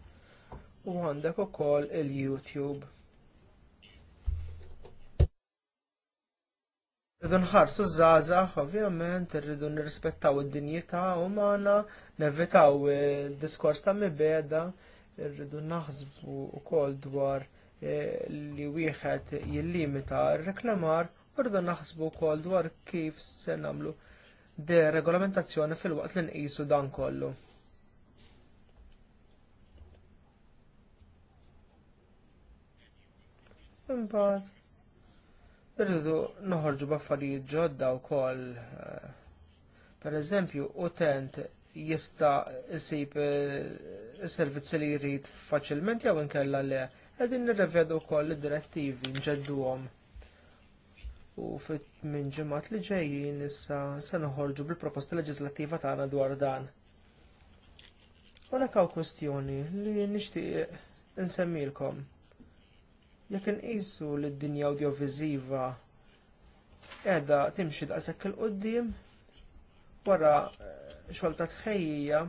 u għandek ukoll il-YouTube. Rridu nħarsu żaża, ovvjament, irridu nirrispettaw id-dinjità umana, nevitaw id-diskors ta' mibeda, irridu naħsbu wkoll dwar eh, li wieħed jillimita r-reklamar, u rridu naħsbu wkoll dwar kif se nagħmlu regolamentazzjoni fil-waqt li nqisu dan kollu. Imbagħad irridu noħorġu b'affarijiet ġodda wkoll. Eh, pereżempju, utent jista' jisib is-servizzi eh, li jrid faċilment jew inkella le qegħdin nirrevedu wkoll id-direttivi nġedduhom u fit minn ġimgħat li ġejjin issa se noħorġu bil-proposta leġislattiva tagħna dwar dan. U hawn kwestjoni li nixtieq insemmilkom. Jekk inqisu lid dinja awdjoviżiva qiegħda timxi daqshekk il-qudiem wara xogħol ta' tħejjija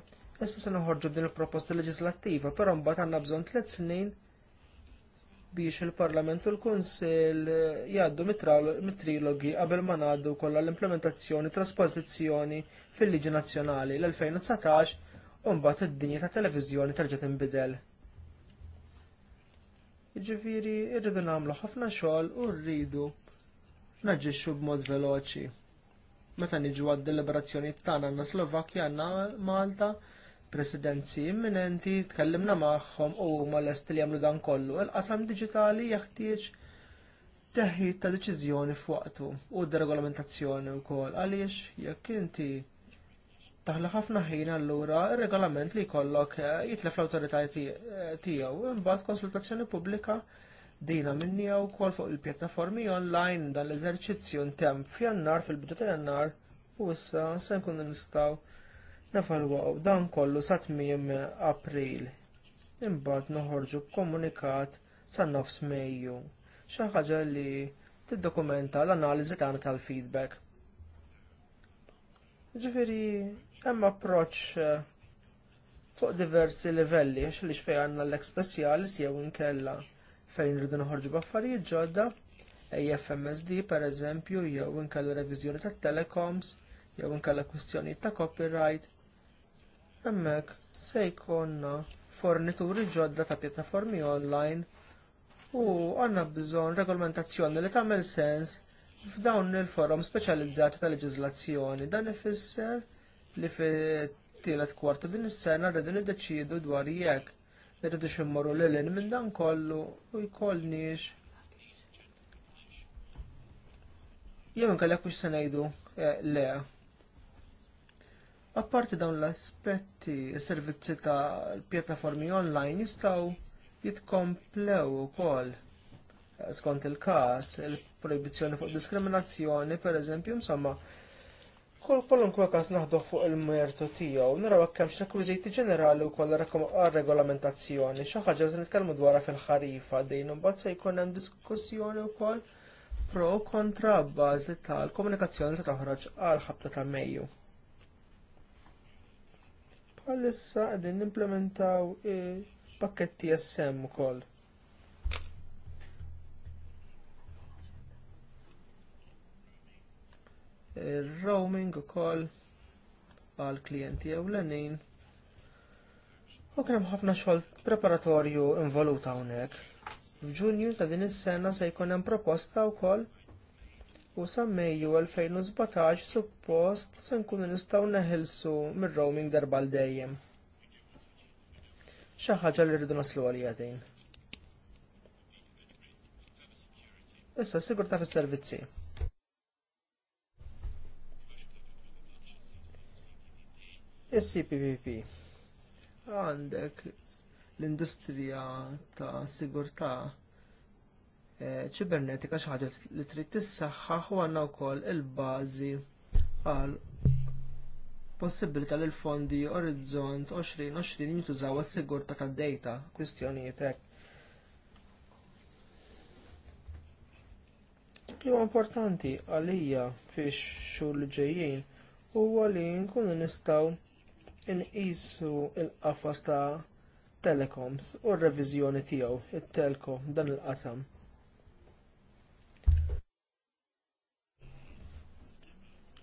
issa se noħorġu din il-proposta leġislattiva, però mbagħad għandna bżonn tliet snin biex il-Parlament u l-Kunsill jgħaddu mit-trilogi qabel ma ngħaddu kollha l-implementazzjoni trasposizzjoni fil-Liġi Nazzjonali l-2019 u mbagħad id-dinja ta' televiżjoni terġa' tinbidel. Jiġifieri rridu nagħmlu ħafna xogħol u rridu naġixxu b'mod veloċi. Meta niġu għad deliberazzjonijiet tagħna na Slovakkja għandna Malta, presidenzi imminenti, tkellimna magħhom u huma lest li jagħmlu dan kollu. Il-qasam diġitali jeħtieġ teħid ta' deċiżjoni f'waqtu u d wkoll għaliex jekk inti taħla ħafna ħin allura ir-regolament li jkollok eh, jitlef l-awtorità eh, tiegħu imbagħad konsultazzjoni pubblika dina minni jew kol fuq il-pjattaformi online dan l-eżerċizzju ntem f'jannar fil-bidu ta' jannar u issa se nkunu nistgħu nevalwaw dan kollu sa tmiem April. Imbagħad noħorġu komunikat sa nofs Mejju. Xi ħaġa li tiddokumenta l-analiżi tagħna tal-feedback. Ġifiri, hemm approċċ eh, fuq diversi livelli, għax li xfej għanna l-ek specialis jew inkella fejn rridu noħorġu b'affarijiet ġodda, AFMSD per eżempju, jew inkella revizjoni ta' telecoms, jew inkella kwistjoni ta' copyright. Hemmhekk se jkollna fornituri ġodda ta' pjattaformi online u għandna bżonn regolamentazzjoni li tagħmel sens f'dawn il-forum speċjalizzati ta' leġiżlazzjoni. Dan ifisser li fit-tielet kwarta din is-sena rridu niddeċiedu dwar jekk irridu ximmorru lil minn dan kollu u jkollniex. Jew inkellek mhux se ngħidu eh, le. Apparti dawn l-aspetti, is-servizzi tal pjattaformi online jistgħu jitkomplew ukoll skont il-każ, il-proibizzjoni fuq diskriminazzjoni, pereżempju, insomma, kull kwalunkwe każ naħdu fuq il-mertu tiegħu, naraw hekk hemmx rekwiżiti ġenerali wkoll regolamentazzjoni, xi ħaġa se nitkellmu dwarha fil-ħarifa dejn un se jkun hemm diskussjoni wkoll pro kontra bazi tal-komunikazzjoni ta' toħroġ għal ħabta ta' Mejju bħalissa għedin nimplementaw pakketti TSM u koll. roaming ukoll għal klijenti enin U kien hemm ħafna xogħol preparatorju involuta hawnhekk. F'Ġunju ta' din is-sena se jkun hemm proposta wkoll u sammeju 2017 suppost se nkunu nistgħu neħilsu mir-roaming darba l dejjem. Xi ħaġa li rridu naslu għal din. Issa sigurta fis-servizzi. Is-CPPP għandek l-industrija ta' sigurtà eh, ċibernetika xaħġa li trid tissaħħaħ u għandna wkoll il-bażi għal possibilità li l-fondi Orizzont 2020 jintużaw għas sigurta tad-dejta kwistjonijiet hekk. Li importanti għalija fix xhur li ġejjin huwa li nkunu nistgħu inqisu il-qafas ta' telecoms u r-reviżjoni tiegħu it-telco dan il-qasam.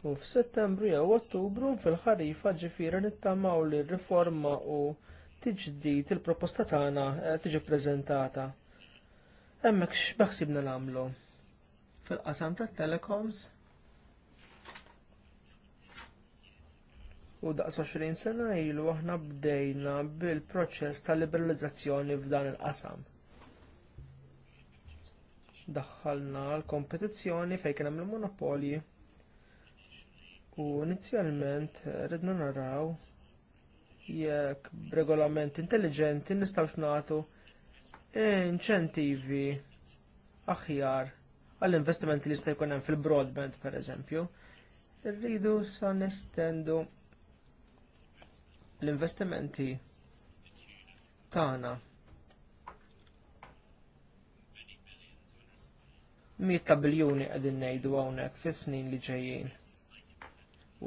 U f'Settembru jew Ottubru fil-ħarifa ġifiera nittamaw li riforma u tiġdid il-proposta tagħna tiġi ppreżentata. Hemmhekk x'beħsibna nagħmlu. Fil-qasam tat-telecoms U daqs 20 sena ilu aħna bdejna bil-proċess ta' liberalizzazzjoni f'dan il-qasam. Daħħalna l-kompetizzjoni fejn kien hemm il-monopolji u inizjalment ridna naraw jekk b'regolament intelligenti nistgħux nagħtu inċentivi aħjar għall-investimenti li jista' jkun hemm fil-broadband pereżempju. Irridu sa nestendu l-investimenti tagħna. Miet ta' biljuni qegħdin ngħidu hawnhekk fis-snin li ġejjin.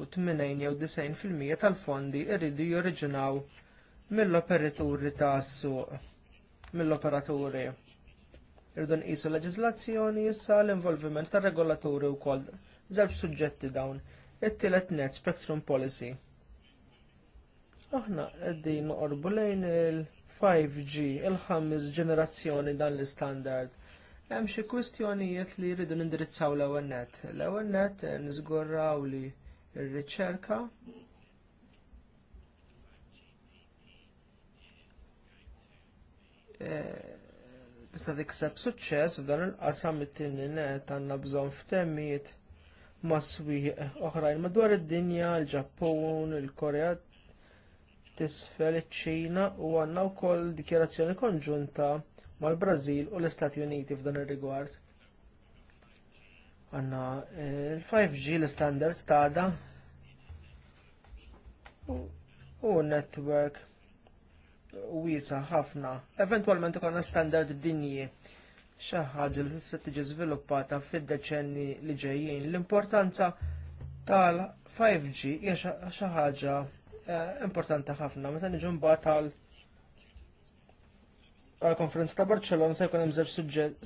U 80 jew 90% tal-fondi jridu joriġinaw mill-operaturi ta' suq mill-operaturi. Irridu nqisu leġislazzjoni issa l-involviment tar-regolaturi wkoll żewġ suġġetti dawn. It-tielet net Spectrum Policy. Aħna għeddin noqorbu lejn il-5G, il ħammis ġenerazzjoni dan l-istandard. Hemm xi kwistjonijiet li jridu nindirizzaw l-ewwel net. L-ewwel net eh, niżgurraw li r-riċerka eh, tista' tikseb suċċess f'dan il-qasam it-tieni net għandna bżonn f'temmijiet ma' swieq oħrajn madwar id-dinja, il-Ġappun, il-Korea tisfel iċ-Ċina u għandna wkoll dikjarazzjoni konġunta mal-Brażil u l-Istati Uniti f'dan ir-rigward. Għandna eh, il-5G l-standard tada u n-network wiesa ħafna. Eventwalment ukoll standard dinji xi ħaġa li tista' tiġi żviluppata fid-deċenni li ġejjin. L-importanza tal-5G hija xi ħaġa Eh, importanti ħafna. Meta niġu mbagħad għall konferenza ta' Barcellona se jkun hemm żewġ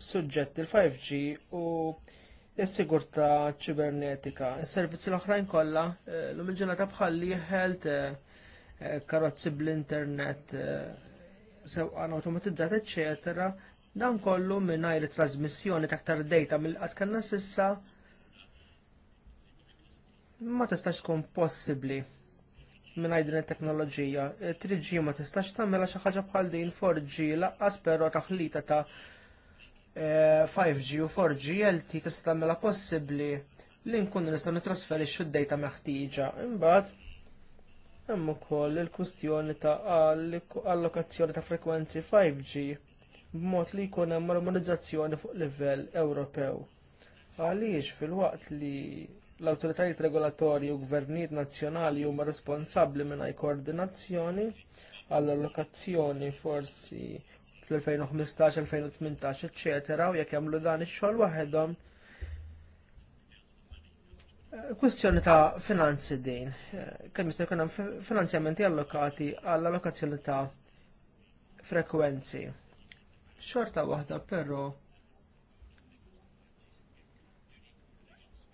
suġġetti il-5G u s-sigurtà ċibernetika. Is-servizzi l-oħrajn kollha eh, lum il ġenata bħalli ħelt eh, karozzi bl-internet sewqan automatizzat, eccetera, dan kollu minnajr trasmissjoni taktar data mill-qat kanna sissa ma tistax tkun possibbli minn din it-teknoloġija. 3G ma tistax tagħmilha xi ħaġa bħal din 4G laqqas però taħlita ta' 5G e, u 4G LT tista' tagħmilha possibbli li nkunu nistgħu nitrasferi d-dejta meħtieġa. Imbagħad hemm ukoll il-kwistjoni ta' allokazzjoni ta' frekwenzi 5G b'mod li jkun hemm armonizzazzjoni fuq livell Ewropew. Għaliex fil-waqt li L-autoritajiet regolatorji u gvernijiet nazzjonali huma responsabbli mingħajr koordinazzjoni għall-allokazzjoni forsi fl-2015, 2018, ecc. u jekk jagħmlu dan ix-xogħol waħedhom eh, Kwestjoni ta' finanzi din, eh, kemm jista' jkun hemm finanzjamenti allokati għall allokazzjoni ta' frekwenzi. Xorta waħda però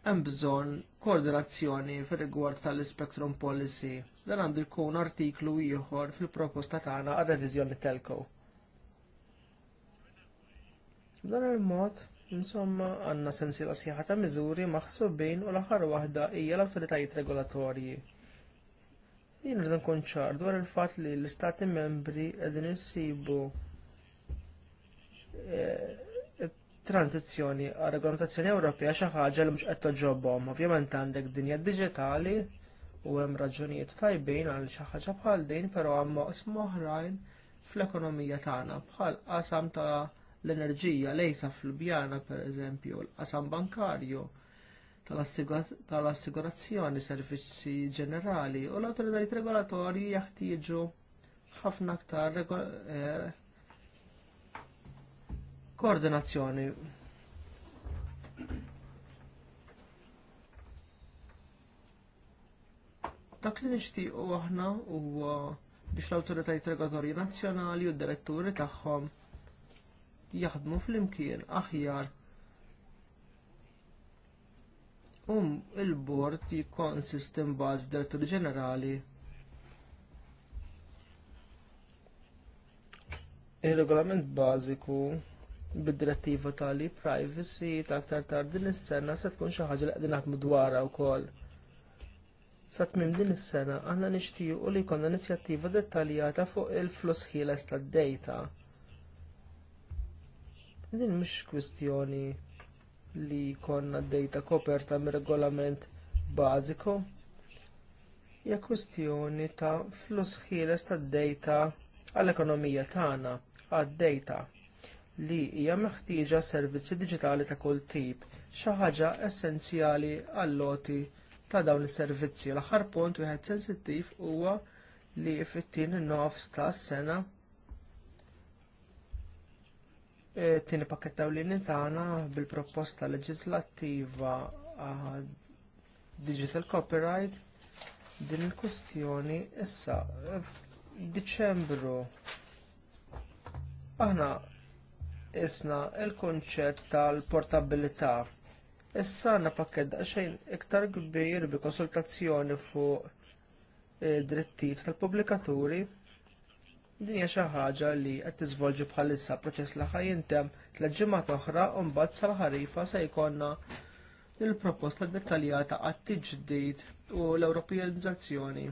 hemm bżonn koordinazzjoni fir-rigward tal-Spectrum Policy. Dan għandu jkun artiklu ieħor fil-proposta tagħna għal reviżjoni telco. B'dan il-mod, insomma, għandna sensiela sħiħa ta' miżuri maħsubin u l-aħħar waħda hija l-awtoritajiet regolatorji. Jien rridu nkun ċar dwar il-fatt li l-Istati membri qegħdin insibu eh, tranzizzjoni għal regolamentazzjoni Ewropea xi ħaġa li mhux qed toġobhom. Ovvjament għandek dinja diġitali u hemm raġunijiet tajbin għal xi ħaġa bħal din, però hemm oqsma oħrajn fl-ekonomija tagħna bħal qasam ta' l-enerġija lejsa fl-bjana pereżempju, l-qasam bankarju tal-assigurazzjoni, servizzi ġenerali u l-autoritajiet regolatorji jaħtieġu ħafna aktar eh, koordinazzjoni. Dak li nixtiequ aħna huwa biex l-awtoritajiet regolatorji nazzjonali u d-diretturi tagħhom jaħdmu fl-imkien aħjar um il-bord jikkonsisti mbagħad f'direttur ġenerali il regolament bażiku bid-direttiva tal-li privacy ta' aktar tard din is-sena se tkun xi ħaġa li qegħdin naħdmu dwarha wkoll. Sa tmiem din is-sena aħna nixtiequ li jkollna inizjattiva dettaljata fuq il-fluss ħieles tad-dejta. Din mhix kwistjoni li jkollna d-dejta koperta mir-regolament bażiku. Hija kwistjoni ta' fluss ħieles tad-dejta għall-ekonomija tagħna għad-dejta li hija meħtieġa servizzi diġitali ta' kull tip, xi ħaġa essenzjali għall-loti ta' dawn is-servizzi. L-aħħar punt wieħed sensittiv huwa li fit tieni nofs ta' sena e, tieni pakketta li tagħna bil-proposta leġislattiva digital copyright din il-kustjoni issa f'Diċembru aħna isna il-kunċett tal-portabilità. Issa għandna pakkett daqsxejn iktar kbir bi konsultazzjoni fuq eh, drittijiet tal-pubblikaturi din hija xi ħaġa li qed tiżvolġi bħalissa proċess li ħajjintem tliet ġimgħat oħra u mbagħad sal-ħarifa se jkollna il-proposta dettaljata għat tiġdid u l-Ewropeanizzazzjoni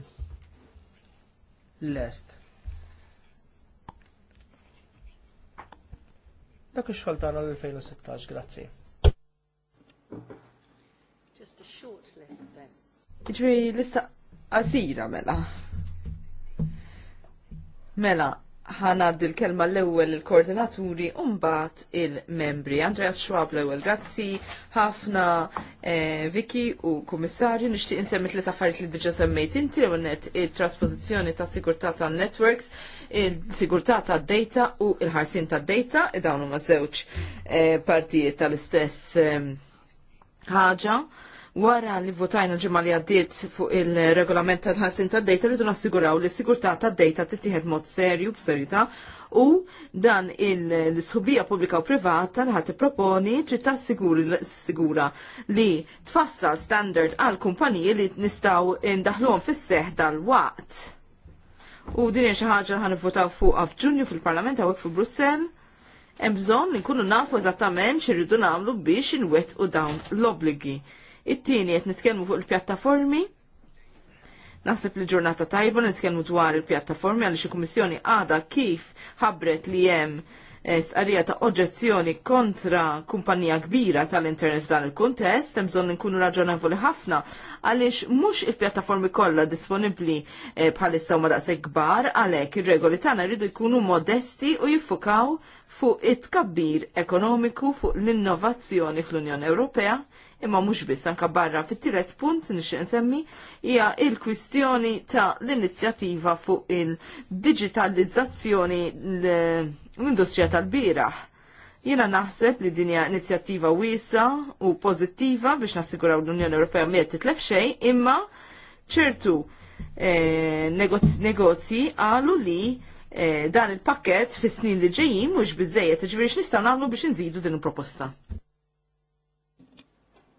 l-est. Dak ix-xogħol tagħna l-2016, grazzi. Just a short list then. Ġri lista qasira mela. Mela, ħanad l-kelma l-ewwel il-koordinaturi u mbagħad il-membri. Andreas Schwab l-ewwel grazzi, ħafna eh, Viki u kummissarju nixtieq insemmi li affarijiet li diġà semmejt inti u net it-trasposizzjoni ta' sigurtà networks, il-sigurtà data u il-ħarsin ta' data, e dawn huma żewġ zewċ eh, partijiet tal-istess eh, ħaġa. Eh, Wara li votajna ġimma li għaddiet fuq il-regolament tal-ħassin tad data rridu nassiguraw li s-sigurtà tad data tittieħed mod serju b'serjetà u dan il-sħubija pubblika u privata li ħadd proponi trid sigura li tfassal standard għal kumpaniji li nistgħu ndaħluhom fis-seħ dal-waqt. U din xi ħaġa ħan votaw fuq f'Ġunju fil-Parlament għawek fuq Brussel. Hemm bżonn li nkunu nafu eżattament x'irridu nagħmlu biex inwettqu dawn l-obbligi It-tieni qed nitkellmu fuq il-pjattaformi. Naħseb li ġurnata tajba nitkellmu dwar il-pjattaformi għaliex il-Kummissjoni għada kif ħabbret li hemm eh, sqarrija ta' oġezzjoni kontra kumpanija kbira tal-internet f'dan il-kuntest, hemm bżonn nkunu raġonevoli ħafna għaliex mhux il-pjattaformi kollha disponibbli eh, bħalissa huma daqshekk kbar għalhekk ir-regoli tagħna jridu jkunu modesti u jiffukaw fuq it-tkabbir ekonomiku fuq l-innovazzjoni fl-Unjoni Ewropea imma mhux biss anka barra. Fit-tielet punt nixtieq nsemmi hija l-kwistjoni ta' l-inizjattiva fuq il-digitalizzazzjoni l-industrija tal-bieraħ. Jiena naħseb li dinja inizjattiva wiesa u pożittiva biex nassiguraw l-Unjoni Ewropea miet titlef xejn, imma ċertu eh, negozji għalu li eh, dan il-pakket fis snin li ġejjin mhux biżejjed, ġifieri x'nistgħu nagħmlu biex inżidu din il-proposta.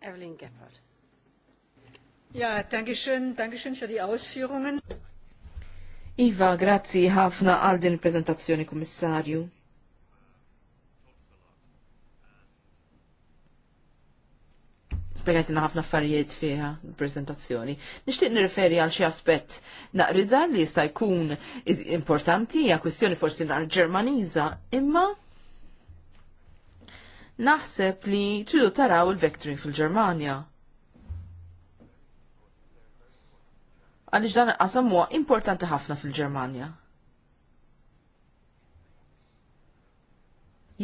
Evelyn Gebhardt. Ja, danke schön, danke schön für die Ausführungen. Iva, grazzi ħafna għal din il-prezentazzjoni, Kummissarju. spiegħetina ħafna affarijiet fiha l-prezentazzjoni. Nixtieq nirriferi għal xi aspett naqriżar li jista' jkun importanti hija kwistjoni forsi naqra Ġermaniża, imma naħseb li tridu taraw il-vectoring fil-Ġermanja. Għaliex dan qasam huwa importanti ħafna fil-Ġermanja.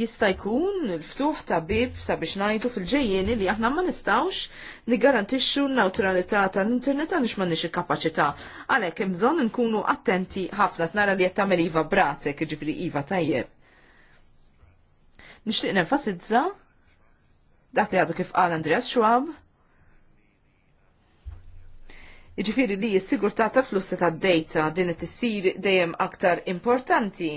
jista' jkun il-ftuħ ta' bib sabiex ngħidu fil-ġejjieni li aħna ma nistgħux nigarantixxu n-nawtralità tal-internet għaliex m'għandniex il-kapaċità. Għalhekk hemm bżonn nkunu attenti ħafna tnara li qed tagħmel iva brasek, jiġifieri iva tajjeb. Nixtieq nenfasizza dak li għadu kif qal Andreas Schwab. Iġifiri li s ta' ta' flussi tad-data din tissir dejjem aktar importanti.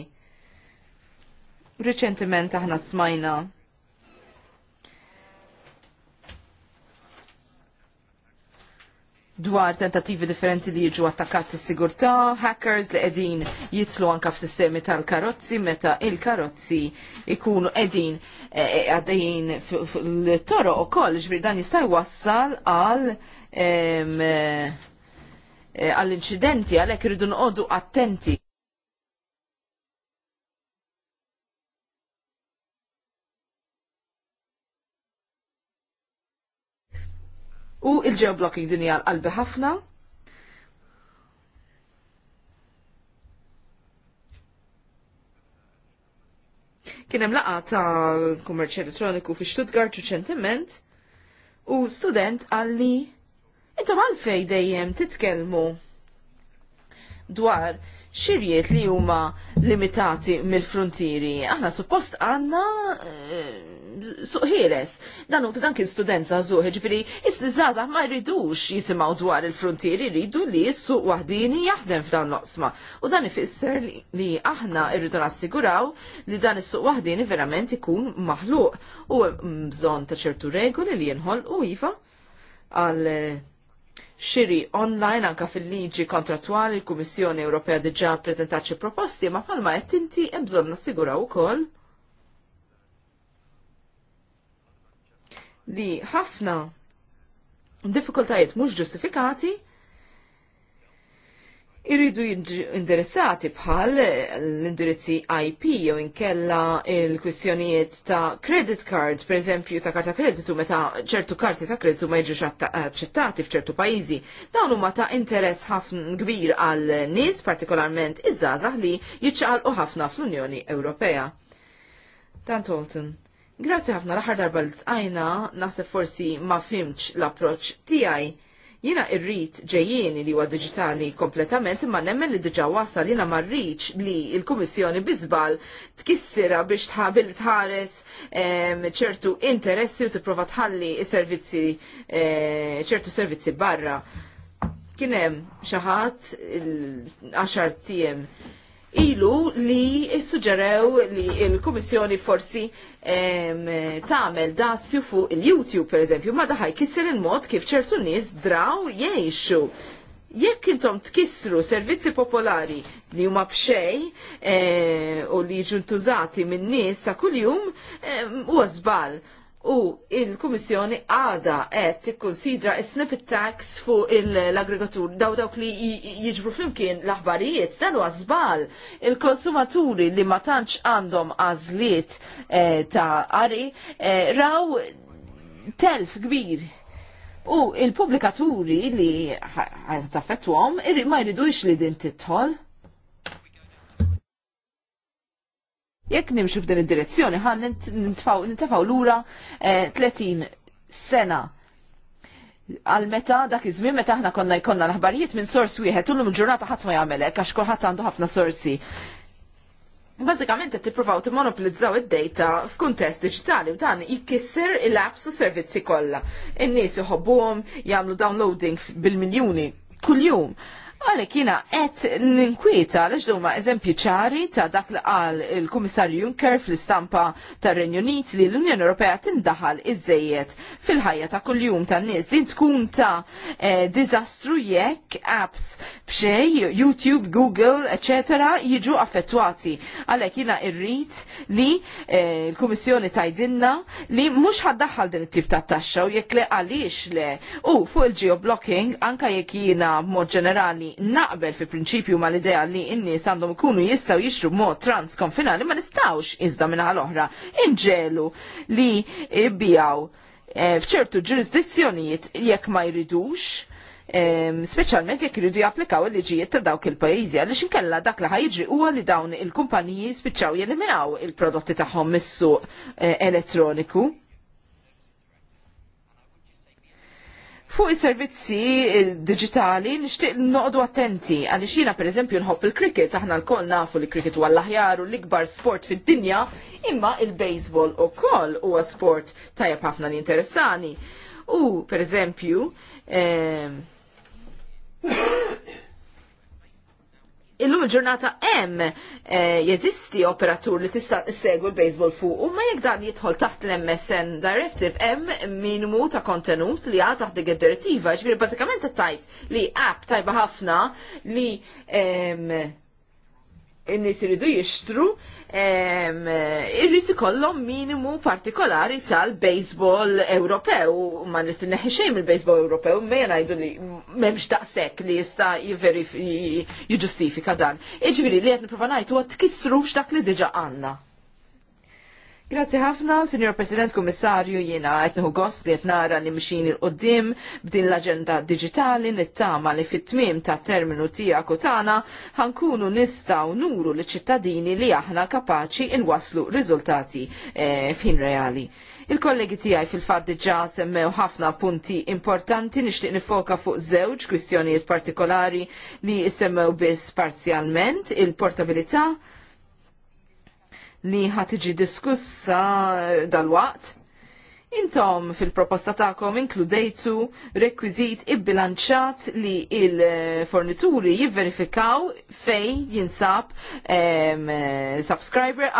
Riċentement aħna smajna dwar tentativi differenti li jiġu attakkati s-sigurtà, hackers li qegħdin jitlu anka f'sistemi tal-karozzi meta il-karozzi ikunu qegħdin e, e, għaddejjin l fil-toro u koll ġbir dan jista' jwassal għal e, incidenti għal għalhekk irridu attenti. U il-geoblocking din għalbi qalbi ħafna. Kien hemm laqgħa ta' kummerċ elettroniku fi Stuttgart riċentement u student għalli intom għalfej dejjem titkellmu dwar xirjiet li huma limitati mill-frontieri. Aħna suppost għanna eh, suħires. Dan u dan kien student zazuħ, ġifiri, iż zaħzaħ ma jridux jisimaw dwar il-frontieri, jridu li s-suq wahdini jaħdem f'dan l osma U dan ifisser li aħna irridu nassiguraw li dan is-suq wahdini verament ikun maħluq u bżon ta' ċertu regoli li jenħol u jiva għal eh, xiri online anka fil-liġi kontratwali il-Kummissjoni Ewropea diġa prezentat xi proposti ma bħalma qed inti hemm bżonn nassiguraw ukoll li ħafna diffikultajiet mhux ġustifikati irridu indirizzati bħal l-indirizzi IP jew inkella il-kwistjonijiet ta' credit card, per eżempju ta' karta kreditu meta ċertu karti ta' kreditu ma jiġux aċċettati f'ċertu pajjiżi. Dawn huma ta' interess ħafna kbir għal nies partikolarment iż-żgħażagħ li jiċċaqalqu ħafna fl-Unjoni Ewropea. Dan Tolton. Grazzi ħafna l-aħħar darba li tqajna, naħseb forsi ma fimx l-approċ tiegħi. Jiena irrit ġejjieni li huwa digitali kompletament imma nemmen li diġa' wasal jiena marriċ li l-Kummissjoni biżbal tkissira biex tħabil tħares ċertu interessi u tipprova tħalli servizzi e, ċertu servizzi barra. Kien hemm xi ħadd il-10 tiem ilu li suġġerew li il-Kummissjoni forsi tagħmel dazju fuq il-YouTube pereżempju, ma daħaj kisser il-mod kif ċertu nies draw jgħixu jekk intom tkissru servizzi popolari li huma b'xej eh, u li jiġu ntużati minn nies ta' kuljum eh, huwa żball u il-Kummissjoni għada qed tikkunsidra snippet tax fuq l-aggregatur daw dawk li jiġbru flimkien l-aħbarijiet dan huwa żbal. Il-konsumaturi li ma tantx għandhom għażliet eh, ta' qari eh, raw telf kbir. U il-publikaturi li taffettwom ma jridux li din titħol. jekk nimxu f'din id-direzzjoni ħan nintafaw lura 30 eh, sena għal meta dak iż-żmien meta aħna konna jkollna l-aħbarijiet minn sors wieħed tullum il-ġurnata ħadd ma jagħmel hekk għax kulħadd għandu ħafna sorsi. Bazzikament qed tippruvaw timmonopolizzaw id-data f'kuntest diġitali u dan jkisser il-apps u servizzi kollha. In-nies iħobbuhom jagħmlu downloading bil-miljuni kuljum. jum Għalek jina qed ninkwieta għaliex huma eżempju ċari ta' dak li qal il-Kummissarju Juncker fl-istampa tar-Renju Unit li l-Unjoni Ewropea tindaħal iżejjed fil-ħajja ta' kuljum tan-nies din tkun ta' eh, dizastru jekk apps b'xej YouTube, Google, etc. jiġu affettwati. Għalek jina irrit li eh, l-Kummissjoni tajdinna li mhux ħaddaħħal din it-tip ta' taxxa u jekk li għaliex le. U fuq il-geoblocking anka jekk jina b'mod ġenerali jani naqbel fi prinċipju ma l-idea li inni nies għandhom ikunu jistaw jixru mod transkonfinali ma nistawx iżda minna l-oħra inġelu li bijaw e, eh, fċertu ġurisdizzjonijiet jekk ma jridux specialment jekk iridu japplikaw il-liġijiet ta' dawk il-pajjiżi għaliex inkella dak li ħajġri huwa li dawn il-kumpaniji spiċċaw jeliminaw il-prodotti tagħhom mis-suq eh, elettroniku. Fuq is-servizzi eh, digitali nixtieq noqdu attenti għaliex jiena pereżempju nħobb il-cricket, aħna lkoll nafu li cricket huwa l-aħjar u l-ikbar sport fid-dinja, imma il-baseball ukoll huwa sport tajjeb ħafna li interessani. U pereżempju, eżempju, eh, illum il-ġurnata hemm eh, jeżisti operatur li tista' segwu l-baseball fuq u ma jekk dan jidħol taħt l-MSN Directive hemm minimu ta' kontenut li għad taħt dik id-direttiva, ġifieri bażikament tajt li app tajba ħafna li in nis iridu jixtru, irrid ikollhom minimu partikolari tal-baseball Ewropew, ma nrid neħi xejn il baseball Ewropew, ma jgħidu li m'hemmx daqshekk li jista' jiġġustifika dan. Iġifieri li qed nipprova ngħid huwa tkissru li diġà għandna. Grazzi ħafna, Signor President Kummissarju, jiena għetnuħu gost li jtnara li mxin il-qoddim b'din l-agenda digitali nittama li fit-tmim ta' terminu tija tagħna ħankunu nistaw nuru li ċittadini li aħna kapaċi nwasslu riżultati eh, f'ħin fin reali. Il-kollegi tijaj fil fatt diġa semmew ħafna punti importanti nixtieq nifoka fuq żewġ kwistjonijiet partikolari li semmew biss parzjalment il-portabilità li ħat iġi diskussa dal-waqt Intom fil-proposta ta'kom inkludejtu rekwizit ibbilanċat li il-fornituri jivverifikaw fej jinsab um, subscriber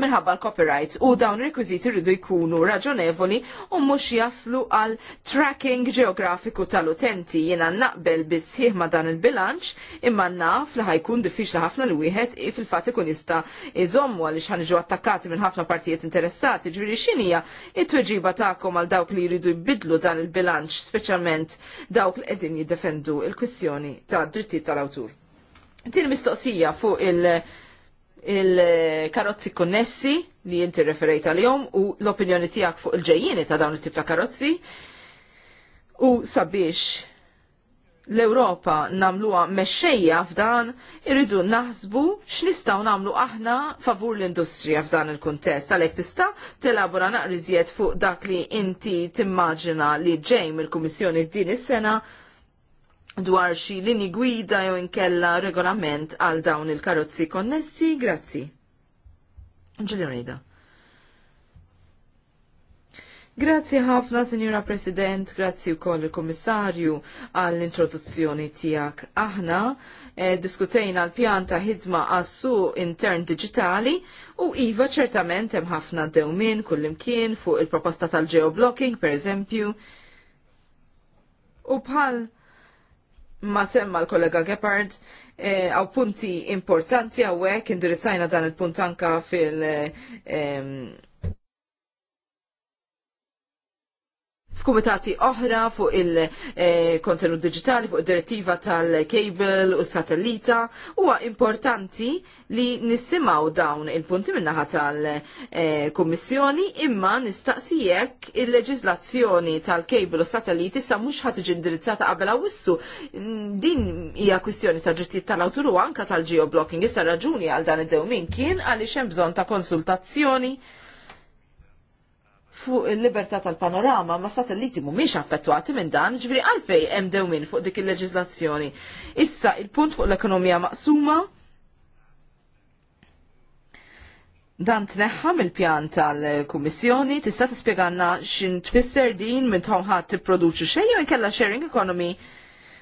minħabba l-copyrights u dawn rekwizit rridu jkunu raġonevoli u mux jaslu għal tracking geografiku tal-utenti jina naqbel bisħiħ ma dan il-bilanċ imma naf li ħajkun diffiċli ħafna li wieħed fil-fat ikun jista' iżommu għal xanġu attakkati minn ħafna partijiet interessati ġviri xinija it-tweġiba tagħkom għal dawk li jridu jbidlu dan il-bilanċ, speċjalment dawk li qegħdin jiddefendu il-kwistjoni ta' drittijiet tal-awtur. Tin mistoqsija fuq il- il-karozzi konnessi li jinti referejt għal-jom u l-opinjoni tijak fuq il-ġejjini ta' dawn it-tip ta' karozzi u sabiex l-Europa namluha mexxejja f'dan, irridu naħsbu x'nistgħu namlu aħna favur l-industrija f'dan il-kuntest. Għalhekk tista' telabora naqriżjed fuq dak li inti timmaġina li ġej mill-Kummissjoni din is-sena dwar xi lini gwida jew inkella regolament għal dawn il-karozzi konnessi. Grazzi. Ġili Rejda. Grazzi ħafna, Signora President, grazzi wkoll il-Kummissarju għall-introduzzjoni tiegħek. Aħna eh, diskutejna l-pjan ta' ħidma għassu intern digitali u iva ċertament hemm ħafna dewmin kullimkien fuq il-proposta tal-geoblocking, per eżempju. U bħal ma semma l-kollega Gepard, eh, għaw eh, punti importanti għawek, indirizzajna dan il-punt anka fil- eh, f'kumitati oħra fuq il-kontenut digitali, fuq direttiva tal-kabel u satellita. Huwa importanti li nissimaw dawn il-punti minnaħa tal-Kummissjoni imma nistaqsijek il-leġizlazzjoni tal-kabel u satelliti sa mhux ħadd tiġi indirizzata qabel awissu. Din hija kwistjoni ta' drittijiet tal-awtur u anka tal-geoblocking. Issa raġuni għal dan id-dewmin kien għaliex hemm bżonn ta' konsultazzjoni fuq il-libertà tal-panorama ma satelliti mhumiex affettwati minn dan, ġifieri għalfej hemm dewmin fuq dik il leġizlazzjoni Issa il-punt fuq l-ekonomija maqsuma Dan tneħħa mill-pjan tal-Kummissjoni, tista' tispjegana x'in tfisser din minn tomħat tipproduċi xejn jew inkella sharing economy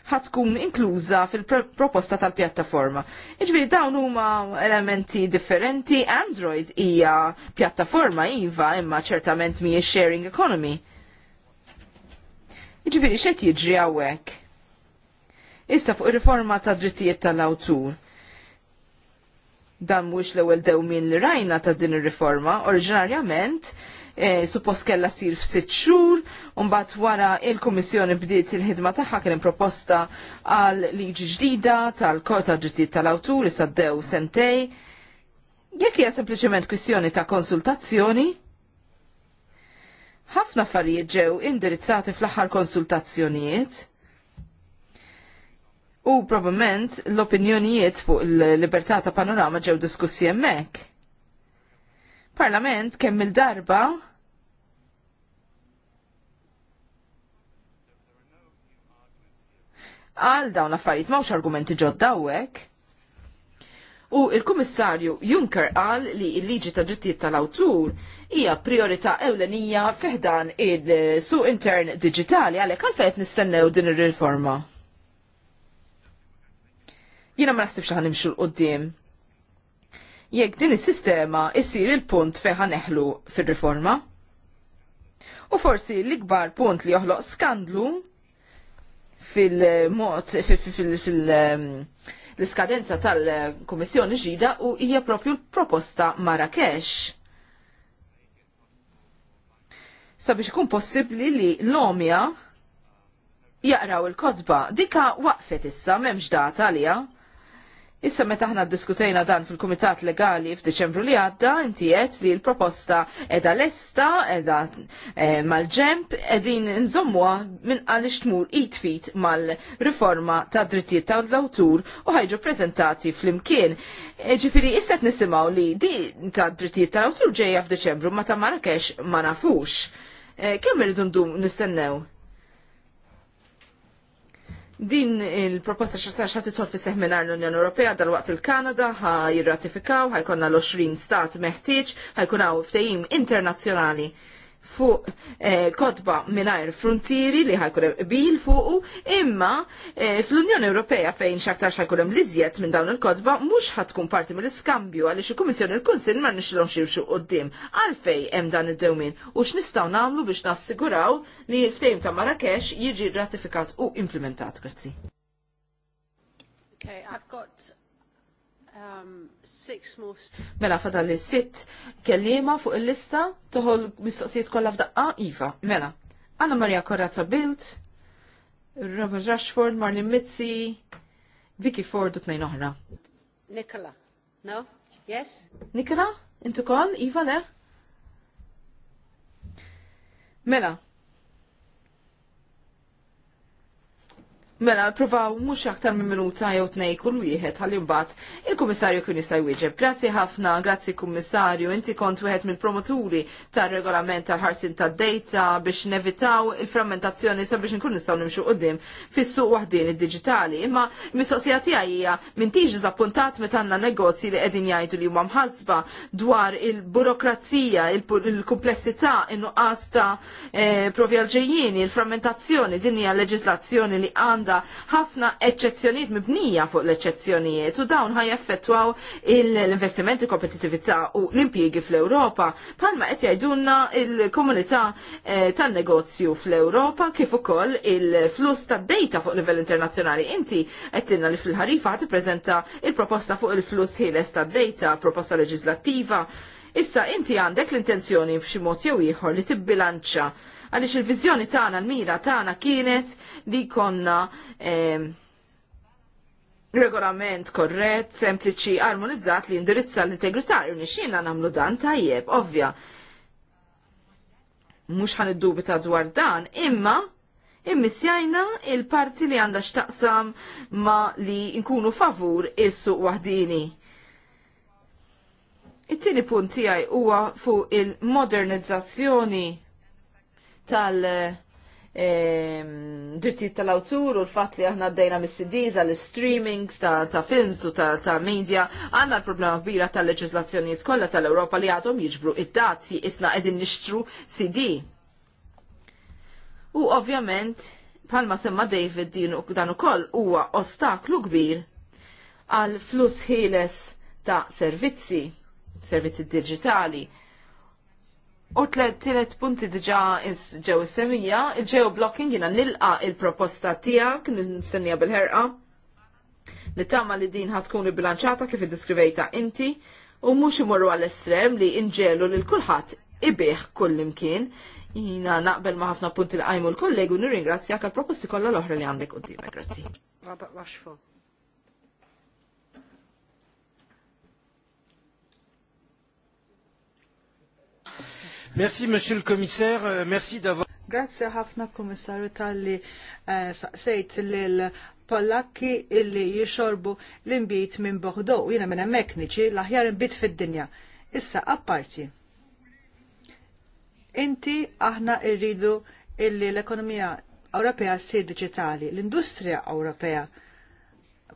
ħatkun inkluża fil-proposta tal-pjattaforma. Iġbiri dawn huma elementi differenti, Android hija pjattaforma iva imma ċertament mhijiex sharing economy. Iġbiri xed jiġri hawnhekk. Issa fuq ir-riforma ta' drittijiet tal-awtur dan mhux l-ewwel dewmien li rajna ta' din ir-riforma, oriġinarjament Eh, suppost kella sir f'sitt xhur, mbagħad wara il-Kummissjoni bdiet il-ħidma tagħha kien proposta għal liġi ġdida tal-kota ġdid tal-awtur li saddew sentej. Jekk hija sempliċement kwistjoni ta' konsultazzjoni, ħafna affarijiet ġew indirizzati fl-aħħar konsultazzjonijiet. U probament l-opinjonijiet fuq il-libertà ta' panorama ġew diskussi hemmhekk. Parlament kemm il-darba għal dawn l-affarijiet mawx argumenti ġodda hawnhekk. U il-Kummissarju Juncker qal li l-liġi ta' drittijiet tal-awtur hija priorità ewlenija fiħdan il-suq intern digitali għalhekk għalfejn nistennew din ir-riforma. Jiena ma naħsibx ħan nimxu l-qoddim jekk din is-sistema issir il-punt feħa neħlu fir-riforma. U forsi l-ikbar punt li joħloq skandlu fil-mod, fil-skadenza ehm, tal-Komissjoni ġida u hija propju l-proposta Marrakesh. Sabiex ikun possibbli li l-omja jaqraw il-kodba, dika waqfet issa memx data għalija. Issa meta aħna diskutejna dan fil-Kumitat Legali f'Diċembru li għadda, inti qed li l-proposta edha lesta, edha e, mal-ġemp, edin nżommuha minn għaliex tmur it tfit mal-riforma ta' drittijiet ta' l-awtur u ħajġu prezentati fl-imkien. E, ġifiri, issa nisimgħu li di ta' drittijiet tal-awtur ġejja f'Diċembru ma ta' Marrakesh ma nafux. E, Kemm irridu ndum nistennew? Din il-proposta xartax ħat titħol fi seħminar l-Unjoni Ewropea dal-waqt il-Kanada ħa jirratifikaw, ħajkonna l-20 stat meħtieġ, ħajkun ftehim internazzjonali fuq eh, kotba mingħajr frontieri li ħajkun hemm qbil fuqu, imma eh, fl-Unjoni Ewropea fejn x'aktarx ħajkun hemm liżjed minn dawn il-kotba mhux ħatkun parti mill-iskambju għaliex il-Kummissjoni l-Kunsill ma nixilhom xi qudiem għalfej hemm dan id-dewmin u x'nistgħu nagħmlu biex nassiguraw li l-ftehim ta' Marrakesh jiġi rratifikat u implementat. Grazzi. Okay, I've got um, Mela fadal li sitt kellima fuq il-lista toħol mistoqsijiet kollha f'daqqa iva. Mela. Anna Maria Korazza Bilt, Robert Rashford, Marlin Mitzi, Vicky Ford u tnejn oħra. Nikola. No? Yes? Nikola? Intu koll, Iva le? Mela, Mela, provaw mux aktar minn minuta jew tnej kull wieħed għal imbagħad il-Kummissarju kien jista' jwieġeb. Grazzi ħafna, grazzi Kummissarju, inti kont wieħed mill-promoturi tar-regolament tal-ħarsin tad-dejta biex nevitaw il-frammentazzjoni sabiex nkun nistgħu nimxu qudiem fis-suq waħdin id-diġitali. Imma mistoqsija tiegħi hija m'intix iżappuntat meta għandna negozji li qegħdin jgħidu li huma mħassba dwar il-burokrazija, il-kumplessità, in-nuqqas ta' eh, provjalġejjini, il-frammentazzjoni, din hija leġislazzjoni li għandha għanda ħafna eċċezzjonijiet mibnija fuq l-eċċezzjonijiet u dawn ħaj effettwaw l-investimenti kompetitività u l-impjiegi fl-Ewropa. Palma qed jgħidulna il-komunità eh, tan-negozju fl-Ewropa kif ukoll il-flus tad-dejta fuq livell internazzjonali. Inti qed li fil-ħarifa ħati preżenta il-proposta fuq il-flus ħieles tad-dejta, proposta leġislattiva Issa inti għandek l-intenzjoni b'xi mod jew ieħor li tibbilanċa għaliex il vizjoni tagħna l-mira tagħna kienet li konna ehm, regolament korrett, sempliċi, armonizzat li indirizza l-integrità irnexxina nagħmlu dan tajjeb, ovvja. Mhux ħan iddubita dwar dan, imma immissjajna il-parti li għandha x'taqsam ma li nkunu favur is-suq waħdini. It-tieni punt tiegħi huwa fuq il-modernizzazzjoni tal- ehm, drittijiet tal-awtur u l-fat li aħna d mis-CDs għal streaming ta' films u ta' media għanna l-problema kbira tal leġizlazzjoniet kollha tal-Ewropa li għadhom jiġbru id-dazzi isna qegħdin nixtru CD. U ovvjament, palma semma David din dan ukoll huwa ostaklu kbir għal flus ħieles ta' servizzi, servizzi digitali U tlet punti diġa ġew semija, ġew blocking jina nilqa il-proposta tijak, nistennija bil-ħerqa. Nittama li din ħatkun il-bilanċata kif id-diskrivejta inti, u mux imorru għall estrem li inġelu li l-kulħat ibieħ kull-imkien. Jina naqbel ma ħafna punti l-qajmu l-kollegu, nirringrazzjak għal-proposti kollha l-oħra li għandek u Grazzi. Merci, Monsieur le Commissaire. Euh, merci d'avoir. Grazie ħafna Kummissarju tal-li eh, saqsejt lil Pollakki illi jixorbu l-imbit minn Bordeaux. Jiena minn hemmhekk niġi l-aħjar imbit fid-dinja. Issa apparti. Inti aħna rridu illi l-ekonomija Ewropea si digitali, l-industrija Ewropea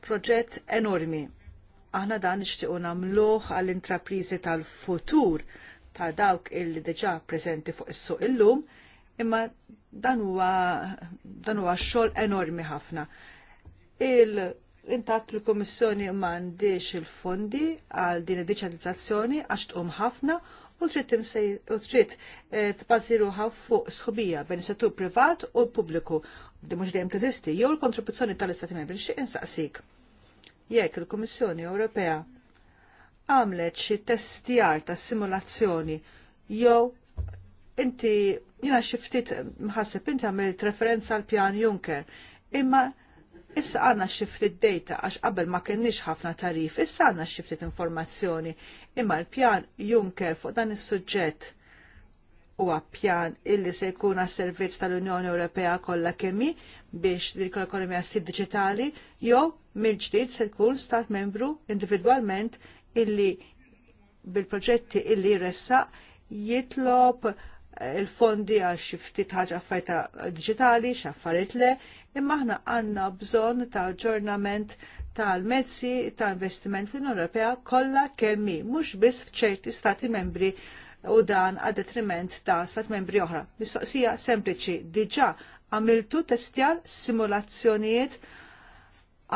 proġett enormi. Aħna dan nixtiequ nagħmluh għall-intrapriżi tal-futur ta' dawk illi diġà preżenti fuq is-suq illum, imma dan huwa dan huwa xogħol enormi ħafna. Il intat l-Kommissjoni m'għandix il-fondi għal din id-diċitalizzazzjoni għax tqum ħafna u trid u trid eh, tbażiru fuq sħubija bejn settur privat u pubbliku. Di mhux dejjem teżisti jew l-kontribuzzjoni tal-Istati Membri xi insaqsik. Jekk il-Kummissjoni Ewropea għamlet xi testjar ta' simulazzjoni jew inti jina ftit mħasib inti għamilt referenza għal pjan Juncker imma issa għanna xiftit data għax qabel ma kienniex ħafna tarif issa għanna xiftit informazzjoni imma l-pjan Juncker fuq dan is-suġġett huwa pjan illi se jkun għas servizz tal-Unjoni Ewropea kollha kemmi biex dik l-ekonomija sid-digitali jew mill-ġdid se jkun stat membru individwalment illi bil-proġetti illi jressa jitlob eh, il-fondi għal xifti ħaġa affarijiet digitali, xaffariet le, imma aħna għandna bżonn ta' ġornament tal-mezzi ta' investiment fl Ewropea kollha kemm hi, mhux biss f'ċerti stati membri u dan għad detriment ta' stat membri oħra. Mistoqsija sempliċi, diġà għamiltu testjar simulazzjonijiet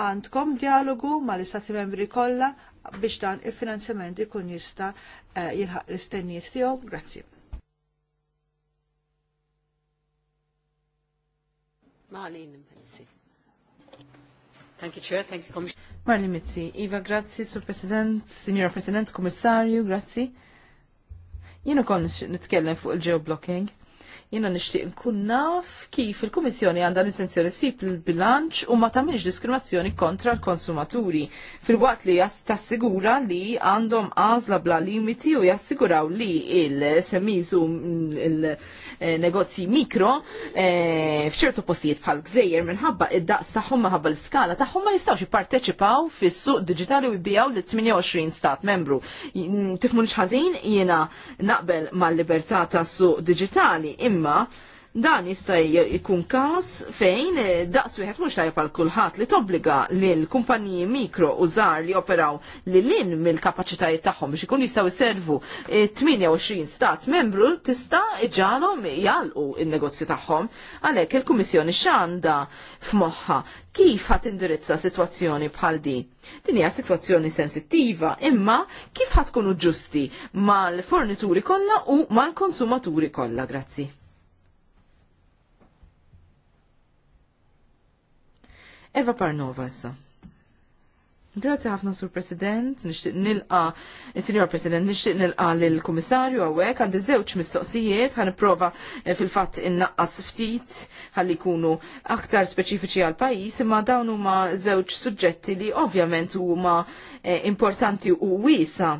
għandkom dialogu mal istati membri kollha biex dan il-finanzjament ikun jista eh, jilħaq l-istennijiet tiegħu. Grazzi. Maħalin Mizzi. Thank you, Chair. Thank you, Commissioner. Marli Mizzi. Iva, grazzi, Sur President, Signora President, Kommissarju, grazzi. Jienu kon nitkellem fuq il-geoblocking. Jena nishtiq nkun naf kif il-Kummissjoni għandha l-intenzjoni sip il-bilanċ u ma tagħmilx diskriminazzjoni kontra l-konsumaturi fil-waqt li tassigura li għandhom għażla bla limiti u jassiguraw li il-semmiżu il-negozji mikro eh, f'ċertu postijiet bħal gżejjer minħabba id-daqs tagħhom maħabba l-skala tagħhom ma jistgħux jipparteċipaw fis-suq digitali u jbijaw l-28 stat membru. Tifmu ħażin jiena naqbel mal-libertà tas-suq digitali imma imma dan jista' jkun każ fejn daqs wieħed mhux tajjeb għal kulħadd li tobbliga lil kumpaniji mikro u żgħar li operaw li lin mill-kapaċitajiet tagħhom biex ikun jistgħu jservu 28 eh, stat membru tista' iġalhom jgħalqu in-negozju tagħhom. Għalhekk il-Kummissjoni x'għandha f'moħħa kif ħat indirizza sitwazzjoni bħal din. Din hija sitwazzjoni sensittiva, imma kif ħat ġusti mal-fornituri kollha u mal-konsumaturi kollha, grazzi. Eva Parnova issa. Grazie ħafna sur President, nixtieq nilqa, Senior President, nixtieq nilqa lill kummissarju hawnhekk għandi żewġ mistoqsijiet, ħan prova eh, fil fatt innaqqas ftit, ħalli jkunu aktar speċifiċi għal pajjiż, imma dawn huma żewġ suġġetti li ovvjament huma eh, importanti u wiesa'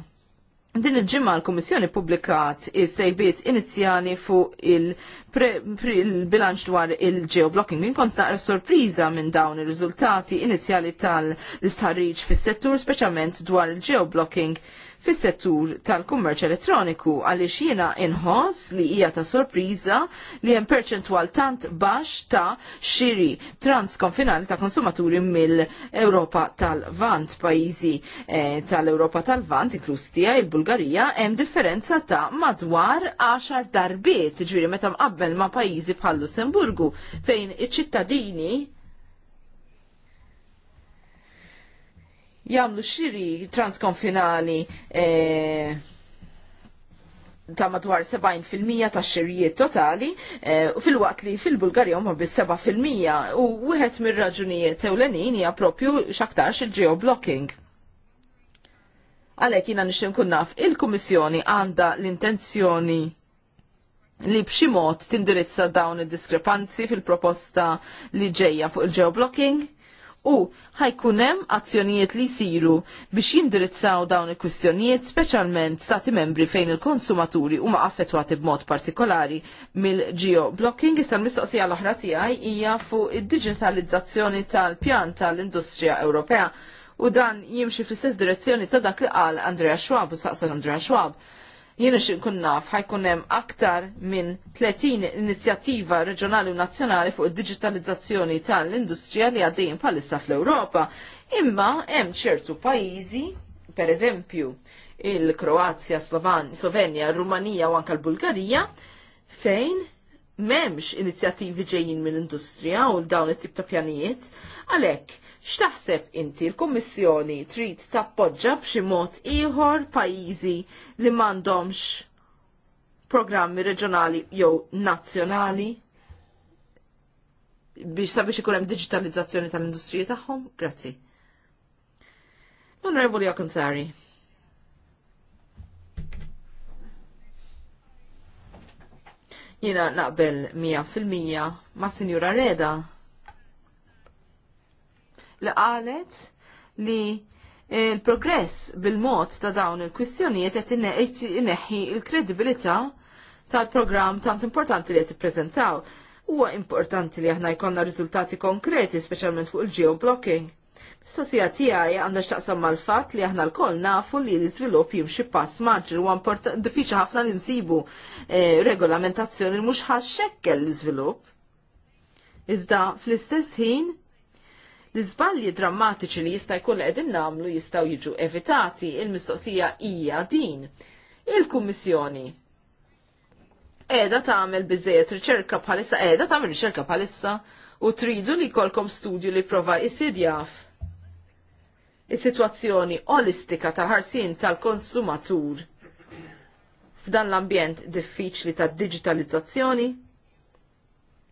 Din il-ġimma l-Komissjoni publikat il-sejbiet inizjali fuq il-bilanċ dwar il-geoblocking. Inkont naqra sorpriża minn dawn ir-riżultati inizjali tal-istħarriġ fis-settur speċjalment dwar il-geoblocking fis-settur tal-kummerċ elettroniku għaliex jiena inħoss li hija ta' sorpriża li hemm perċentwal tant baxx ta' xiri transkonfinali ta' konsumaturi mill-Ewropa tal-Vant pajjiżi eh, tal-Ewropa tal-Vant inkluż tiegħi il-Bulgarija hemm differenza ta' madwar 10 darbiet, ġifieri meta mqabbel ma' pajjiżi bħal Lussemburgu fejn iċ-ċittadini jamlu xiri transkonfinali eh, ta' madwar 70% ta' xirijiet totali, eh, u fil-waqt li fil-Bulgarija ma bis 7% u wieħed mir-raġunijiet ewlenin hija propju x'aktarx il-geoblocking għalek jina nixin kunnaf il-Komissjoni għanda l-intenzjoni li b'xi mod tindirizza dawn id-diskrepanzi fil-proposta li ġejja fuq il-geoblocking? u ħajkunem azzjonijiet li jisiru biex jindirizzaw dawn il-kwistjonijiet speċjalment stati membri fejn il-konsumaturi huma affettwati b'mod partikolari mill-geo blocking issa l-mistoqsija l-oħra tiegħi hija fuq id-digitalizzazzjoni tal-pjan tal-Industrija Ewropea u dan jimxi fl-istess direzzjoni ta' dak li qal Andrea Schwab u saqsal Andrea Schwab Jiena xi nkun naf ħajkun hemm aktar minn 30 inizjattiva reġjonali u nazzjonali fuq id-diġitalizzazzjoni tal-industrija li għaddejjin bħalissa fl-Ewropa. Imma hemm ċertu pajjiżi, pereżempju il-Kroazja, Slovenja, Rumanija u anke l-Bulgarija, fejn memx inizjattivi ġejjin mill-industrija u dawn it-tip ta' pjanijiet, għalhekk X'taħseb inti l-Kummissjoni trid tappoġġa b'xi mod ieħor pajjiżi li m'għandhomx programmi reġjonali jew nazzjonali biex sabiex ikun hemm diġitalizzazzjoni tal-industriji tagħhom? Grazzi. Onorevoli Akonsari. Jina naqbel 100% ma' Sinjura Reda li qalet li il-progress bil-mod ta' dawn il-kwistjonijiet qed inneħħi il-kredibilità tal-programm tant importanti li qed ippreżentaw. Huwa importanti li aħna jkollna riżultati konkreti, speċjalment fuq il-geoblocking. Mistoqsija tiegħi għandha x'taqsam mal-fatt li aħna lkoll nafu li l-iżvilupp jimxi pass maġġel huwa diffiċli ħafna li nsibu eh, regolamentazzjoni li mhux ħaxxekkel l-iżvilupp. Iżda fl-istess ħin l-iżbalji drammatiċi li jista' jkun qegħdin nagħmlu jistgħu jiġu evitati. Il-mistoqsija hija din. Il-Kummissjoni qiegħda tagħmel biżejjed riċerka bħalissa, qiegħda tagħmel riċerka bħalissa u tridu li jkollkom studju li prova jsir jaf is-sitwazzjoni olistika tal-ħarsin tal-konsumatur f'dan l-ambjent diffiċli tad diġitalizzazzjoni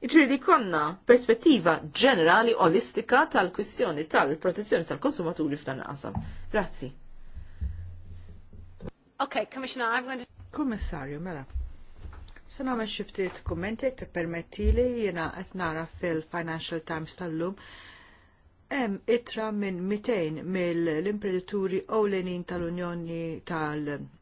Iġri li konna perspettiva ġenerali olistika tal-kwistjoni tal-protezzjoni tal-konsumaturi f'dan qasam. Grazzi. Ok, Commissioner, I'm going to... Kommissarju, mela. Se nagħmel xi ftit kummenti jekk tippermettili jiena qed nara fil-Financial Times tal-lum hemm itra minn 200 mill-imprenditturi ewlenin tal-Unjoni tal-Unjoni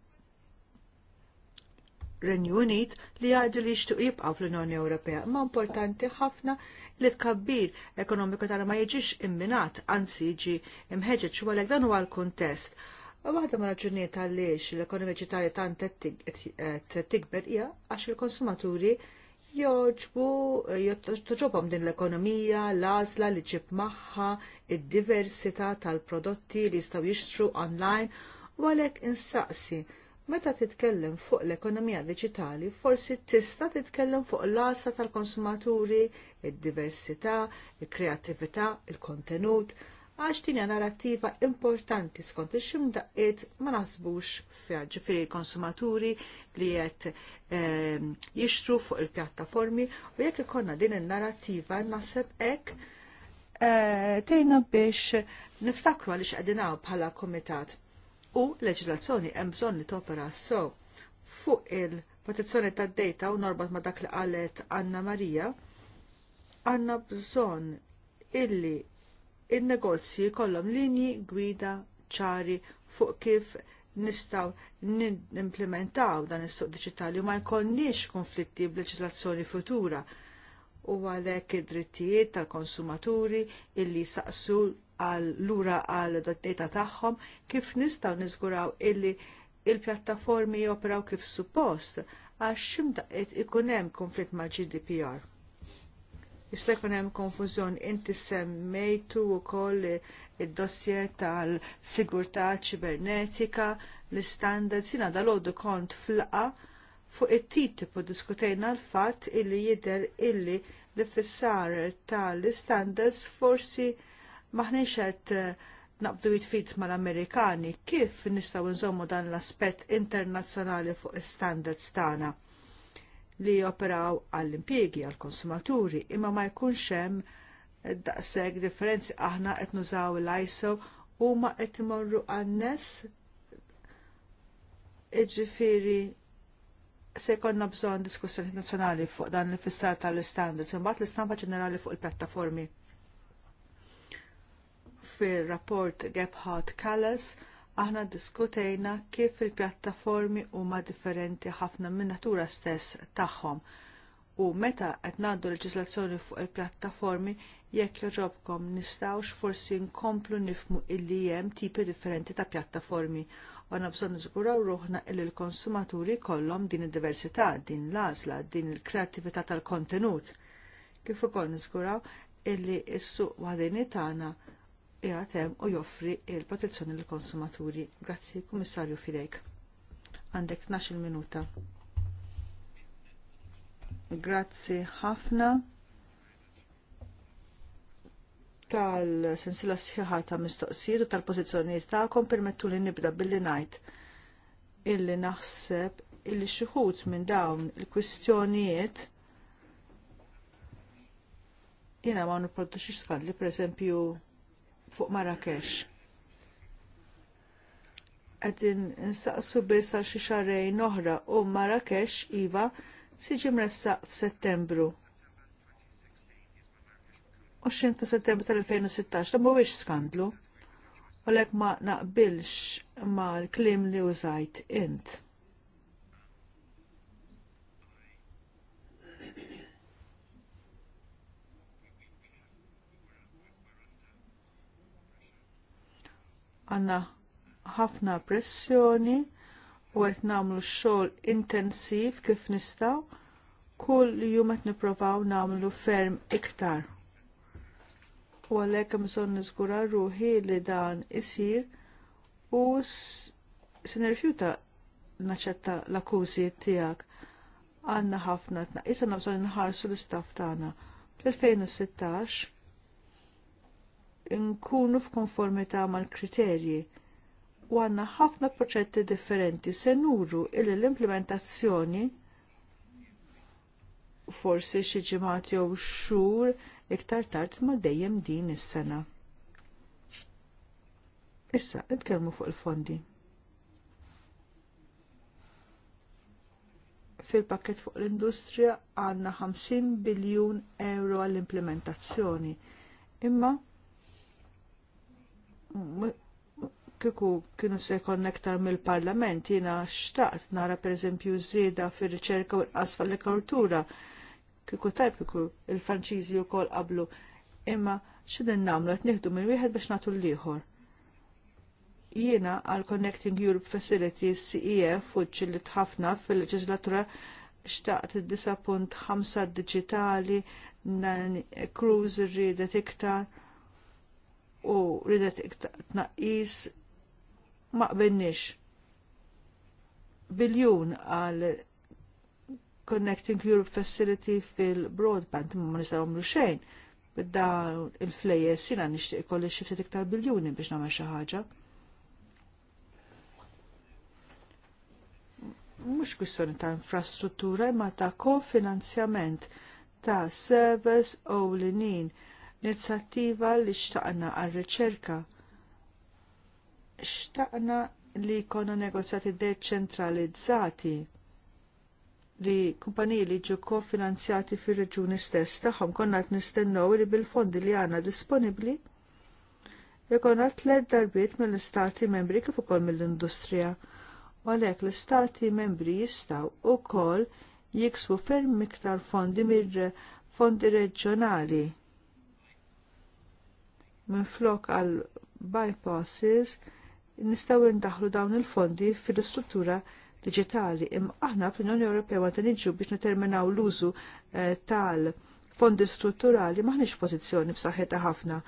Renju Unit li għadu li jixtuq jibqaw fl-Unjoni Ewropea. Ma importanti ħafna li tkabbir ekonomiku tara ma jiġix imminat, anzi jieġi imħeġġeġ u għalek dan huwa l-kuntest. Waħda ma raġunijiet għaliex l-ekonomija ġitali tant t tikber ija għax il-konsumaturi joġbu joġobom din l-ekonomija, l-għażla li ġib magħha id-diversità tal-prodotti li jistgħu jixtru online u għalhekk insaqsi Meta titkellem fuq l-ekonomija diġitali, forsi tista titkellem fuq l-asa tal-konsumaturi, id-diversità, il il-kreatività, il-kontenut, għax tinja narrattiva importanti skont il-xim daqqiet ma nasbux fjaġ fil konsumaturi li qed ehm, jixtru fuq il-pjattaformi u jekk ikonna din in-narrattiva naħseb hekk eh, tejna biex niftakru għalix qegħdin bħala komitat u leġislazzjoni hemm bżonn li topera so fuq il-protezzjoni tad-dejta u norbat ma' dak li qalet Anna Marija għandna bżonn illi il-negozji kollom linji gwida ċari fuq kif nistgħu nimplementaw dan is-suq diġitali u ma jkollniex konflitti b'leġislazzjoni futura u għalhekk id-drittijiet tal-konsumaturi illi saqsu għal lura għal dotteta tagħhom kif nistgħu niżguraw illi il-pjattaformi jopraw kif suppost għax ximta ikun hemm konflitt mal GDPR. Jista' jkun hemm konfużjoni inti semmejtu wkoll id-dossier tal-sigurtà ċibernetika, l-istandards jiena dal kont flaqa fuq it-titip u diskutejna l-fatt illi jidher illi l-fissar tal-istandards forsi maħniex qed eh, naqbdu jitfit mal-Amerikani kif nistgħu nżommu dan l-aspett internazzjonali fuq is-standards tagħna li joperaw għall-impjiegi għall-konsumaturi imma ma jkunx hemm eh, daqshekk differenzi aħna qed nużaw l-ISO huma qed imorru għannes nes iġifiri se jkollna bżonn diskussjoni nazzjonali fuq dan l-fissar tal-standards imbagħad l-istampa ġenerali fuq il-pjattaformi fir-rapport Gebhardt Kallas aħna ddiskutejna kif il-pjattaformi huma differenti ħafna minn natura stess tagħhom u meta qed ngħaddu leġiżlazzjoni fuq il-pjattaformi jekk joġobkom nistgħux forsi nkomplu nifmu illi hemm tipi differenti ta' pjattaformi u għandna bżonn niżguraw ruħna illi l-konsumaturi jkollhom din id-diversità, din l-għażla, din il-kreattività tal-kontenut. Kif ukoll niżguraw illi s-suq waħdini tagħna jgħatem u joffri l protezzjoni lill konsumaturi Grazzi, Kummissarju Fidejk. Għandek 12 minuta. Grazzi ħafna tal-sensila sħiħa ta' mistoqsijiet u tal-pożizzjonijiet tagħkom permettu li nibda billi ngħid illi naħseb illi xi wħud minn dawn il-kwistjonijiet jiena ma nipproduċix skandli, pereżempju fuq Marrakesh. Għedin nsaqsu bisa xi noħra oħra u Marrakesh iva siġi f f'Settembru. 20 ta' settembru tal-2016, ta' mhuwiex skandlu. u Għalhekk ma naqbilx ma' l-klim li użajt int. għanna ħafna pressjoni u għet namlu xol intensiv kif nistaw kull jum għet niprofaw namlu ferm iktar. U għalek mżon nizgura ruħi li dan isir u s nerfjuta naċċetta l-akkużi tijak. Għanna ħafna tnaqis għanna bżon nħarsu l-istaf tagħna. Fl-2016 nkunu f'konformità mal-kriterji u għandna ħafna proċetti differenti se nuru illi l-implementazzjoni forsi xi ġimgħat jew xhur iktar tard ma dejjem din is-sena. Issa, nitkellmu fuq il-fondi. Fil-pakket fuq l-industrija għandna 50 biljun euro għall-implementazzjoni. Imma kiku kienu se konnektar mill-parlament jina xtaqt nara per eżempju zida fir riċerka u l-qasfa l-kultura kiku tajb kiku il-Franċiżi u kol qablu imma xidin namlu għet nieħdu minn wieħed biex natu l-liħor. Jiena għal Connecting Europe Facility CEF u ċillit ħafna fil-leġislatura xtaqt 9.5 digitali, cruiser ridet iktar u ridet tnaqqis ma qbilniex biljun għal Connecting Europe Facility fil-broadband ma nistgħu xejn bidda il-flejes jina nixtieq ikolli xi ftit iktar biljuni biex nagħmel xi ħaġa. Mhux kwistjoni ta' infrastruttura imma ta' kofinanzjament ta' service ewlenin l-inizjattiva li xtaqna għal-riċerka. Xtaqna li jkollna negozjati deċentralizzati li kumpaniji li ġu kofinanzjati fir reġuni stess tagħhom konna qed nistennew li bil-fondi li għandna disponibbli jkollna tliet darbiet mill-istati membri kif ukoll mill-industrija. U għalhekk l-istati membri jistgħu wkoll jiksbu ferm iktar fondi mir fondi reġjonali minflok għal bypasses nistgħu ndaħlu dawn il-fondi fil-struttura digitali. Imma aħna fl-Unjoni Ewropea għandna niġu biex niterminaw l-użu eh, tal-fondi strutturali maħniex pożizzjoni b'saħħetha ħafna.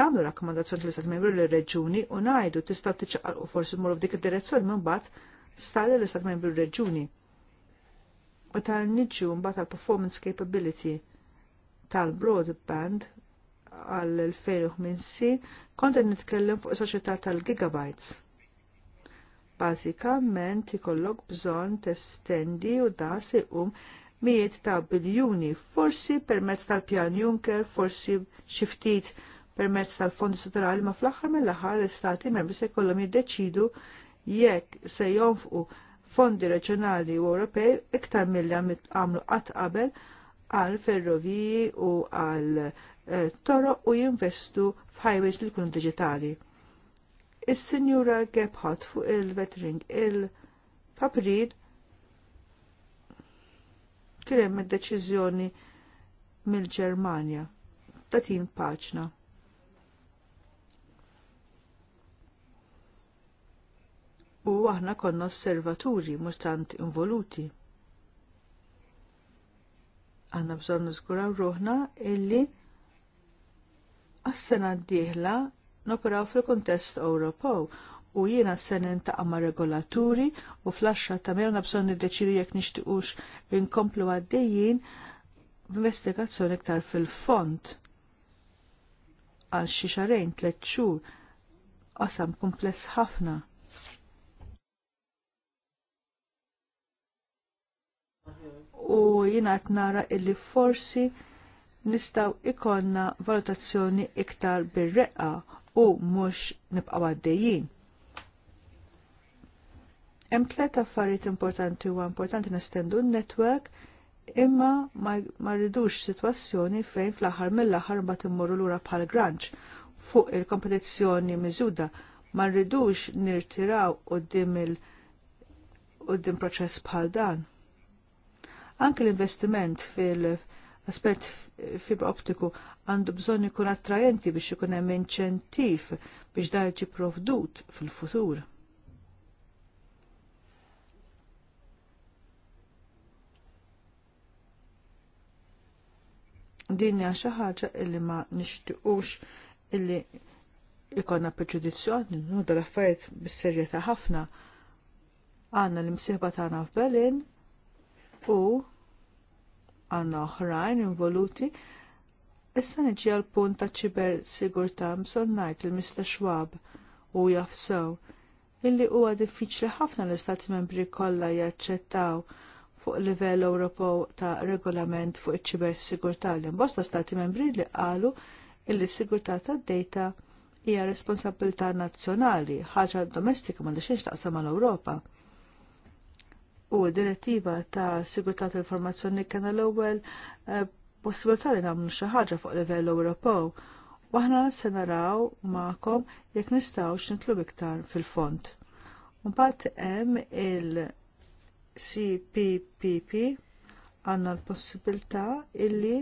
Nagħmlu rakkomandazzjoni li istat membru l-reġuni u ngħidu tistgħu tiċċaqalqu forsi mmorru f'dik id-direzzjoni minn bagħad stali l istat membru l-reġuni. U tal niġu mbagħad tal-performance capability tal-broadband għal 2015 kont nitkellem fuq soċjetà tal-gigabytes. Bażikament ikollok bżonn testendi u da se um mijiet ta' biljuni, forsi permezz tal-pjan Juncker, forsi xi ftit permezz tal-fondi strutturali, ma fl-aħħar mill-aħħar l-istati membri se jkollhom jiddeċidu jekk se jonfqu fondi reġjonali u Ewropej iktar milli għamlu qatt qabel għal ferroviji u għal Eh, toro u jinvestu f'highways li jkunu digitali. Is-Sinjura Gebhardt fuq il vetring il fabrid kien hemm deċiżjoni mill-Ġermanja ta' paċna. U aħna konna osservaturi mhux tant involuti. Għanna bżonn nizgura ruħna illi għas-sena d-dieħla noperaw fil-kontest Ewropew u jiena s-senen ta' regolaturi u flasċa ta' mera nabżon nid-deċiri jek nishtiqux inkomplu għaddejjin, b'investigazzjoni iktar fil-font għal xi xarejn tliet xhur qasam kumpless ħafna. U jiena qed nara illi forsi nistaw ikonna valutazzjoni iktar bir-reqqa u mhux nibqa' għaddejjin. Hemm tliet affarijiet importanti huwa importanti nestendu n-netwerk imma ma rridux sitwazzjoni fejn fl-aħħar mill-aħħar mbagħad immorru lura bħal granċ fuq il-kompetizzjoni miżuda ma rridux nirtiraw qudiem il qudiem proċess bħal dan. Anke l-investiment fil- aspett fibra optiku għandu bżonn ikun attrajenti biex ikun hemm inċentiv biex dar ġi provdut fil-futur. Din hija xi ħaġa illi ma nixtiequx illi ikonna preġudizzjoni, no, dal-affarijiet bis-serjetà ħafna għanna l-imsieħba tagħna f'Berlin u għanna oħrajn involuti. Issa niġi għal punt ta' ċiber sigurta mson najt il-Mr. Schwab u jafsew illi huwa diffiċli ħafna l-Istati membri kollha jaċċettaw fuq livell Ewropew ta' regolament fuq iċ-ċiber sigurtà li mbosta Stati membri li qalu illi sigurtà tad-data hija responsabilità nazzjonali, ħaġa domestika ma xejn taqsam mal-Ewropa u direttiva ta' sigurtà tal-informazzjoni kien l-ewwel eh, possibilità li nagħmlu xi ħaġa fuq livell Ewropew. U aħna se naraw magħkom jekk nistgħux nitlu iktar fil-fond. Mbagħad hemm il-CPPP għandna l-possibilità illi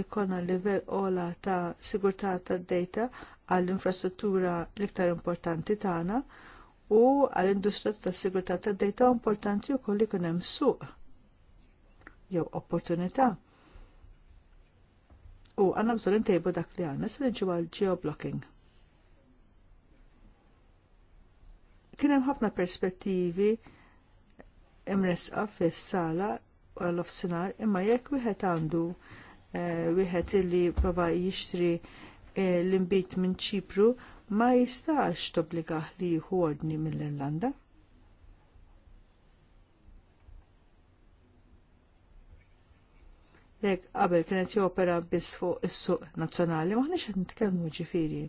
jkollna livell ola ta' sigurtà tad-data għall-infrastruttura l-iktar importanti tagħna u għall-industrija tas-sigurtà tad-dejta importanti wkoll ikun hemm suq jew opportunità. U għandna bżonn intejbu dak li għandna se għal geoblocking. Kien hemm ħafna perspettivi imresqa fis-sala u l-offsinar imma jekk wieħed għandu eh, wieħed illi prova jixtri eh, l-imbit minn ċipru ma jistax tobbligaħ li jieħu ordni mill-Irlanda. Jek qabel kienet jopera biss fuq is-suq nazzjonali, maħniex qed nitkellmu ġifieri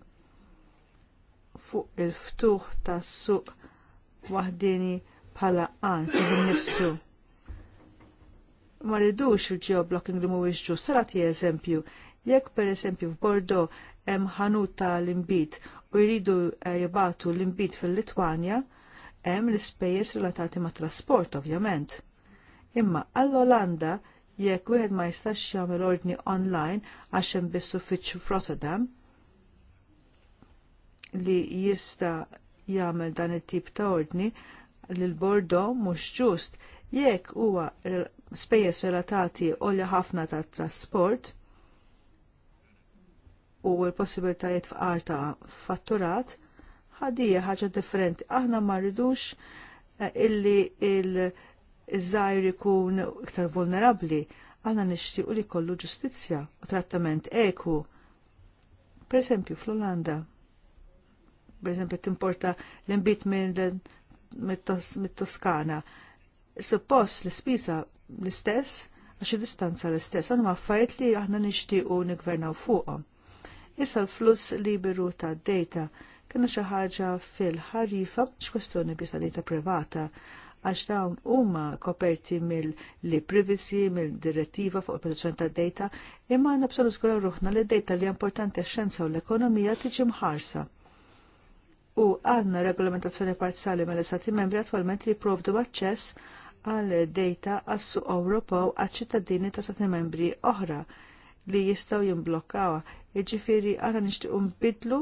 fuq il-ftuħ tas-suq waħdini bħala qan fih nifsu. Ma ridux il-geoblocking li mhuwiex ġust, tarati eżempju, jekk per eżempju f'Bordeaux hemm ħanut tal-imbit u jridu eh, jibatu l-imbit fil-Litwanja, hemm l-ispejjeż relatati ma' trasport ovvjament. Imma għall-Olanda jekk wieħed ma jistax jagħmel ordni online għax hemm biss uffiċċ f'Rotterdam li jista jagħmel dan it-tip ta' ordni lil Bordo mhux ġust jekk huwa spejjeż relatati għolja ħafna tat trasport, u l-possibilitajiet f'qar ta' fatturat ħadija ħaġa differenti. Aħna ma rridux eh, illi il-żajr ikun iktar vulnerabli. Aħna nixtiequ li kollu ġustizzja u trattament eku. Per esempio, fl-Olanda, per esempio, timporta l-imbit mit-Toskana. Suppost l-spisa l-istess, għaxi distanza l-istess, għanum affarijiet li aħna nixtiequ nikvernaw fuqhom Issa l-fluss liberu ta' data kena xi ħaġa fil-ħarifa x'kwestjoni biss ta' data privata għax dawn huma koperti mill-li privacy, mill-direttiva fuq il-protezzjoni ta' data, imma għandna bżonn niskuraw ruħna li data li importanti għax-xjenza u l-ekonomija tiġi mħarsa. U għandna regolamentazzjoni parzjali mal-Istati membri attwalment li jipprovdu aċċess għal data għas-suq Ewropew għax ċittadini ta' stati membri oħra li jistgħu jimblokkawa. Jiġifieri għana nixtiequ nbidlu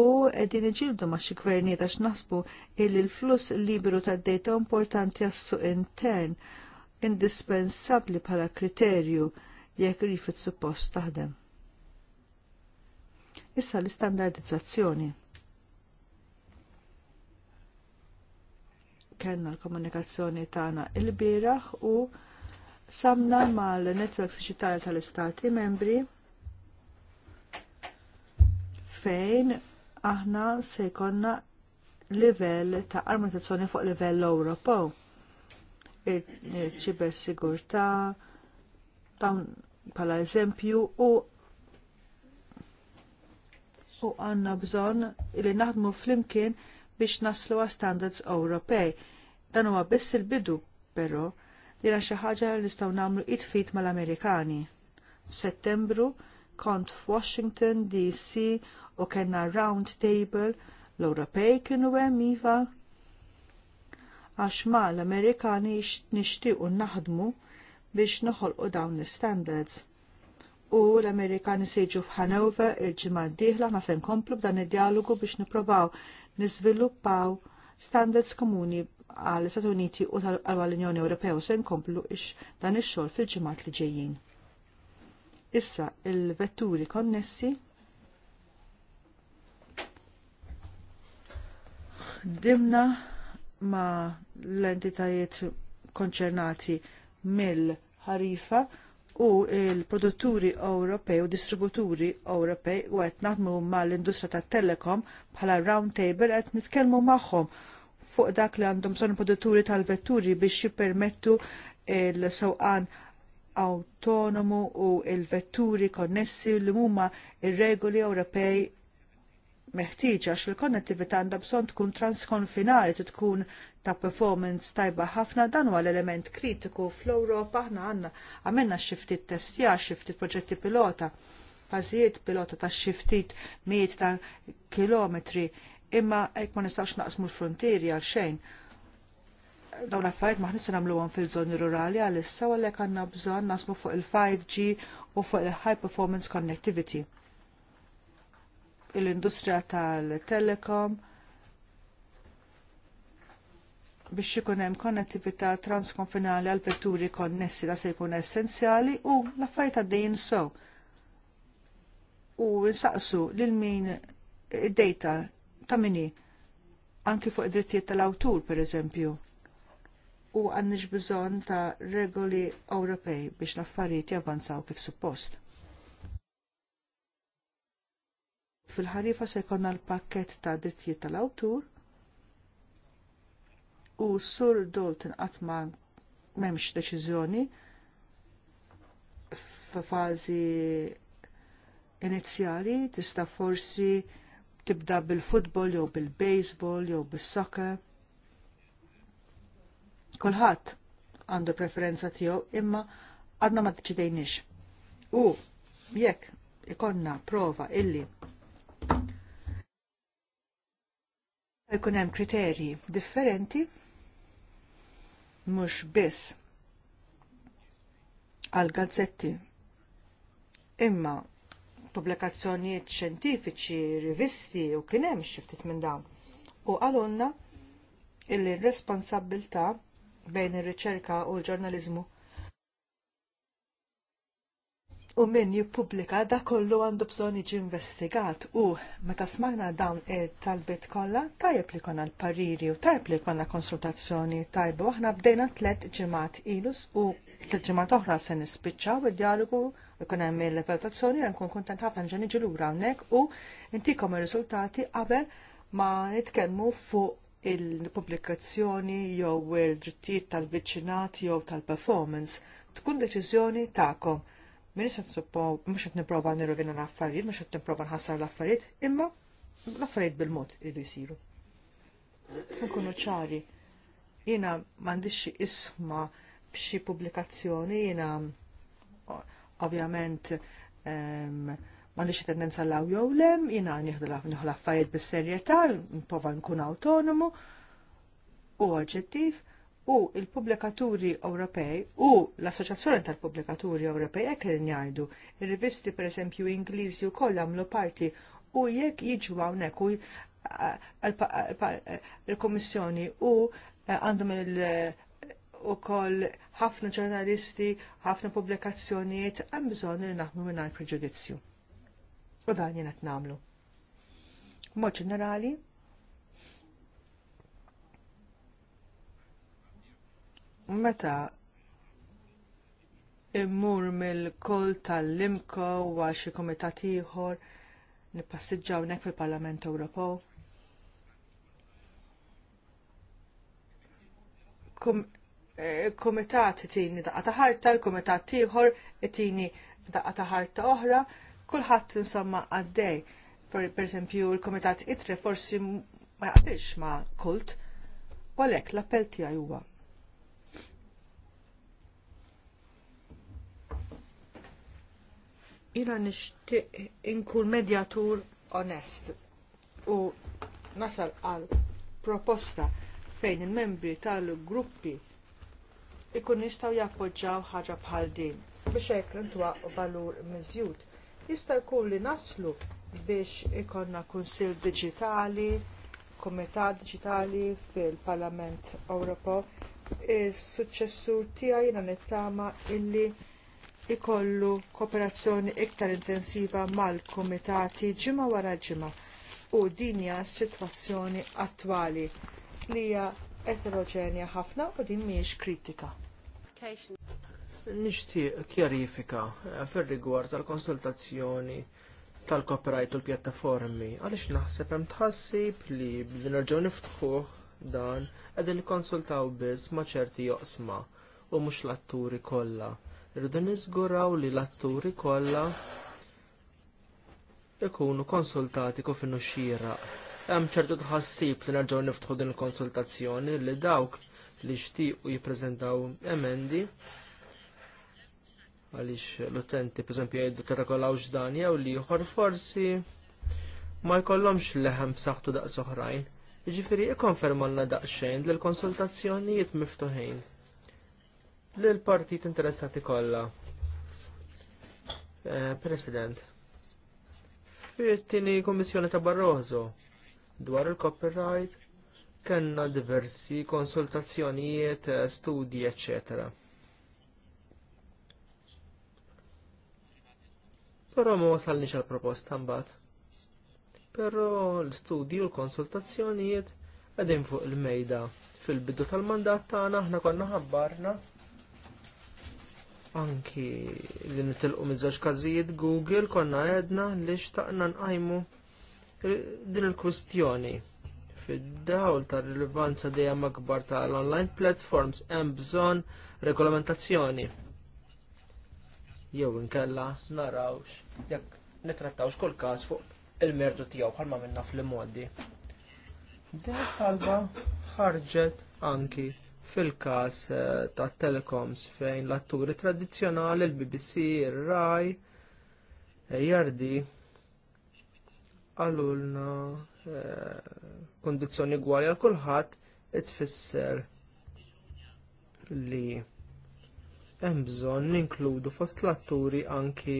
u qegħdin iġildu ma' xi gvernijiet għax nasbu illi l-fluss liberu tad-dejta importanti għassu intern indispensabbli bħala kriterju jekk rifit suppost taħdem. Issa l-istandardizzazzjoni. Kenna l-komunikazzjoni tagħna il-bieraħ u samna mal-netwerk fiċitali tal-Istati membri fejn aħna se jkollna livell ta' armonizzazzjoni fuq livell Ewropew. Il-ċibersigurtà dawn bħala eżempju u u għanna bżon li naħdmu flimkien biex naslu għal standards Ewropej. Dan huwa biss il-bidu, però ra xi ħaġa li nistgħu nagħmlu it tfit mal-Amerikani. Settembru kont f'Washington DC u kellna round table l-Ewropej kienu hemm iva għax mal l-Amerikani nixtiequ naħdmu biex noħolqu dawn l-standards. U l-Amerikani seġu f'Hanover il-ġimgħa d-dieħla aħna se nkomplu b'dan id-dialogu biex nipprovaw niżviluppaw standards komuni għall istati Uniti u tal unjoni Ewropew se nkomplu ix dan ix-xogħol fil-ġimgħat li ġejjin. Issa il-vetturi konnessi dimna ma l-entitajiet konċernati mill-ħarifa u il-produtturi Ewropej u distributuri Ewropej u qed naħdmu mal-industrija tat-telekom bħala roundtable table qed nitkellmu magħhom fuq dak li għandhom bżonn produtturi tal-vetturi biex jippermettu il-sewqan autonomu u il-vetturi konnessi li huma il regoli Ewropej meħtieġa għax il-konnettività għandha bżonn tkun transkonfinari tkun ta' performance tajba ħafna dan huwa l-element kritiku fl-Ewropa aħna għandna għamilna xiftit testja, xiftit proġetti pilota, fażijiet pilota ta' xiftit miet ta' kilometri imma hekk ma nistgħux naqsmu l-frontieri għal xejn. Dawn affarijiet maħni se nagħmluhom fil-żoni rurali għal issa għalhekk għandna bżonn nasmu fuq il-5G u fuq il-High Performance Connectivity. Il-industrija tal-telekom, biex ikun hemm konnettività transkonfinali għal vetturi konnessi da se jkun essenzjali u l-affarijiet għaddejjin sew. U nsaqsu lil min id-data ta' minni, anki fuq id-drittijiet tal-awtur, per eżempju. U għannix bżon ta' regoli Ewropej biex l-affarijiet javanzaw kif suppost. Fil-ħarifa se jkollna l-pakket ta' drittijiet tal-awtur u sur Dolton ma memx deċiżjoni f'fażi inizjali tista' forsi tibda bil-futbol jew bil-baseball jew bis-soccer. Kulħadd għandu preferenza tiegħu imma għadna ma deċidejniex. U jekk ikonna prova illi jkun hemm kriterji differenti mhux biss għal gazzetti imma pubblikazzjonijiet xjentifiċi, rivisti u kien hemm xi ftit minn dawn. U għalunna illi responsabbilta bejn ir-riċerka u l-ġurnaliżmu u min jippubblika da kollu għandu bżonn jiġi investigat u meta smajna dawn it-talbiet kollha tajjeb li konna l-pariri u tajjeb li konna konsultazzjoni tajba aħna bdejna tliet ġimgħat ilus u tliet ġimgħat oħra se nispiċċaw id-dialogu ikun hemm il-valutazzjoni nkun kuntent ħafna ġen niġi lura hawnhekk u intikom ir-riżultati qabel ma nitkellmu fuq il-pubblikazzjoni jew il-drittijiet tal-viċinat jew tal-performance. Tkun deċiżjoni tagħkom. Min se suppo mhux qed nipprova nirrovina l-affarijiet, mhux qed nipprova nħassar l-affarijiet, imma l-affarijiet bil-mod irid jisiru. Nkunu ċari. Jiena m'għandix isma' b'xi pubblikazzjoni jiena Ovvjament ma nix tendenza law jew lem, jina nieħdu l-affarijiet bis-serjetà, n-pova nkun autonomu u oġġettiv u il-Publikaturi Ewropej u l-Assoċjazzjoni tal-Publikaturi Ewropej hekk jgħidu ir-rivisti pereżempju Ingliżi wkoll għamlu parti u jekk jiġu hawnhekk u eh, l kommissjoni u eh, għandhom koll ħafna ġurnalisti, ħafna pubblikazzjonijiet hemm bżonn li minna mingħajr preġudizzju. U dan jien qed nagħmlu. Mod ġenerali, meta immur mill-kol tal-limko u xi komitat ieħor nippassiġġaw nek fil-Parlament Ewropew. Eh, komitat tini daqqa ta' il-kumitat komitat tiħor tini daqqa ta' ħarta oħra, kullħat insomma għaddej. Per esempio, l-komitat itre forsi ma jaqbilx ma' kult, għalek l-appell tiegħi huwa. Ina nixtieq inkun medjatur onest u nasal għal proposta fejn il-membri tal-gruppi ikun jistgħu jappoġġjaw ħaġa bħal din biex hekk intwaq valur miżjud. Jista' jkun li naslu biex ikonna kunsill diġitali, kumitat diġitali fil-Parlament Ewropew. Is-suċċessur tiegħi jiena nittama illi ikollu kooperazzjoni iktar intensiva mal-kumitati ġimgħa wara ġimgħa u din hija s-sitwazzjoni attwali li hija eterogenja ħafna u din mhijiex kritika education. Nixtieq kjarifika fil rigward tal-konsultazzjoni tal-copyright u l-pjattaformi. Għaliex naħseb hemm tħassib li b'din raġuni ftħuħ dan qegħdin nikkonsultaw biss ma' ċerti joqsma u mhux l-atturi kollha. Irridu niżguraw li l-atturi kollha ikunu konsultati kif xira. xieraq. Hemm ċertu tħassib li nerġgħu niftħu din il-konsultazzjoni li dawk li xtiequ jippreżentaw emendi għaliex l-utenti pereżempju jgħidu t-rakollaw dan jew li ieħor forsi ma jkollhomx leħem b'saħħtu daqs soħrajn. Jiġifieri ikkonfermalna daqsxejn li l-konsultazzjonijiet miftuħin lil partit interessati kollha. Eh, President, fit-tieni Kummissjoni ta' Barroso dwar il-copyright kellna diversi konsultazzjonijiet, eh, studji, eccetera. Però ma wasalniex għal proposta mbagħad. Però l studji u l-konsultazzjonijiet qegħdin fuq il-mejda. Fil-bidu tal-mandat tagħna aħna konna ħabbarna anki li nitilqu miż każijiet Google konna għedna li xtaqna nqajmu din il-kwistjoni Fid-dawl ta' rilevanza dejjem akbar tal-online platforms hemm bżonn regolamentazzjoni. Jew inkella narawx jekk nitrattawx kull każ fuq il-merdu tiegħu bħalma minna fl-modi. Din talba ħarġet anki fil-każ eh, tat telecoms fejn l-atturi tradizzjonali l-BBC, ir-RAI, ARD, għallulna eh, kondizjoni gwali għal kulħadd fisser li hemm bżonn ninkludu fost l-atturi anki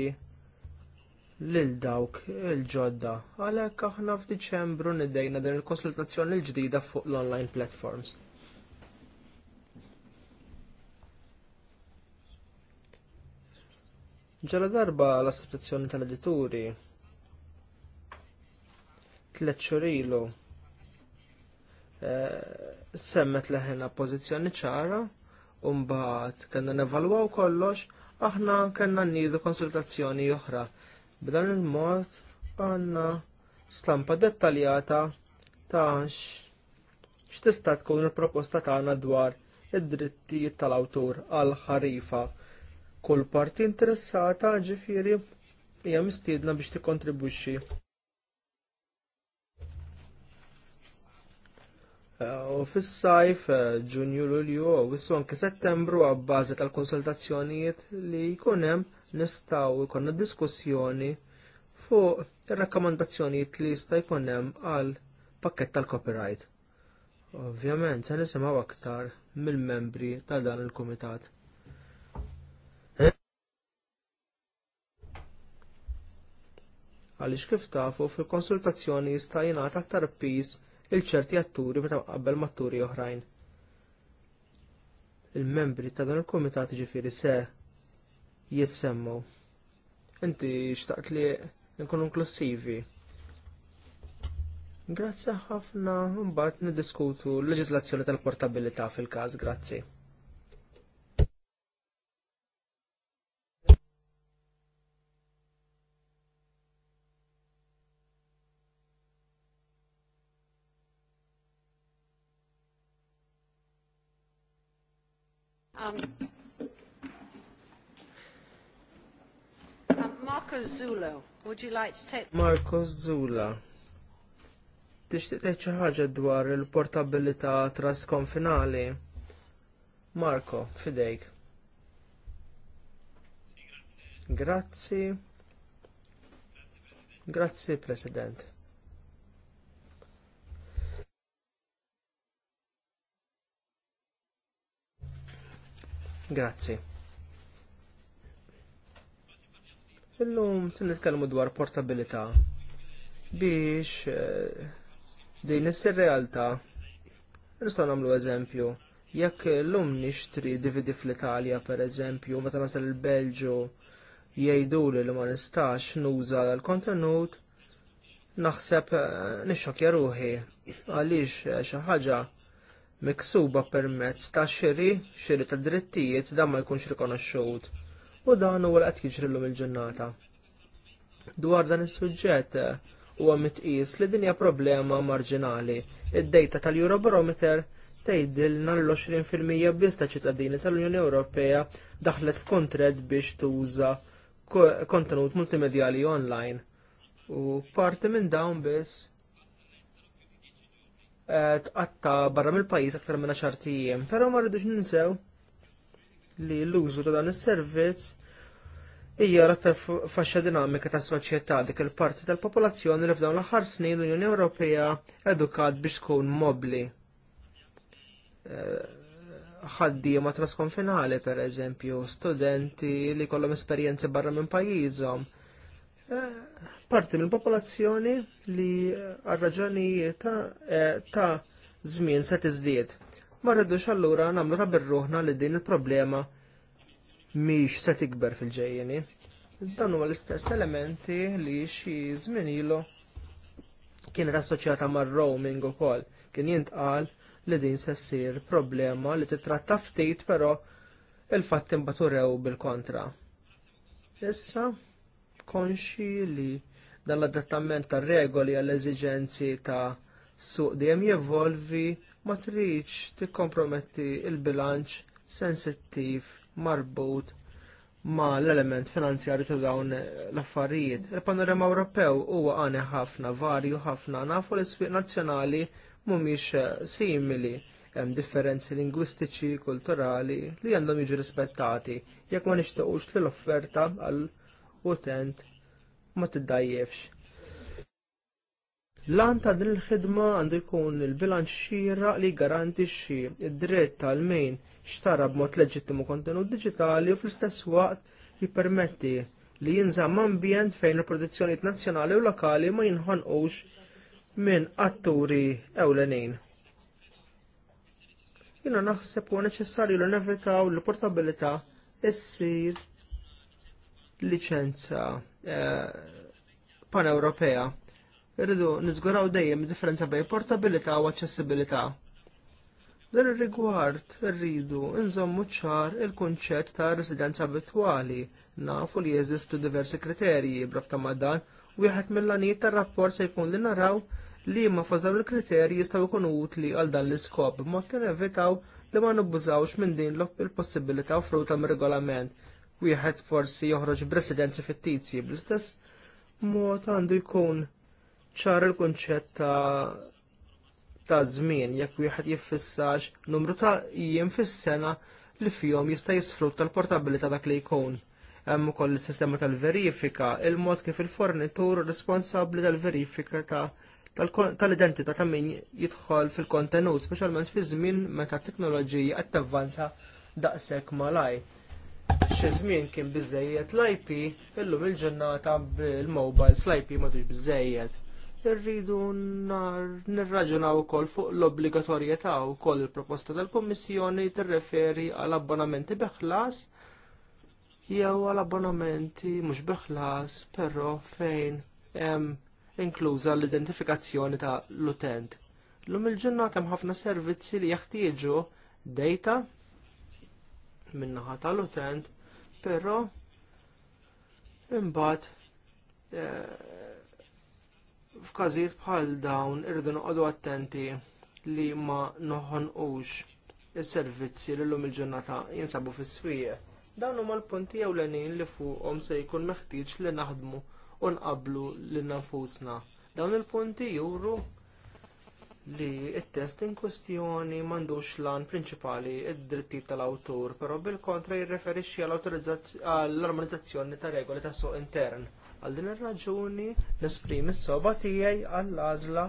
lil dawk il-ġodda. Għalhekk aħna f'Diċembru niddejna din il-konsultazzjoni l-ġdida fuq l-online platforms. Ġala darba l-Assoċjazzjoni tal-Edituri tlet xhur ilu eh, semmet leħena pożizzjoni ċara u mbagħad kellna nevalwaw kollox, aħna kellna nnidu konsultazzjoni oħra. B'dan il-mod għandna stampa dettaljata ta' x'tista' tkun il-proposta tagħna dwar id-drittijiet tal-awtur għal ħarifa. Kull parti interessata ġifieri hija mistiedna biex tikkontribwixxi. Eh, u fis-sajf eh, ġunju lulju u wissu anke settembru għabbażi tal-konsultazzjonijiet li jkun hemm nistgħu jkollna diskussjoni fuq ir-rakkomandazzjonijiet li jista' jkun hemm għal pakkett tal-copyright. Ovvjament se nisimgħu aktar mill-membri tal dan il-kumitat. Għaliex kif tafu fil-konsultazzjoni jista' jingħata aktar peace il-ċerti atturi meta qabel matturi oħrajn. Il-membri ta' dan il-komitat ġifiri se jissemmu. Inti xtaqt li nkunu inklusivi. Grazzi ħafna, mbagħad niddiskutu l-leġislazzjoni tal-portabilità fil-każ, grazzi. Um, um, Marco Zulo, would you like to take... Marco Zula. Tixtieq tgħid xi ħaġa dwar il-portabilità trasconfinali. Marco, fidejk. Grazzi. Grazzi President. Grazzi. Illum se nitkellmu dwar portabilità biex eh, din is-realtà nistgħu nagħmlu eżempju. Jekk l-lum nixtri DVD fl-Italja pereżempju, meta nasal il-Belġu jgħiduli li ma nistax nuża l-kontenut, naħseb eh, nixxokja ruħi għaliex eh, xi ħaġa miksuba permezz ta' xiri xiri ta' drittijiet dan ma jkunx rikonoxxut. U dan huwa qed jiġri llum il-ġurnata. Dwar dan is-suġġett huwa mitqis li din hija problema marġinali. Id-dejta tal-Eurobarometer tgħidilna l-20% biss ta' ċittadini tal-Unjoni Ewropea daħlet f'kontret biex tuża kontenut multimedjali online. U parti minn dawn biss Eh, tqatta barra mill-pajjiż aktar minn xartijiem, però ma rridux ninsew li l-użu ta' dan is-servizz hija l-aktar faxxa dinamika tas soċjetà dik il-parti tal-popolazzjoni li f'dawn l-aħħar snin l-Unjoni Ewropea edukat biex tkun mobbli. Eh, ħaddiema trasconfinali, per eżempju, studenti li kollhom esperjenzi barra minn pajjiżhom eh, parti mill popolazzjoni li għal raġunijiet eh, ta' żmien se tiżdied. Ma rridux allura nagħmlu ta' birruħna li din il-problema mhix se tikber fil-ġejjeni. Dan huwa l-istess elementi li xi żmien ilu kienet assoċjata mar-roaming ukoll. Kien jintqal li din se ssir problema li titratta ftit però il-fatt imbaturew bil-kontra. Issa konxi li dan l-adattament tar regoli għall eżiġenzi ta' suq dijem jevolvi ma tridx tikkomprometti l bilanċ sensittiv marbut ma l-element finanzjarju ta' dawn l-affarijiet. Il-panorama Ewropew huwa għane ħafna varju ħafna nafu l-isfiq nazzjonali mhumiex simili hemm differenzi lingwistiċi, kulturali li għandhom jiġu rispettati jekk ma nixtiequx l offerta għall utent ma tiddajjefx. Lan ta' din il-ħidma għandu jkun il-bilanċ xira li xi id-dritt tal-mejn xtara b'mod leġittimu kontenut digitali u fl-istess waqt jippermetti li jinżamm ambjent fejn il-produzzjonijiet nazzjonali u lokali ma jinħonqux minn atturi ewlenin. Jiena naħseb huwa neċessarju li nevitaw l-portabilità issir liċenza Eh, pan-Ewropea. Irridu niżguraw dejjem differenza bejn portabilità u aċċessibilità. Dan ir-rigward irridu nżommu ċar il-kunċett ta' residenza abitwali nafu li jeżistu diversi kriterji brabta ma' dan u wieħed mill lanijiet tar-rapport se jkun li naraw li ma fost dawn il-kriterji jistgħu jkunu utli għal dan l-iskop b'mod li nevitaw li ma nubbużawx minn din l-possibilità offruta mir-regolament wieħed forsi joħroġ b'residenzi fittizji bl-istess mod għandu jkun ċar il-konċett ta' ta' żmien jekk wieħed jiffissax numru ta' jiem fis-sena li fihom jista' jisfrutta l-portabilità dak li jkun. Hemm ukoll is-sistema tal-verifika, il-mod kif il-fornitur responsabbli tal-verifika ta' tal-identità ta' min jidħol fil-kontenut, speċjalment fi żmien meta t teknoloġija qed tavvanza daqshekk malajr xi żmien kien bizzejiet l-IP, illum il ġennata bil-mobile l-IP ma tix biżejjed. Irridu u ukoll fuq l-obbligatorjetà wkoll il-proposta tal-Kummissjoni tirreferi għal abbonamenti beħlas jew għal abbonamenti mhux beħlas, però fejn hemm inkluża l-identifikazzjoni ta' l-utent. Lum il-ġurnata hemm ħafna servizzi li jeħtieġu data min-naħa tal-utent, però imbagħad e, f'każijiet bħal dawn irridu noqogħdu attenti li ma noħonqux is-servizzi li llum il-ġurnata jinsabu fis-swieq. Dawn huma l-punti ewlenin li fuqhom se jkun meħtieġ li naħdmu u nqabblu lil nafusna. Dawn il-punti juru li t test in kwestjoni m'għandux lan prinċipali id-drittijiet tal-awtur, però bil-kontra jirreferixxi għall-armonizzazzjoni ta' regoli tas suq intern. Għal din ir-raġuni nesprimi is soba tiegħi għall-għażla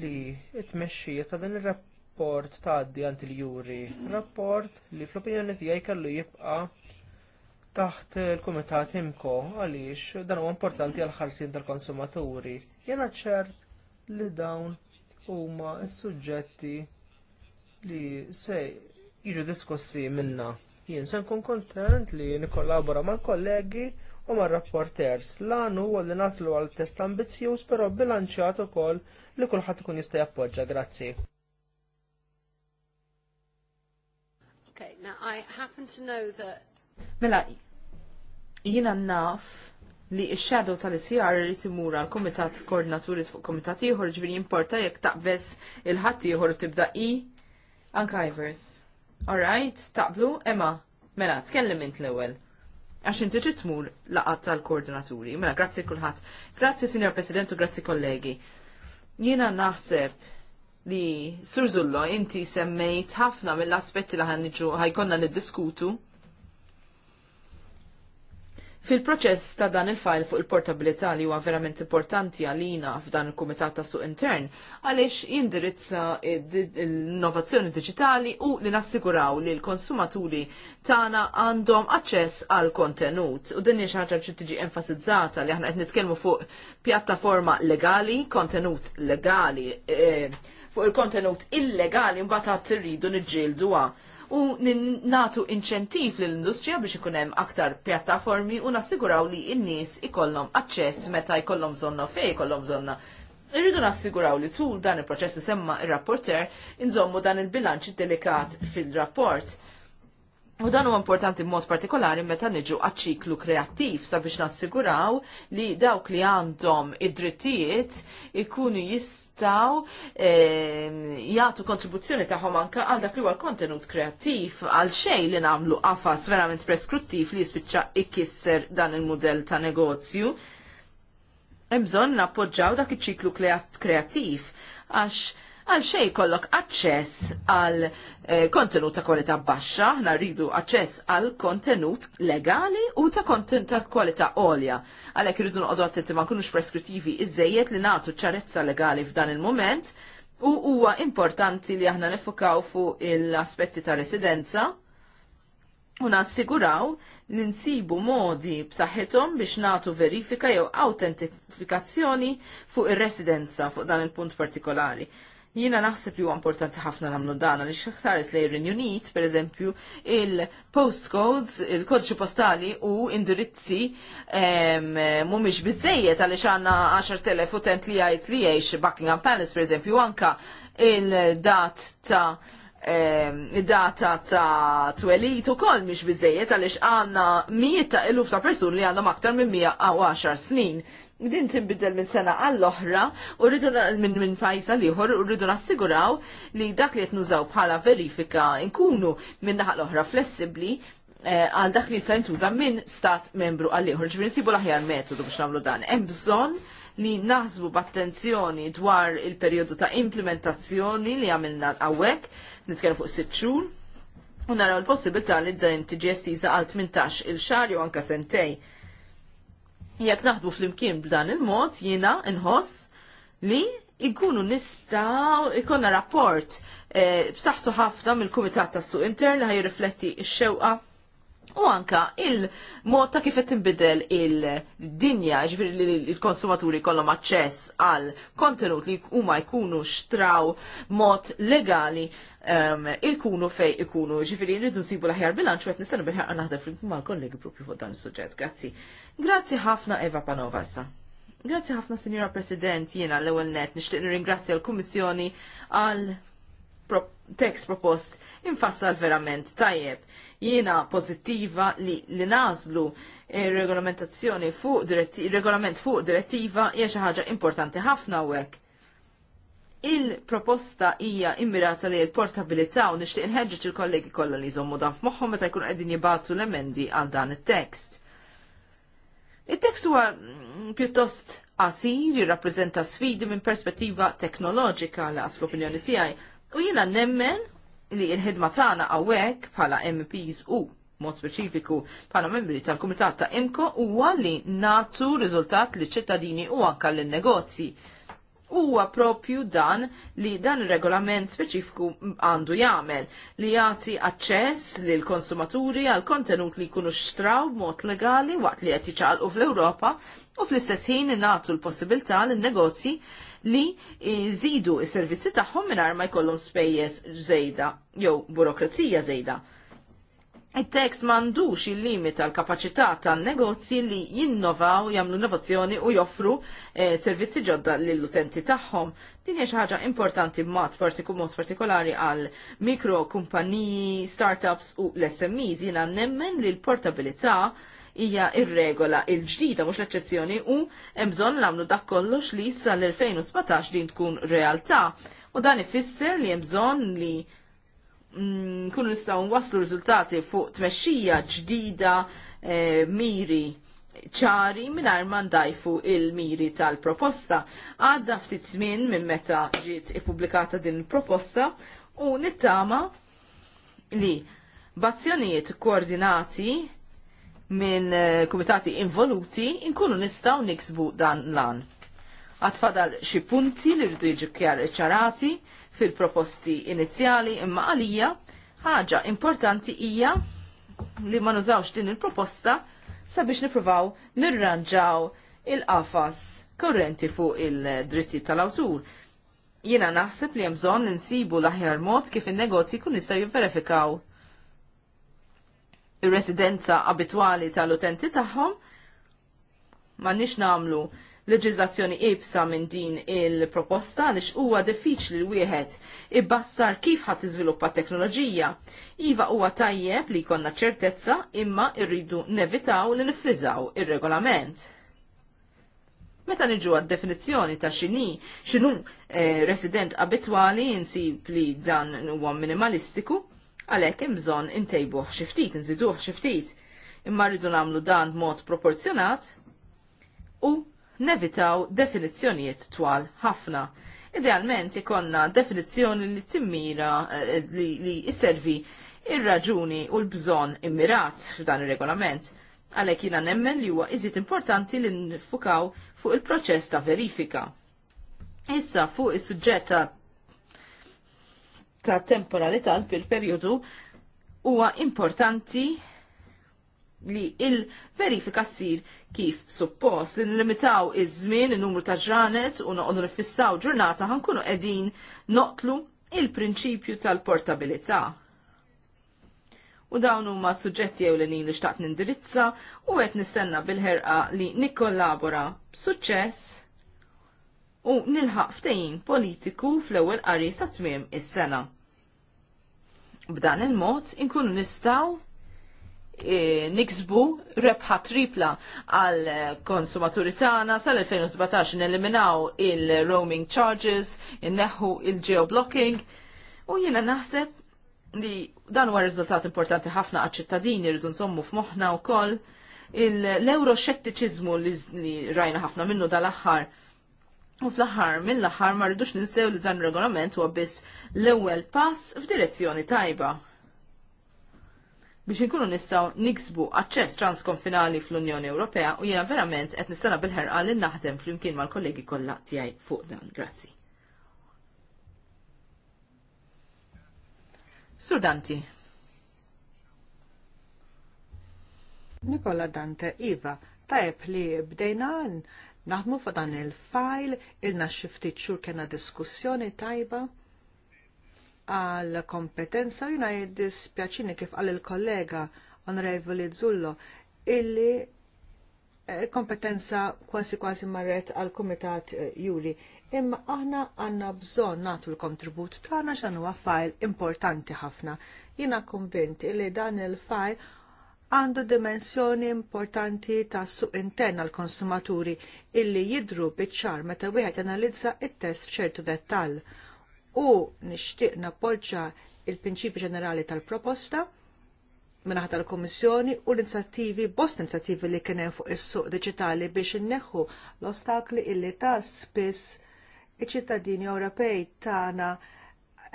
li t tmexxija ta' din ir-rapport tgħaddi għand il-juri, rapport li fl-opinjoni tiegħi kellu jibqa' taħt il-Kumitat Imko għaliex dan huwa importanti għall ħarsien tal-konsumaturi. Jiena ċert li dawn huma s-suġġetti li se jiġu diskussi minna. Jien se nkun kontent li nikkollabora mal-kollegi u mar-rapporters. L-għanu u li naslu għal test ambizzjuż però bilanċjat ukoll li kulħadd ikun jista' jappoġġa. Grazzi. Okay, now I happen to know that Mela, jina naf li x-shadow tal-ICR li timura l-komitat koordinaturi fuq komitat ieħor ġbiri importa jekk taqbess il-ħadd ieħor tibda i anka Ivers. Alright, taqblu, Emma, mela, tkellim int l-ewwel. Għax inti ġi tmur laqat tal-koordinaturi. Mela, grazzi kulħadd. Grazzi, Signor President, u grazzi kollegi. Jiena naħseb li Sur Zullo inti semmejt ħafna mill-aspetti li ħanniġu ħajkonna niddiskutu Fil-proċess ta' dan il-fajl fuq il-portabilità li huwa verament importanti għalina f'dan il-Kumitat ta' Suq Intern għaliex jindirizza l-innovazzjoni digitali u li nassiguraw li l-konsumaturi tagħna għandhom aċċess għal kontenut. U din hija ħaġa li tiġi enfasizzata li aħna qed nitkellmu fuq pjattaforma legali, kontenut legali. Eh, fuq il-kontenut illegali mbagħad għad irridu niġġielduha u natu inċentiv lill-industrija biex ikun hemm aktar pjattaformi u nassiguraw li n-nies ikollom aċċess meta jkollhom zonna fej jkollhom zonna. Irridu nassiguraw li tul dan il-proċess li semma il rapporter inżommu dan il-bilanċ delikat fil-rapport U dan huwa importanti b'mod partikolari meta niġu għaċ-ċiklu kreattiv sabiex nassiguraw li dawk li għandhom id-drittijiet ikunu jistaw e, jagħtu kontribuzzjoni tagħhom anke għal dak li huwa kontenut kreattiv għal xejn li nagħmlu qafas verament preskruttiv li jispiċċa ikisser dan il-mudell ta' negozju. Hemm bżonn nappoġġaw dak iċ-ċiklu kreattiv għax għal xej kollok aċċess għal eh, kontenut ta' kwalità baxxa, ħna rridu aċċess għal kontenut legali u ta' kontenut ta' kwalità għolja. Għalhekk irridu noqogħdu għattenti ma kunux preskrittivi iżejjed li nagħtu ċarezza legali f'dan il-mument u huwa importanti li aħna nifokaw fuq l-aspetti ta' residenza u nassiguraw li nsibu modi b'saħħithom biex nagħtu verifika jew autentifikazzjoni fuq ir-residenza fuq dan il-punt partikolari. Jiena naħseb li huwa importanti ħafna nagħmlu dan għaliex aktar li Renju Unit, pereżempju, il-postcodes, il-kodġi postali u indirizzi mhumiex biżejjed għaliex għandna 10,000 utent li jgħid li jgħix Buckingham Palace, pereżempju, anka il-dat ta' data ta' twelit u koll miex bizzejiet għalix għanna mijiet ta' iluf ta' persun li għandhom aktar minn 10 snin din tinbidel minn sena għall-oħra u rridu minn min pajsa liħor u rridu nassiguraw li dak li jtnużaw bħala verifika nkunu minn naħal oħra flessibli eh, għal dak li jista' jintuża minn stat membru għal ieħor. Ġifieri nsibu l-aħjar metodu biex nagħmlu dan. Hemm bżonn li naħsbu b'attenzjoni dwar il periodu ta' implementazzjoni li għamilna għawek, nitkellem fuq sitt xhur, u naraw il-possibilità li d-din tiġi estiża għal 18 il-xar jew anke sentej Jekk naħdmu fl-imkien b'dan il-mod, jiena nħoss li ikunu nistaw ikonna rapport eh, b'saħħtu ħafna mill-Kumitat tas-Suq Intern li ħajrifletti x-xewqa U anka il-mod ta' kif qed tinbidel il-dinja, ġifieri l-konsumaturi kollhom aċċess għal kontenut li huma jkunu xtraw mod legali jkunu ehm, ikunu fej ikunu. Ġifieri rridu nsibu l-aħjar bilanċ qed nistennu bil-ħarqa naħdem flimkien mal-kollegi proprju fuq dan is-suġġett. Grazzi. Grazzi ħafna Eva Panovassa. Grazzi ħafna Sinjora President, jiena l-ewwel net nixtieq nirringrazzja l-Kummissjoni għal tekst propost infassal verament tajjeb jiena pozittiva li, li nażlu eh, regolamentazzjoni fuq direttiva, regolament fuq direttiva hija xi ħaġa importanti ħafna hekk. Il-proposta hija immirata li l-portabilità u nixtieq inħeġġeġ il-kollegi kollha li jżommu dan f'moħħhom meta jkunu qegħdin jibatu l-emendi għal dan it-tekst. Il-tekst huwa mm, pjuttost qasir jirrappreżenta sfidi minn perspettiva teknoloġika laqas l-opinjoni tiegħi u jiena nemmen li l-ħidma tagħna hawnhekk bħala MPs u mod speċifiku bħala membri tal-Kumitat ta' Imko huwa li natu riżultat li ċittadini u anka l-negozji. Huwa propju dan li dan ir-regolament speċifiku għandu jagħmel li jagħti aċċess lil konsumaturi għal kontenut li jkunu xtraw b'mod legali waqt li qed jiċċaqlqu fl-Ewropa u fl-istess ħin nagħtu l-possibilità l negozji li jżidu s-servizzi tagħhom mingħajr ma jkollhom spejjeż żejda jew burokrazija żejda. Il-tekst mandux il-limit tal kapacità tan-negozji li jinnovaw, jagħmlu innovazzjoni u joffru eh, servizzi ġodda lill-utenti tagħhom. Din hija xi ħaġa importanti b'mod partiku mod partikolari għal mikro kumpaniji, startups u l-SMEs jiena nemmen li l-portabilità hija ir-regola il-ġdida mhux l-eċċezzjoni u hemm bżonn nagħmlu dak kollox li issa l-2017 din tkun realtà. U dan ifisser li hemm bżonn li mm, nkunu nistgħu nwasslu riżultati fuq tmexxija ġdida e, miri ċari minar ma dajfu il-miri tal-proposta. Għadda ftit żmien minn meta ġiet ippubblikata din il-proposta u nittama li b'azzjonijiet koordinati minn eh, kumitati involuti inkunu nistaw niksbu dan lan. Għatfadal xi punti li rridu jiġu ċarati fil-proposti inizjali imma għalija ħaġa importanti hija li ma nużawx din il-proposta sabiex nipruvaw nirranġaw il-qafas korrenti fuq il-dritti tal-awtur. Jiena naħseb li hemm bżonn insibu l-aħjar mod kif in-negozji kun jistgħu jivverifikaw ir-residenza abitwali tal-utenti tagħhom, ma nix namlu leġizlazzjoni ibsa minn din il-proposta għaliex huwa diffiċli li wieħed ibbassar kif ħadd iżviluppa teknoloġija. Iva huwa tajjeb li jkollna ċertezza imma rridu nevitaw li nifriżaw ir-regolament. Meta niġu għad definizzjoni ta' xini, xinu eh, resident abitwali insib li dan huwa minimalistiku, għalhekk hemm bżonn intejbuh xi ftit, inżiduh xi ftit. Imma rridu nagħmlu dan b'mod proporzjonat u nevitaw definizzjonijiet twal ħafna. Idealment ikonna definizzjoni li timmira eh, li, li isservi ir-raġuni u l-bżonn immirat f'dan ir-regolament għalhekk jiena nemmen li huwa iżjed importanti li nfukaw fuq il-proċess ta' verifika. Issa fuq is-suġġett ta' temporalità bil-perjodu huwa importanti li il-verifika ssir kif suppost li nlimitaw iż-żmien in-numru ta' ġranet u noqogħdu nifissaw ġurnata ħankunu qegħdin noqtlu il-prinċipju tal-portabilità. U dawn huma suġġetti ewlenin li xtaqt nindirizza u qed nistenna bil-ħerqa li nikkollabora b'suċċess u nilħaq ftejn politiku fl-ewwel qari sa tmiem is-sena. B'dan il-mod inkunu nistgħu e, niksbu rebħa tripla għal konsumaturi tagħna sal-2017 neliminaw il-roaming charges, inneħħu il-geoblocking u jiena naħseb li dan huwa riżultat importanti ħafna għal ċittadini rridu nsommu f'moħħna wkoll l-euroxettiċiżmu li rajna ħafna minnu dal-aħħar U fl-aħħar, mill-aħħar ma rridux ninsew li dan regolament huwa biss l-ewwel pass f'direzzjoni tajba. Biex inkunu nistgħu niksbu aċċess transkonfinali fl-Unjoni Ewropea u jiena verament qed nistana bil-ħerqa li naħdem flimkien mal-kollegi kollha tiegħi fuq dan. Grazzi. Sur Danti. Nikola Dante, Iva, tajb li bdejna naħdmu fuq dan il-fajl ilna ftit xhur kena diskussjoni tajba għal kompetenza jina jiddispjaċini kif għal il-kollega Onorevoli Zullo illi eh, kompetenza kważi kważi marret għal komitat eh, juri. Imma aħna għanna bżon natu l-kontribut tagħna x'dan huwa fajl importanti ħafna. Jina konvint illi dan il-fajl għandu dimensjoni importanti ta' suq intern għal konsumaturi illi jidru biċ-ċar meta wieħed analizza it-test f'ċertu dettall. U nixtieq nappoġġa il-prinċipi ġenerali tal-proposta minnaħat tal-Komissjoni u l-inizjattivi bost inizjattivi li kien hemm fuq is-suq diġitali biex inneħħu l-ostakli illi ta' spiss iċ-ċittadini Ewropej tagħna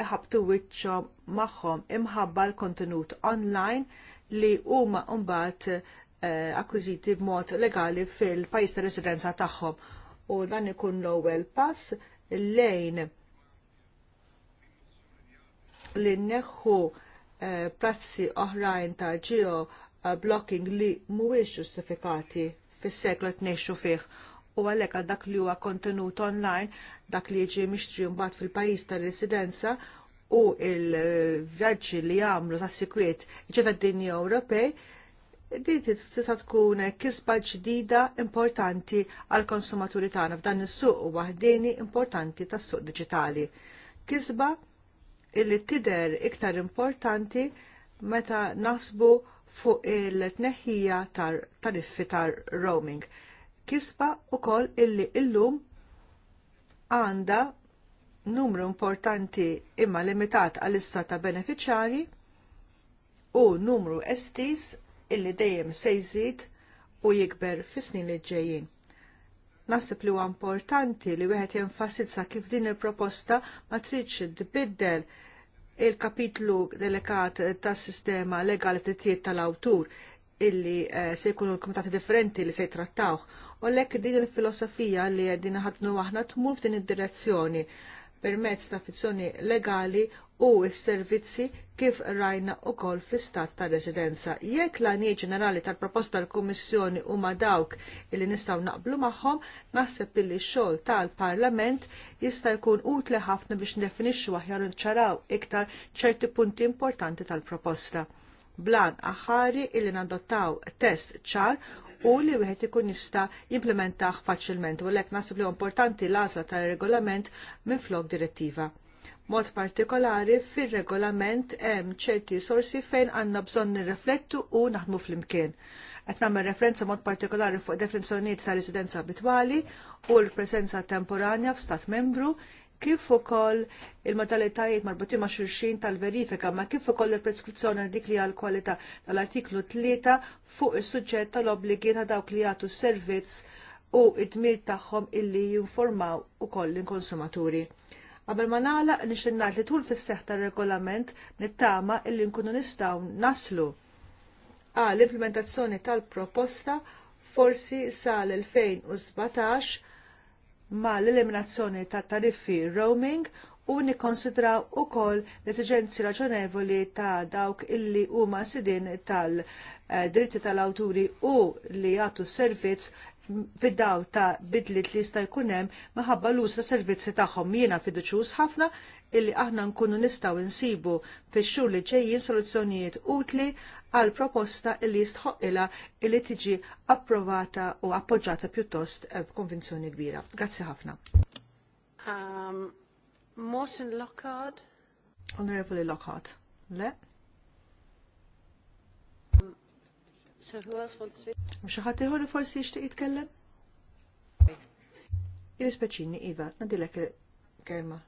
iħabtu wiċċhom magħhom imħabba l-kontenut online li huma mbagħad eh, akkwiżiti b'mod legali fil-pajjiż ta' residenza tagħhom. U dan ikun l-ewwel pass lejn li neħħu eh, prazzi oħrajn ta' ġio blocking li mhuwiex ġustifikati fis-seklu qed ngħixu fih u għalhekk għal dak li huwa kontenut online dak li jiġi mixtri mbagħad fil-pajjiż tar-residenza u il-vjaġġi li għamlu ta' sikwiet ċittadini Ewropej din tista' tkun kisba ġdida importanti għall konsumaturi tagħna f'dan is-suq u waħdini importanti tas-suq diġitali. Kisba illi tidher iktar importanti meta naħsbu fuq il-tneħħija tar tariffi tar roaming. Kisba u koll illi illum għanda numru importanti imma limitat għal-issa ta' beneficjari u numru estis illi dejjem se jżid u jikber fis-snin li ġejjin. Nasib li huwa importanti li wieħed jenfasizza kif din il-proposta ma tridx tbiddel il-kapitlu delegat tas-sistema legali titjiet tal-awtur illi eh, se jkunu l-komitati differenti li se jtrattawh u l-ek din il-filosofija li għedin ħadnu aħna tmur f'din id-direzzjoni permezz ta' fizzjoni legali u s-servizzi kif rajna wkoll fl-istat ta' residenza. Jekk l-għanijiet ġenerali tal-proposta tal-Kummissjoni huma dawk li nistgħu naqblu magħhom, naħseb illi x-xogħol tal-Parlament jista' jkun utli ħafna biex nefinixxu aħjar ċaraw iktar ċerti punti importanti tal-proposta. Blan aħħari illi nadottaw test ċar u li wieħed ikun jista' jimplementah faċilment u lek nasib li importanti l-għażla tal-regolament minn flok direttiva. Mod partikolari fir-regolament hemm ċerti sorsi fejn għandna bżonn nirreflettu u naħdmu flimkien. Qed nagħmel referenza mod partikolari fuq definizzjonijiet ta' residenza abitwali u l-presenza temporanja f'stat membru kif ukoll il-modalitajiet marbutin ma' xulxin tal-verifika ma' kif ukoll il-preskrizzjoni dik li għal-kwalità tal-artiklu 3 fuq is-suġġett tal-obbligi ta' dawk li jagħtu servizz u id-dmir tagħhom illi jinformaw ukoll l-konsumaturi. Qabel ma nagħlaq nixtieq ngħid li tul fis-seħħ tar-regolament nittama illi nkunu nistgħu naslu għal implementazzjoni tal-proposta forsi sal-2017 ma l-eliminazzjoni ta' tariffi roaming u nikkonsidraw ukoll l-esiġenzi raġonevoli ta' dawk illi huma sidin tal-dritti eh, tal-awturi u li jagħtu servizz fid-daw ta' bidlit li jista' jkun hemm minħabba l-uż ta' servizzi tagħhom jiena fiduċjuż ħafna illi aħna nkunu nistgħu insibu fix-xhur li ġejjin soluzzjonijiet utli għal proposta li jistħoqila li tiġi approvata u appoġġata pjuttost eh, b'konvinzjoni kbira. Grazzi ħafna. Um, Morton Lockhart. Honorable Lockhart. Le? Um, so who else wants to speak? Mxaħat iħor forsi jishtiq jitkellem? Il-speċini, Iva, nadilek il-kelma.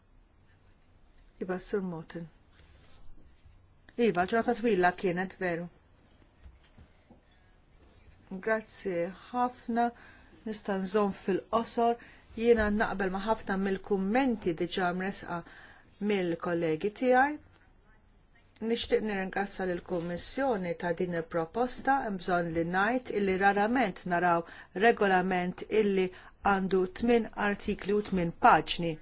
Iva, Sir Morton. Iva, ġurnata twila kienet veru. Grazzi ħafna, nista' nżomm fil-qosor, jiena naqbel ma' ħafna mill-kummenti diġà mresqa mill-kollegi tiegħi. Nixtieq nirringrazza lill kummissjoni ta' din il-proposta bżonn li ngħid illi rarament naraw regolament illi għandu tmien artikli u tmien paġni.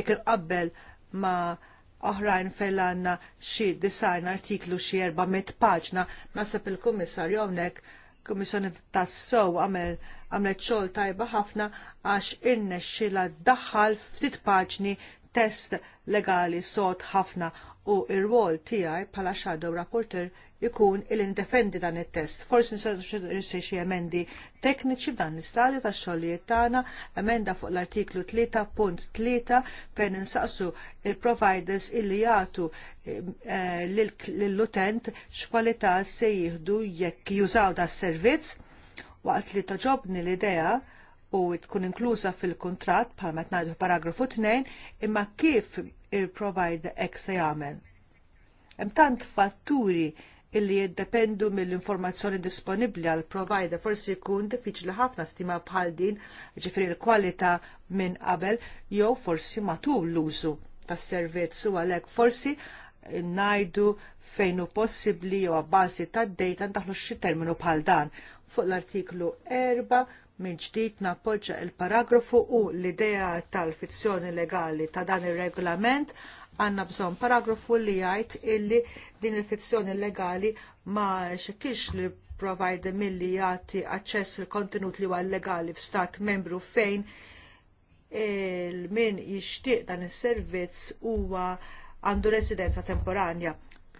Jekk qabbel ma' oħrajn fejn għandna xi design artiklu xi 400 paġna nasab il kummissar hawnhekk kummissjoni tas-sow għamel għamlet xogħol tajba ħafna għax innexxila ddaħħal ftit paġni test legali sod ħafna u r wol tiegħi bħala shadow rapporter ikun il-indefendi dan it-test. Forsi nisirsi xie emendi tekniċi f'dan l-istadju tax xogħlijiet tagħna, emenda fuq l-artiklu 3.3 fejn insaqsu il-providers illi jagħtu eh, lill-utent x'kwalità se jieħdu jekk jużaw da servizz waqt li ġobni l-idea u tkun inkluża fil kontrat bħalma qed ngħidu paragrafu 2 imma kif il-provider ek se jagħmel. Hemm tant fatturi illi jiddependu mill-informazzjoni disponibbli għal provider forsi jkun diffiċli ħafna stima bħal din ġifri l-kwalità minn qabel jew forsi matul l-użu tas-servizz u għalhekk forsi ngħidu fejn hu possibbli jew abbażi tad-dejta ndaħlu xi terminu bħal dan. Fuq l-artiklu 4 minn ġdid nappoġġa il-paragrafu u l-idea tal-fizzjoni legali ta' dan ir-regolament għandna bżonn paragrafu li jgħid illi din il-fizzjoni legali ma xekilx li provajda milli jagħti aċċess il kontenut li huwa legali f'stat membru fejn il-min jixtieq dan is-servizz huwa għandu residenza temporanja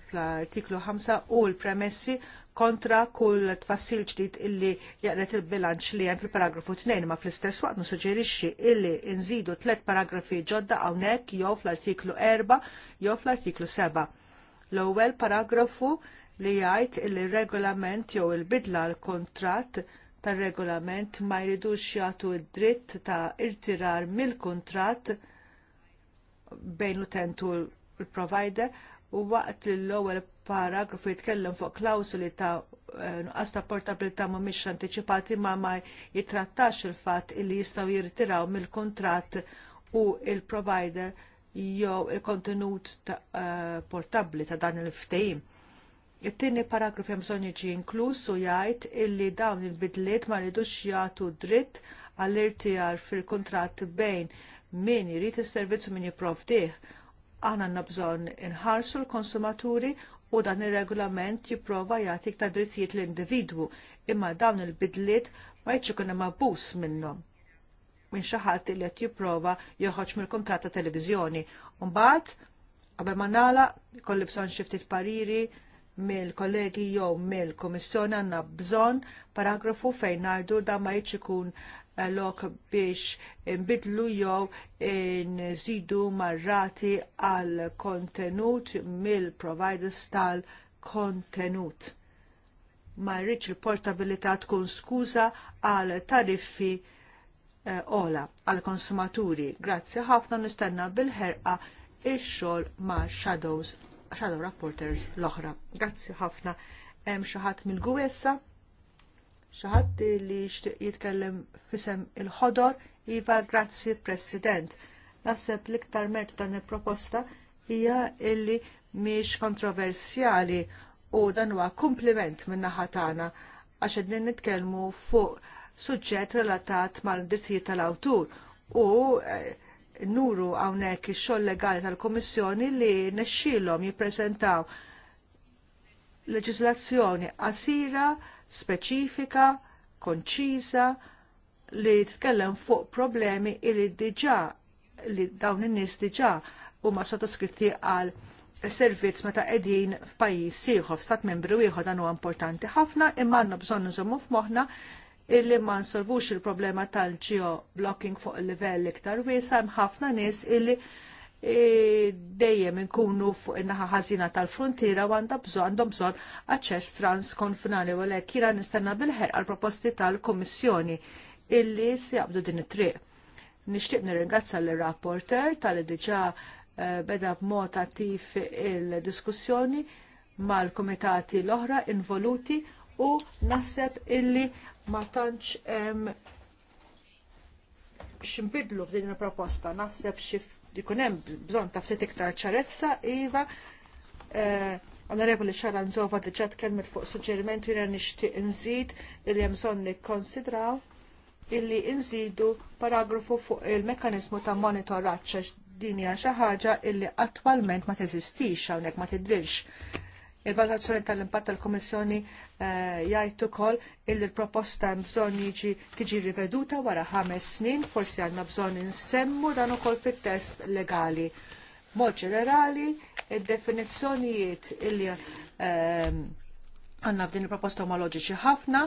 fl-artiklu 5 u l-premessi kontra kull tfassil ġdid illi jaqret il-bilanċ li hemm fil-paragrafu 2 ma fl-istess waqt nisuġġerixxi illi nżidu tliet paragrafi ġodda hawnhekk jew fl-artiklu 4 jew fl-artiklu 7. L-ewwel paragrafu li jgħid illi regolament jew il-bidla l kontrat tar-regolament ma jridux jagħtu d-dritt ta' irtirar mill-kuntratt bejn l-utent u l-provider u waqt l-ewwel paragrafu jitkellem fuq klawsuli ta' eh, nuqqas ta' portabilità mhumiex antiċipati ma ma jitrattax il-fatt li jistgħu jirtiraw mill kuntratt u il-provider jew il-kontenut eh, portabbli ta' dan il-ftehim. It-tieni paragraf hemm bżonn jiġi inkluż u jgħid illi dawn il-bidliet ma rridux jagħtu dritt għall-irtijar fil kuntratt bejn min jrid is-servizz u min jipprovdih aħna għanna inħarsu l-konsumaturi u dan ir-regolament jipprova jagħti ta' drittijiet l-individwu imma dawn il-bidliet ma jitx ikun hemm abbuż minnhom minn xi ħadd li qed jipprova joħroġ mill-kuntratt ta' televiżjoni. Mbagħad qabel ma nala ikolli bżonn xi ftit pariri mill-kollegi jew mill-Kummissjoni għandna bżonn paragrafu fejn ngħidu dan ma jitx ikun lok biex nbidlu jew nżidu marrati għal kontenut mill-providers tal-kontenut. Ma rridx il-portabilità tkun skuża għal tariffi eh, ola għal konsumaturi. Grazzi ħafna nistenna bil-ħerqa ix-xogħol ma' Shadows, Shadow Rapporters l-oħra. Grazzi ħafna hemm xi ħadd mill-gwessa xaħat li xtiq jitkellem fisem il-ħodor, Iva, grazzi President. Naħseb l-iktar mertu dan il-proposta hija illi miex kontroversjali u dan huwa kumpliment minn naħa tagħna għax qegħdin nitkellmu fuq suġġett relatat mal-drittijiet tal-awtur u eh, nuru hawnhekk ix-xogħol legali tal-Kummissjoni li nexxielhom jippreżentaw leġislazzjoni qasira speċifika, konċiża li tkellem fuq problemi li diġa, li dawn in-nies u huma sottoskritti għal servizz meta qegħdin f'pajjiż ieħor f'stat membru ieħor dan huwa importanti ħafna imma għandna bżonn nżommu f'moħħna illi ma nsolvux il-problema tal-geo blocking fuq il-livell iktar wiesa' hemm ħafna nies illi E, dejjem inkunu fuq in-naħa ħażina tal-frontiera u għandha bżonn għandhom bżonn aċċess transkonfinali u lek kira nistenna bil għal proposti tal-Kummissjoni illi se jaqbdu din it-triq. Nixtieq nirringrazzja l-rapporter tal diġà e, beda b'mod attiv il-diskussjoni mal-komitati l-oħra involuti u naħseb illi ma tantx x'inbidlu f'din il-proposta naħseb xi li kunem bżon ta' ftit iktar ċarezza, iva, eh, Onorevoli Xaran Zova li ġat kelmet fuq suġġeriment jina nixtieq nżid illi jemżon nikkonsidraw illi nżidu paragrafu fuq il-mekanizmu ta' monitoraċċa dinja hija xi ħaġa illi attwalment ma teżistix hawnhekk ma tidrilx Il-valutazzjoni tal-impatt tal-Komissjoni eh, jgħid ukoll illi l-proposta bżonn jiġi tiġi riveduta wara ħames snin, forsi għandna bżonn insemmu dan ukoll fit-test legali. Mod ġenerali, id-definizzjonijiet illi ehm, għandna f'din il-proposta huma loġiċi ħafna,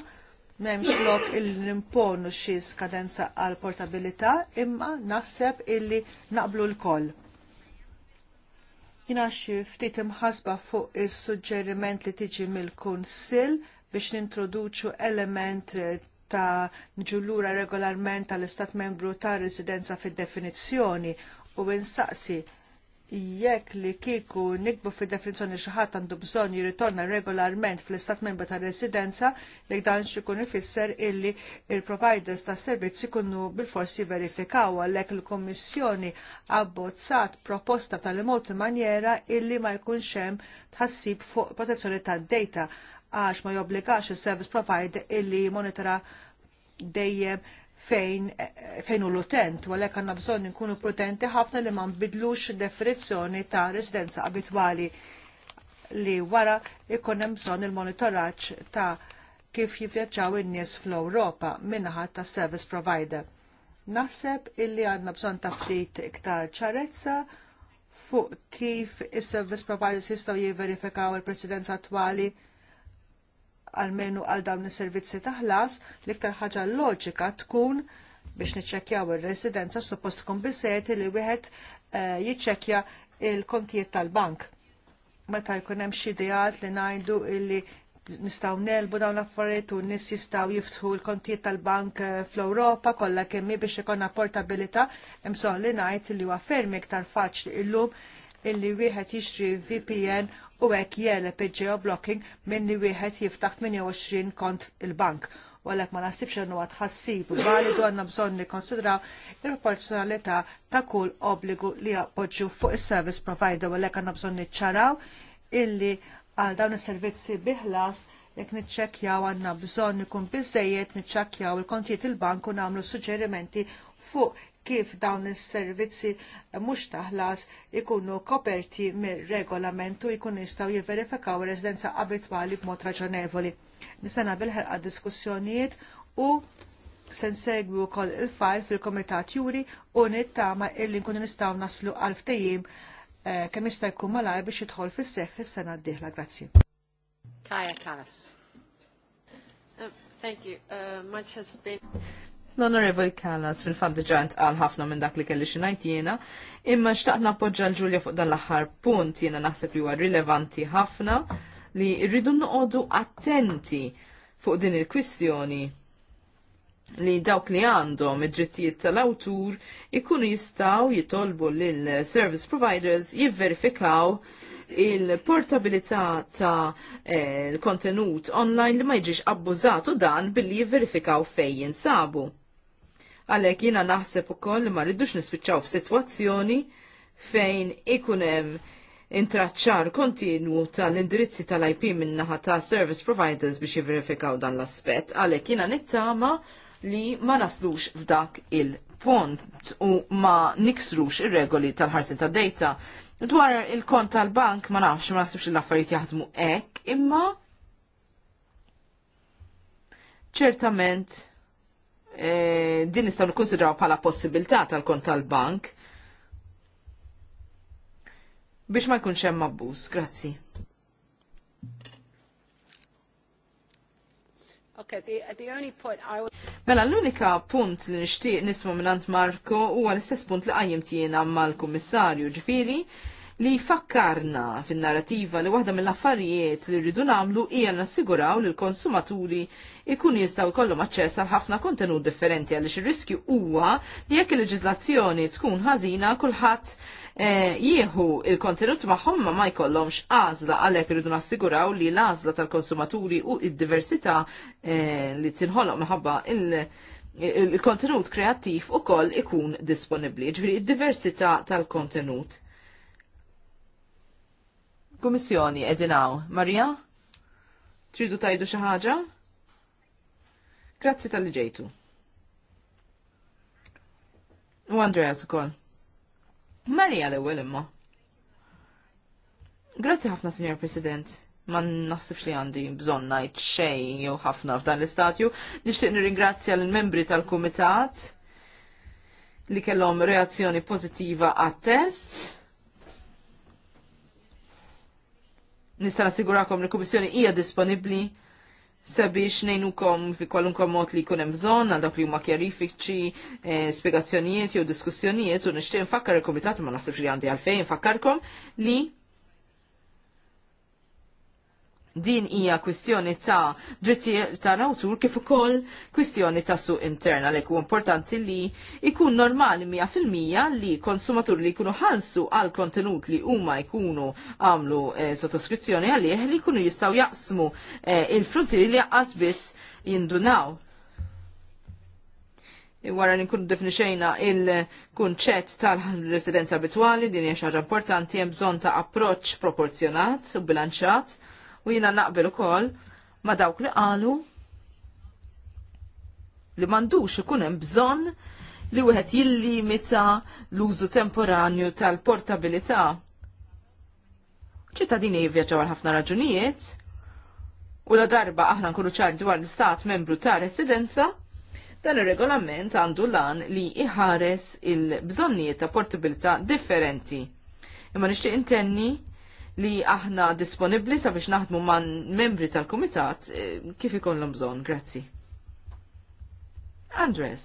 m'hemmx lok illi nimponu xi skadenza għal portabilità, imma naħseb illi naqblu l-koll Jina xi ftit imħasba fuq is-suġġeriment li tiġi mill-Kunsill biex nintroduċu element ta' ġullura regolarment tal-Istat membru ta' residenza fid-definizzjoni u insaqsi jekk li kieku nikbu fi definizjoni xi ħadd għandu bżonn jirritorna regolarment fl-istat membru ta' residenza, li dan xikun ifisser illi il-providers ta' servizzi kunu bil-forsi verifikaw għalhekk il kummissjoni abbozzat proposta tal-imot manjera illi ma jkunx hemm tħassib fuq protezzjoni tad-data għax ma jobbligax il service provider illi monitora dejjem fejn fejn u l-utent, u għalek għandna bżonn nkunu prudenti ħafna li ma nbidlux definizzjoni ta' residenza abitwali li wara ikun hemm bżonn il-monitoraġġ ta' kif jivvjaġġaw in-nies fl-Ewropa minnaħat ta' service provider. Naħseb illi għandna bżonn ta' ftit iktar ċarezza fuq kif is-service providers jistgħu jiverifikaw il-presidenza attwali għalmenu għal dawn is-servizzi ta' ħlas l-iktar ħaġa loġika tkun biex niċċekkjaw ir-residenza suppost tkun biseti li wieħed eh, jiċċekkja il-kontijiet tal-bank. Meta jkun hemm xi ideat li ngħidu illi nistaw nelbu dawn l-affarijiet u nis jistaw jiftħu l-kontijiet tal-bank eh, fl-Ewropa kollha kemm biex ikonna portabilità hemm bżonn li ngħid li huwa ferm iktar faċli illum illi wieħed jixtri VPN u hekk jeleb pġeo blocking minni wieħed jiftaħ 28 kont il-bank. U għalhekk ma naħsibx għannu u validu għandna bżonn nikkonsidraw il-proporzjonalità ta' kull obbligu li jappoġġu fuq is service provider u għalhekk għandna bżonn niċċaraw illi għal dawn is-servizzi biħlas jekk niċċekkjaw għandna bżonn ikun bizzejiet niċċekkjaw il-kontijiet il-bank u nagħmlu suġġerimenti fuq kif dawn is-servizzi mhux taħlas ikunu koperti mir-regolamentu jkun jistgħu jivverifikaw residenza abitwali b'mod raġonevoli. Nistenna bil-ħerqa diskussjonijiet u se nsegwi wkoll il-fajl fil-Komitat Juri u nittama illi nkunu nistgħu naslu għal ftehim eh, kemm jista' jkun malaj biex jidħol fis-seħħ is-sena d-dieħla. Grazzi. Kaja Karas. Uh, thank you. Uh, much has been... L-Onorevoli Kallas fil-fat diġant għal ħafna minn dak li kelli xinajt jena, imma xtaqt nappoġġa l-ġulja fuq dan l-aħħar punt jena naħseb li huwa rilevanti ħafna li rridu noqogħdu attenti fuq din il-kwistjoni li dawk li għandhom id-drittijiet tal-awtur ikunu jistaw jitolbu lil service providers jivverifikaw il-portabilità ta' eh, l-kontenut online li ma jġiġ abbużatu dan billi jiverifikaw fejn jinsabu. Għalhekk jiena naħseb ukoll li ma rridux nispiċċaw f'sitwazzjoni fejn ikun hemm intraċċar kontinu tal-indirizzi tal-IP min-naħa ta' service providers biex jivverifikaw dan l-aspett, għalhekk jiena nittama li ma naslux f'dak il pont u ma niksrux ir-regoli tal-ħarsin tad-data. Dwar il-kont tal-bank ma nafx ma nasibx l-affarijiet jaħdmu hekk, imma ċertament E, din nistgħu nikkonsidraw bħala possibilità tal-kont tal-bank biex ma jkunx hemm abbuż. Grazzi. Mela l-unika punt li nixtieq nisma' minn Marko huwa l-istess punt li qajjim tiena mal-Kummissarju ġifieri li jfakkarna fin-narrativa li waħda mill-affarijiet li rridu nagħmlu hija nassiguraw li l-konsumaturi ikun jistgħu jkollhom aċċess għal ħafna kontenut differenti għaliex ir-riskju huwa li jekk il-leġiżlazzjoni tkun ħażina kulħadd eh, jieħu il-kontenut magħhom ma ma jkollhomx għażla għalhekk irridu nassiguraw li l-għażla tal-konsumaturi u id-diversità eh, li tinħoloq minħabba il-kontenut kreattiv ukoll ikun disponibbli. ġviri id-diversità tal-kontenut. Kummissjoni edinaw. hawn. Marija? Tridu tajdu xi ħaġa? Grazzi tal ġejtu. U Andreas ukoll. Marija l-ewwel imma. Grazzi ħafna, Signor President ma naħsibx li għandi bżonn ngħid xejn jew ħafna f'dan l-istatju. Nixtieq nirringrazzja l-membri tal-kumitat li kellhom reazzjoni pożittiva għat-test. Nista' nassigurakom li l-Kummissjoni hija disponibbli sabiex nejnukom fi kwalunkwa mod li jkun hemm bżonn għal dak li huma kjarifiċi, eh, spjegazzjonijiet jew diskussjonijiet u nixtieq nfakkar il komitat ma nasibx li għandi għalfejn nfakkarkom li Din hija kwistjoni ta' dritti ta' nawtur kif ukoll kwistjoni ta' suq interna li huwa importanti li ikun normali mija fil-mija li konsumaturi li jkunu ħalsu għal kontenut li huma jkunu għamlu eh, sottoskrizzjoni għalih li jkunu jistgħu jaqsmu eh, il-frontieri li jaqqas biss jindunaw. Eh, wara li nkunu definixejna il-kunċett tal-residenza abitwali din hija xi ħaġa importanti hemm bżonn ta' approċċ proporzjonat u bilanċat u jiena naqbel ukoll ma dawk li qalu li m'għandux ikun hemm bżonn li wieħed jillimita l-użu temporanju tal-portabilità. ċittadini jivvjaġġaw għal ħafna raġunijiet u la darba aħna nkunu ċar dwar l-istat membru ta' residenza, dan ir-regolament għandu lan li iħares il-bżonnijiet ta' portabilità differenti. Imma nixtieq intenni li aħna disponibli sabiex naħdmu man membri tal-Kumitat eh, kif ikollhom bżonn. Grazzi. Andres.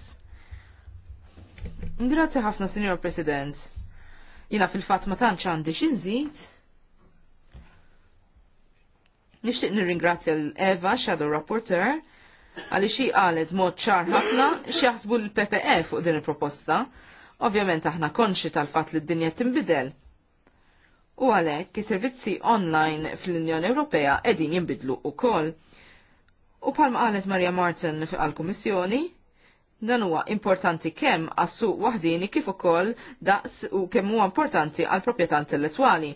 Grazzi ħafna, Signor President. Jina fil-fatt ma tantx għandi xinżid. Nixtieq nirringrazzja l-Eva, Shadow Rapporteur, għalli xi qalet mod ċar ħafna xi l-PPE fuq din il-proposta. Ovvjament aħna konxi tal-fatt li d-dinja timbidel u għalhekk is-servizzi online fl-Unjoni Ewropea qegħdin jinbidlu wkoll. U palma qalet Marja Martin għall-Kummissjoni, dan huwa importanti kemm għas-suq waħdini kif ukoll daqs u kemm huwa importanti għall proprjetà intellettwali.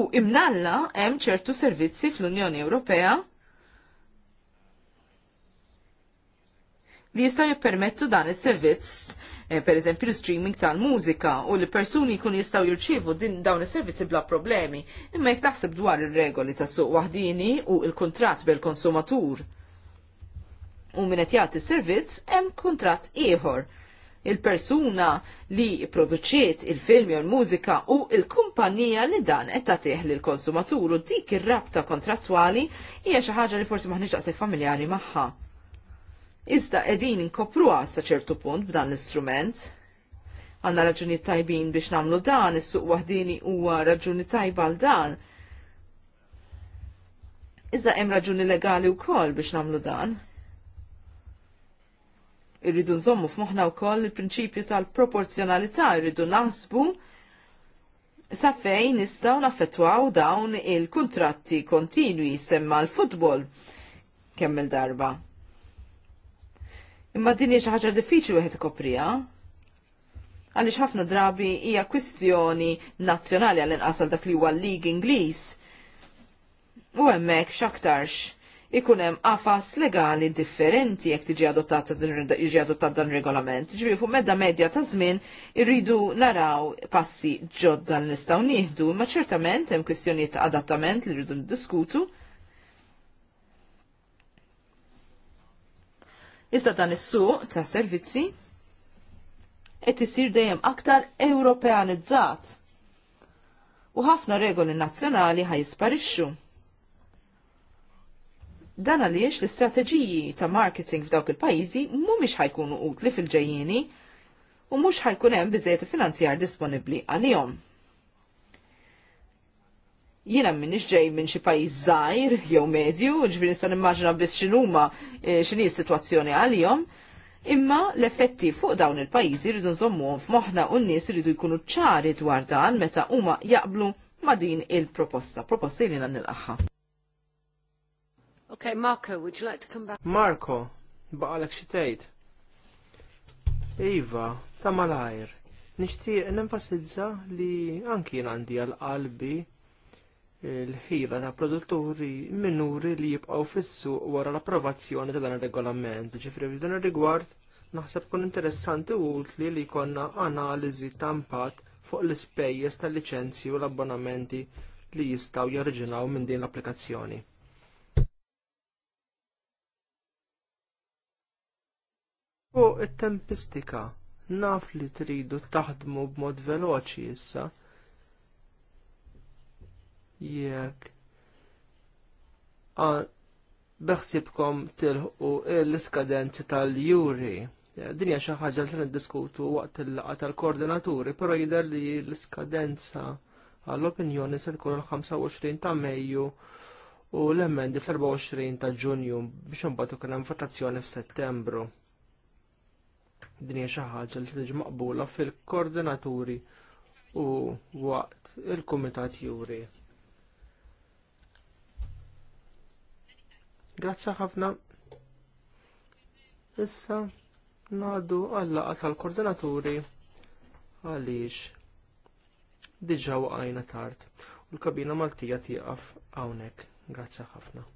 U imnalla hemm ċertu servizzi fl-Unjoni Ewropea li jistaw jippermettu dan is-servizz Eh, per eżempju l-streaming tal-mużika u li persuni jkun jistaw jirċivu din dawn is-servizzi bla problemi. Imma jek taħseb dwar ir-regoli tas-suq waħdini u il kontrat bil-konsumatur u minnet jagħti servizz hemm kuntratt ieħor. Il-persuna li produċiet il-film jew il-mużika u il-kumpanija li dan qed tagħtih lil konsumatur u dik ir-rabta kontrattwali hija xi ħaġa li forsi maħniex daqshekk familjari magħha. Iżda qegħdin inkopruha sa ċertu punt b'dan l-istrument. Għandna raġuni tajbin biex nagħmlu dan, is-suq waħdini huwa raġuni tajba għal dan. Iżda hemm raġuni legali wkoll biex nagħmlu dan. Irridu nżommu f'moħħna wkoll il-prinċipju tal-proporzjonalità, irridu naħsbu sa fejn nistgħu naffettwaw dawn il-kuntratti kontinwi semma l-futbol kemm il-darba Imma din hija xi ħaġa diffiċli wieħed ikoprija. Għaliex ħafna drabi hija kwistjoni nazzjonali għall inqasal dak li huwa l-lig Ingliż. U hemmhekk x'aktarx ikun hemm qafas legali differenti jekk tiġi adottat jiġi adottat dan regolament. Ġifieri fuq medda medja ta' żmien irridu naraw passi ġodda li nistgħu nieħdu, imma ċertament hemm kwistjonijiet ta' adattament li rridu niddiskutu. Iżda dan is-suq ta' servizzi qed isir dejjem aktar Ewropeanizzat. U ħafna regoli nazzjonali ħajisparixxu. Dan għaliex l-istrateġiji ta' marketing f'dawk il-pajjiżi mhumiex ħajkunu utli fil-ġejjieni u mhux ħajkun hemm biżejjed finanzjar disponibbli għalihom. Jiena minnix ġej minn xi pajjiż żgħir jew medju, ġifieri nista' nimmaġina biss x'inhuma e, x'inhi s-sitwazzjoni għalihom. Imma l-effetti fuq dawn il-pajjiżi rridu nżommuhom f'moħħna u n-nies iridu jkunu ċari dwar dan meta huma jaqblu ma' din il-proposta, proposta li nilqaħħa. Okay, Marco, would you like to come back? Marco, baqalek xi tgħid. Iva, ta' malajr. Nixtieq nenfasizza li anki jien għandi għal qalbi il-ħila ta' produtturi minuri li jibqgħu fis-suq wara l-approvazzjoni ta' dan ir-regolament. Ġifri f'dan ir-rigward naħseb kun interessanti u utli li jkollna analiżi ta' impatt fuq l-ispejjeż tal-liċenzji u l-abbonamenti li jistgħu jorġinaw minn din l-applikazzjoni. Fuq it-tempistika, naf li tridu taħdmu b'mod veloċi issa, jekk beħsibkom tilħu l-iskadenzi tal-juri. Dinja xi ħaġa li niddiskutu waqt il-laqgħa tal-koordinaturi, però jidher li l-iskadenza għall-opinjoni se tkun l 25 ta' Mejju u l-emendi fl-24 ta' Ġunju biex imbagħad ukoll hemm votazzjoni f'Settembru. Dinja xi ħaġa li se tiġi maqbula fil-koordinaturi u waqt il-Kumitat Juri. Grazzi ħafna. Issa ngħaddu għall-laqgħa tal-koordinaturi għaliex diġà waqajna tard u l-kabina Maltija tieqaf hawnhekk. Grazzi ħafna.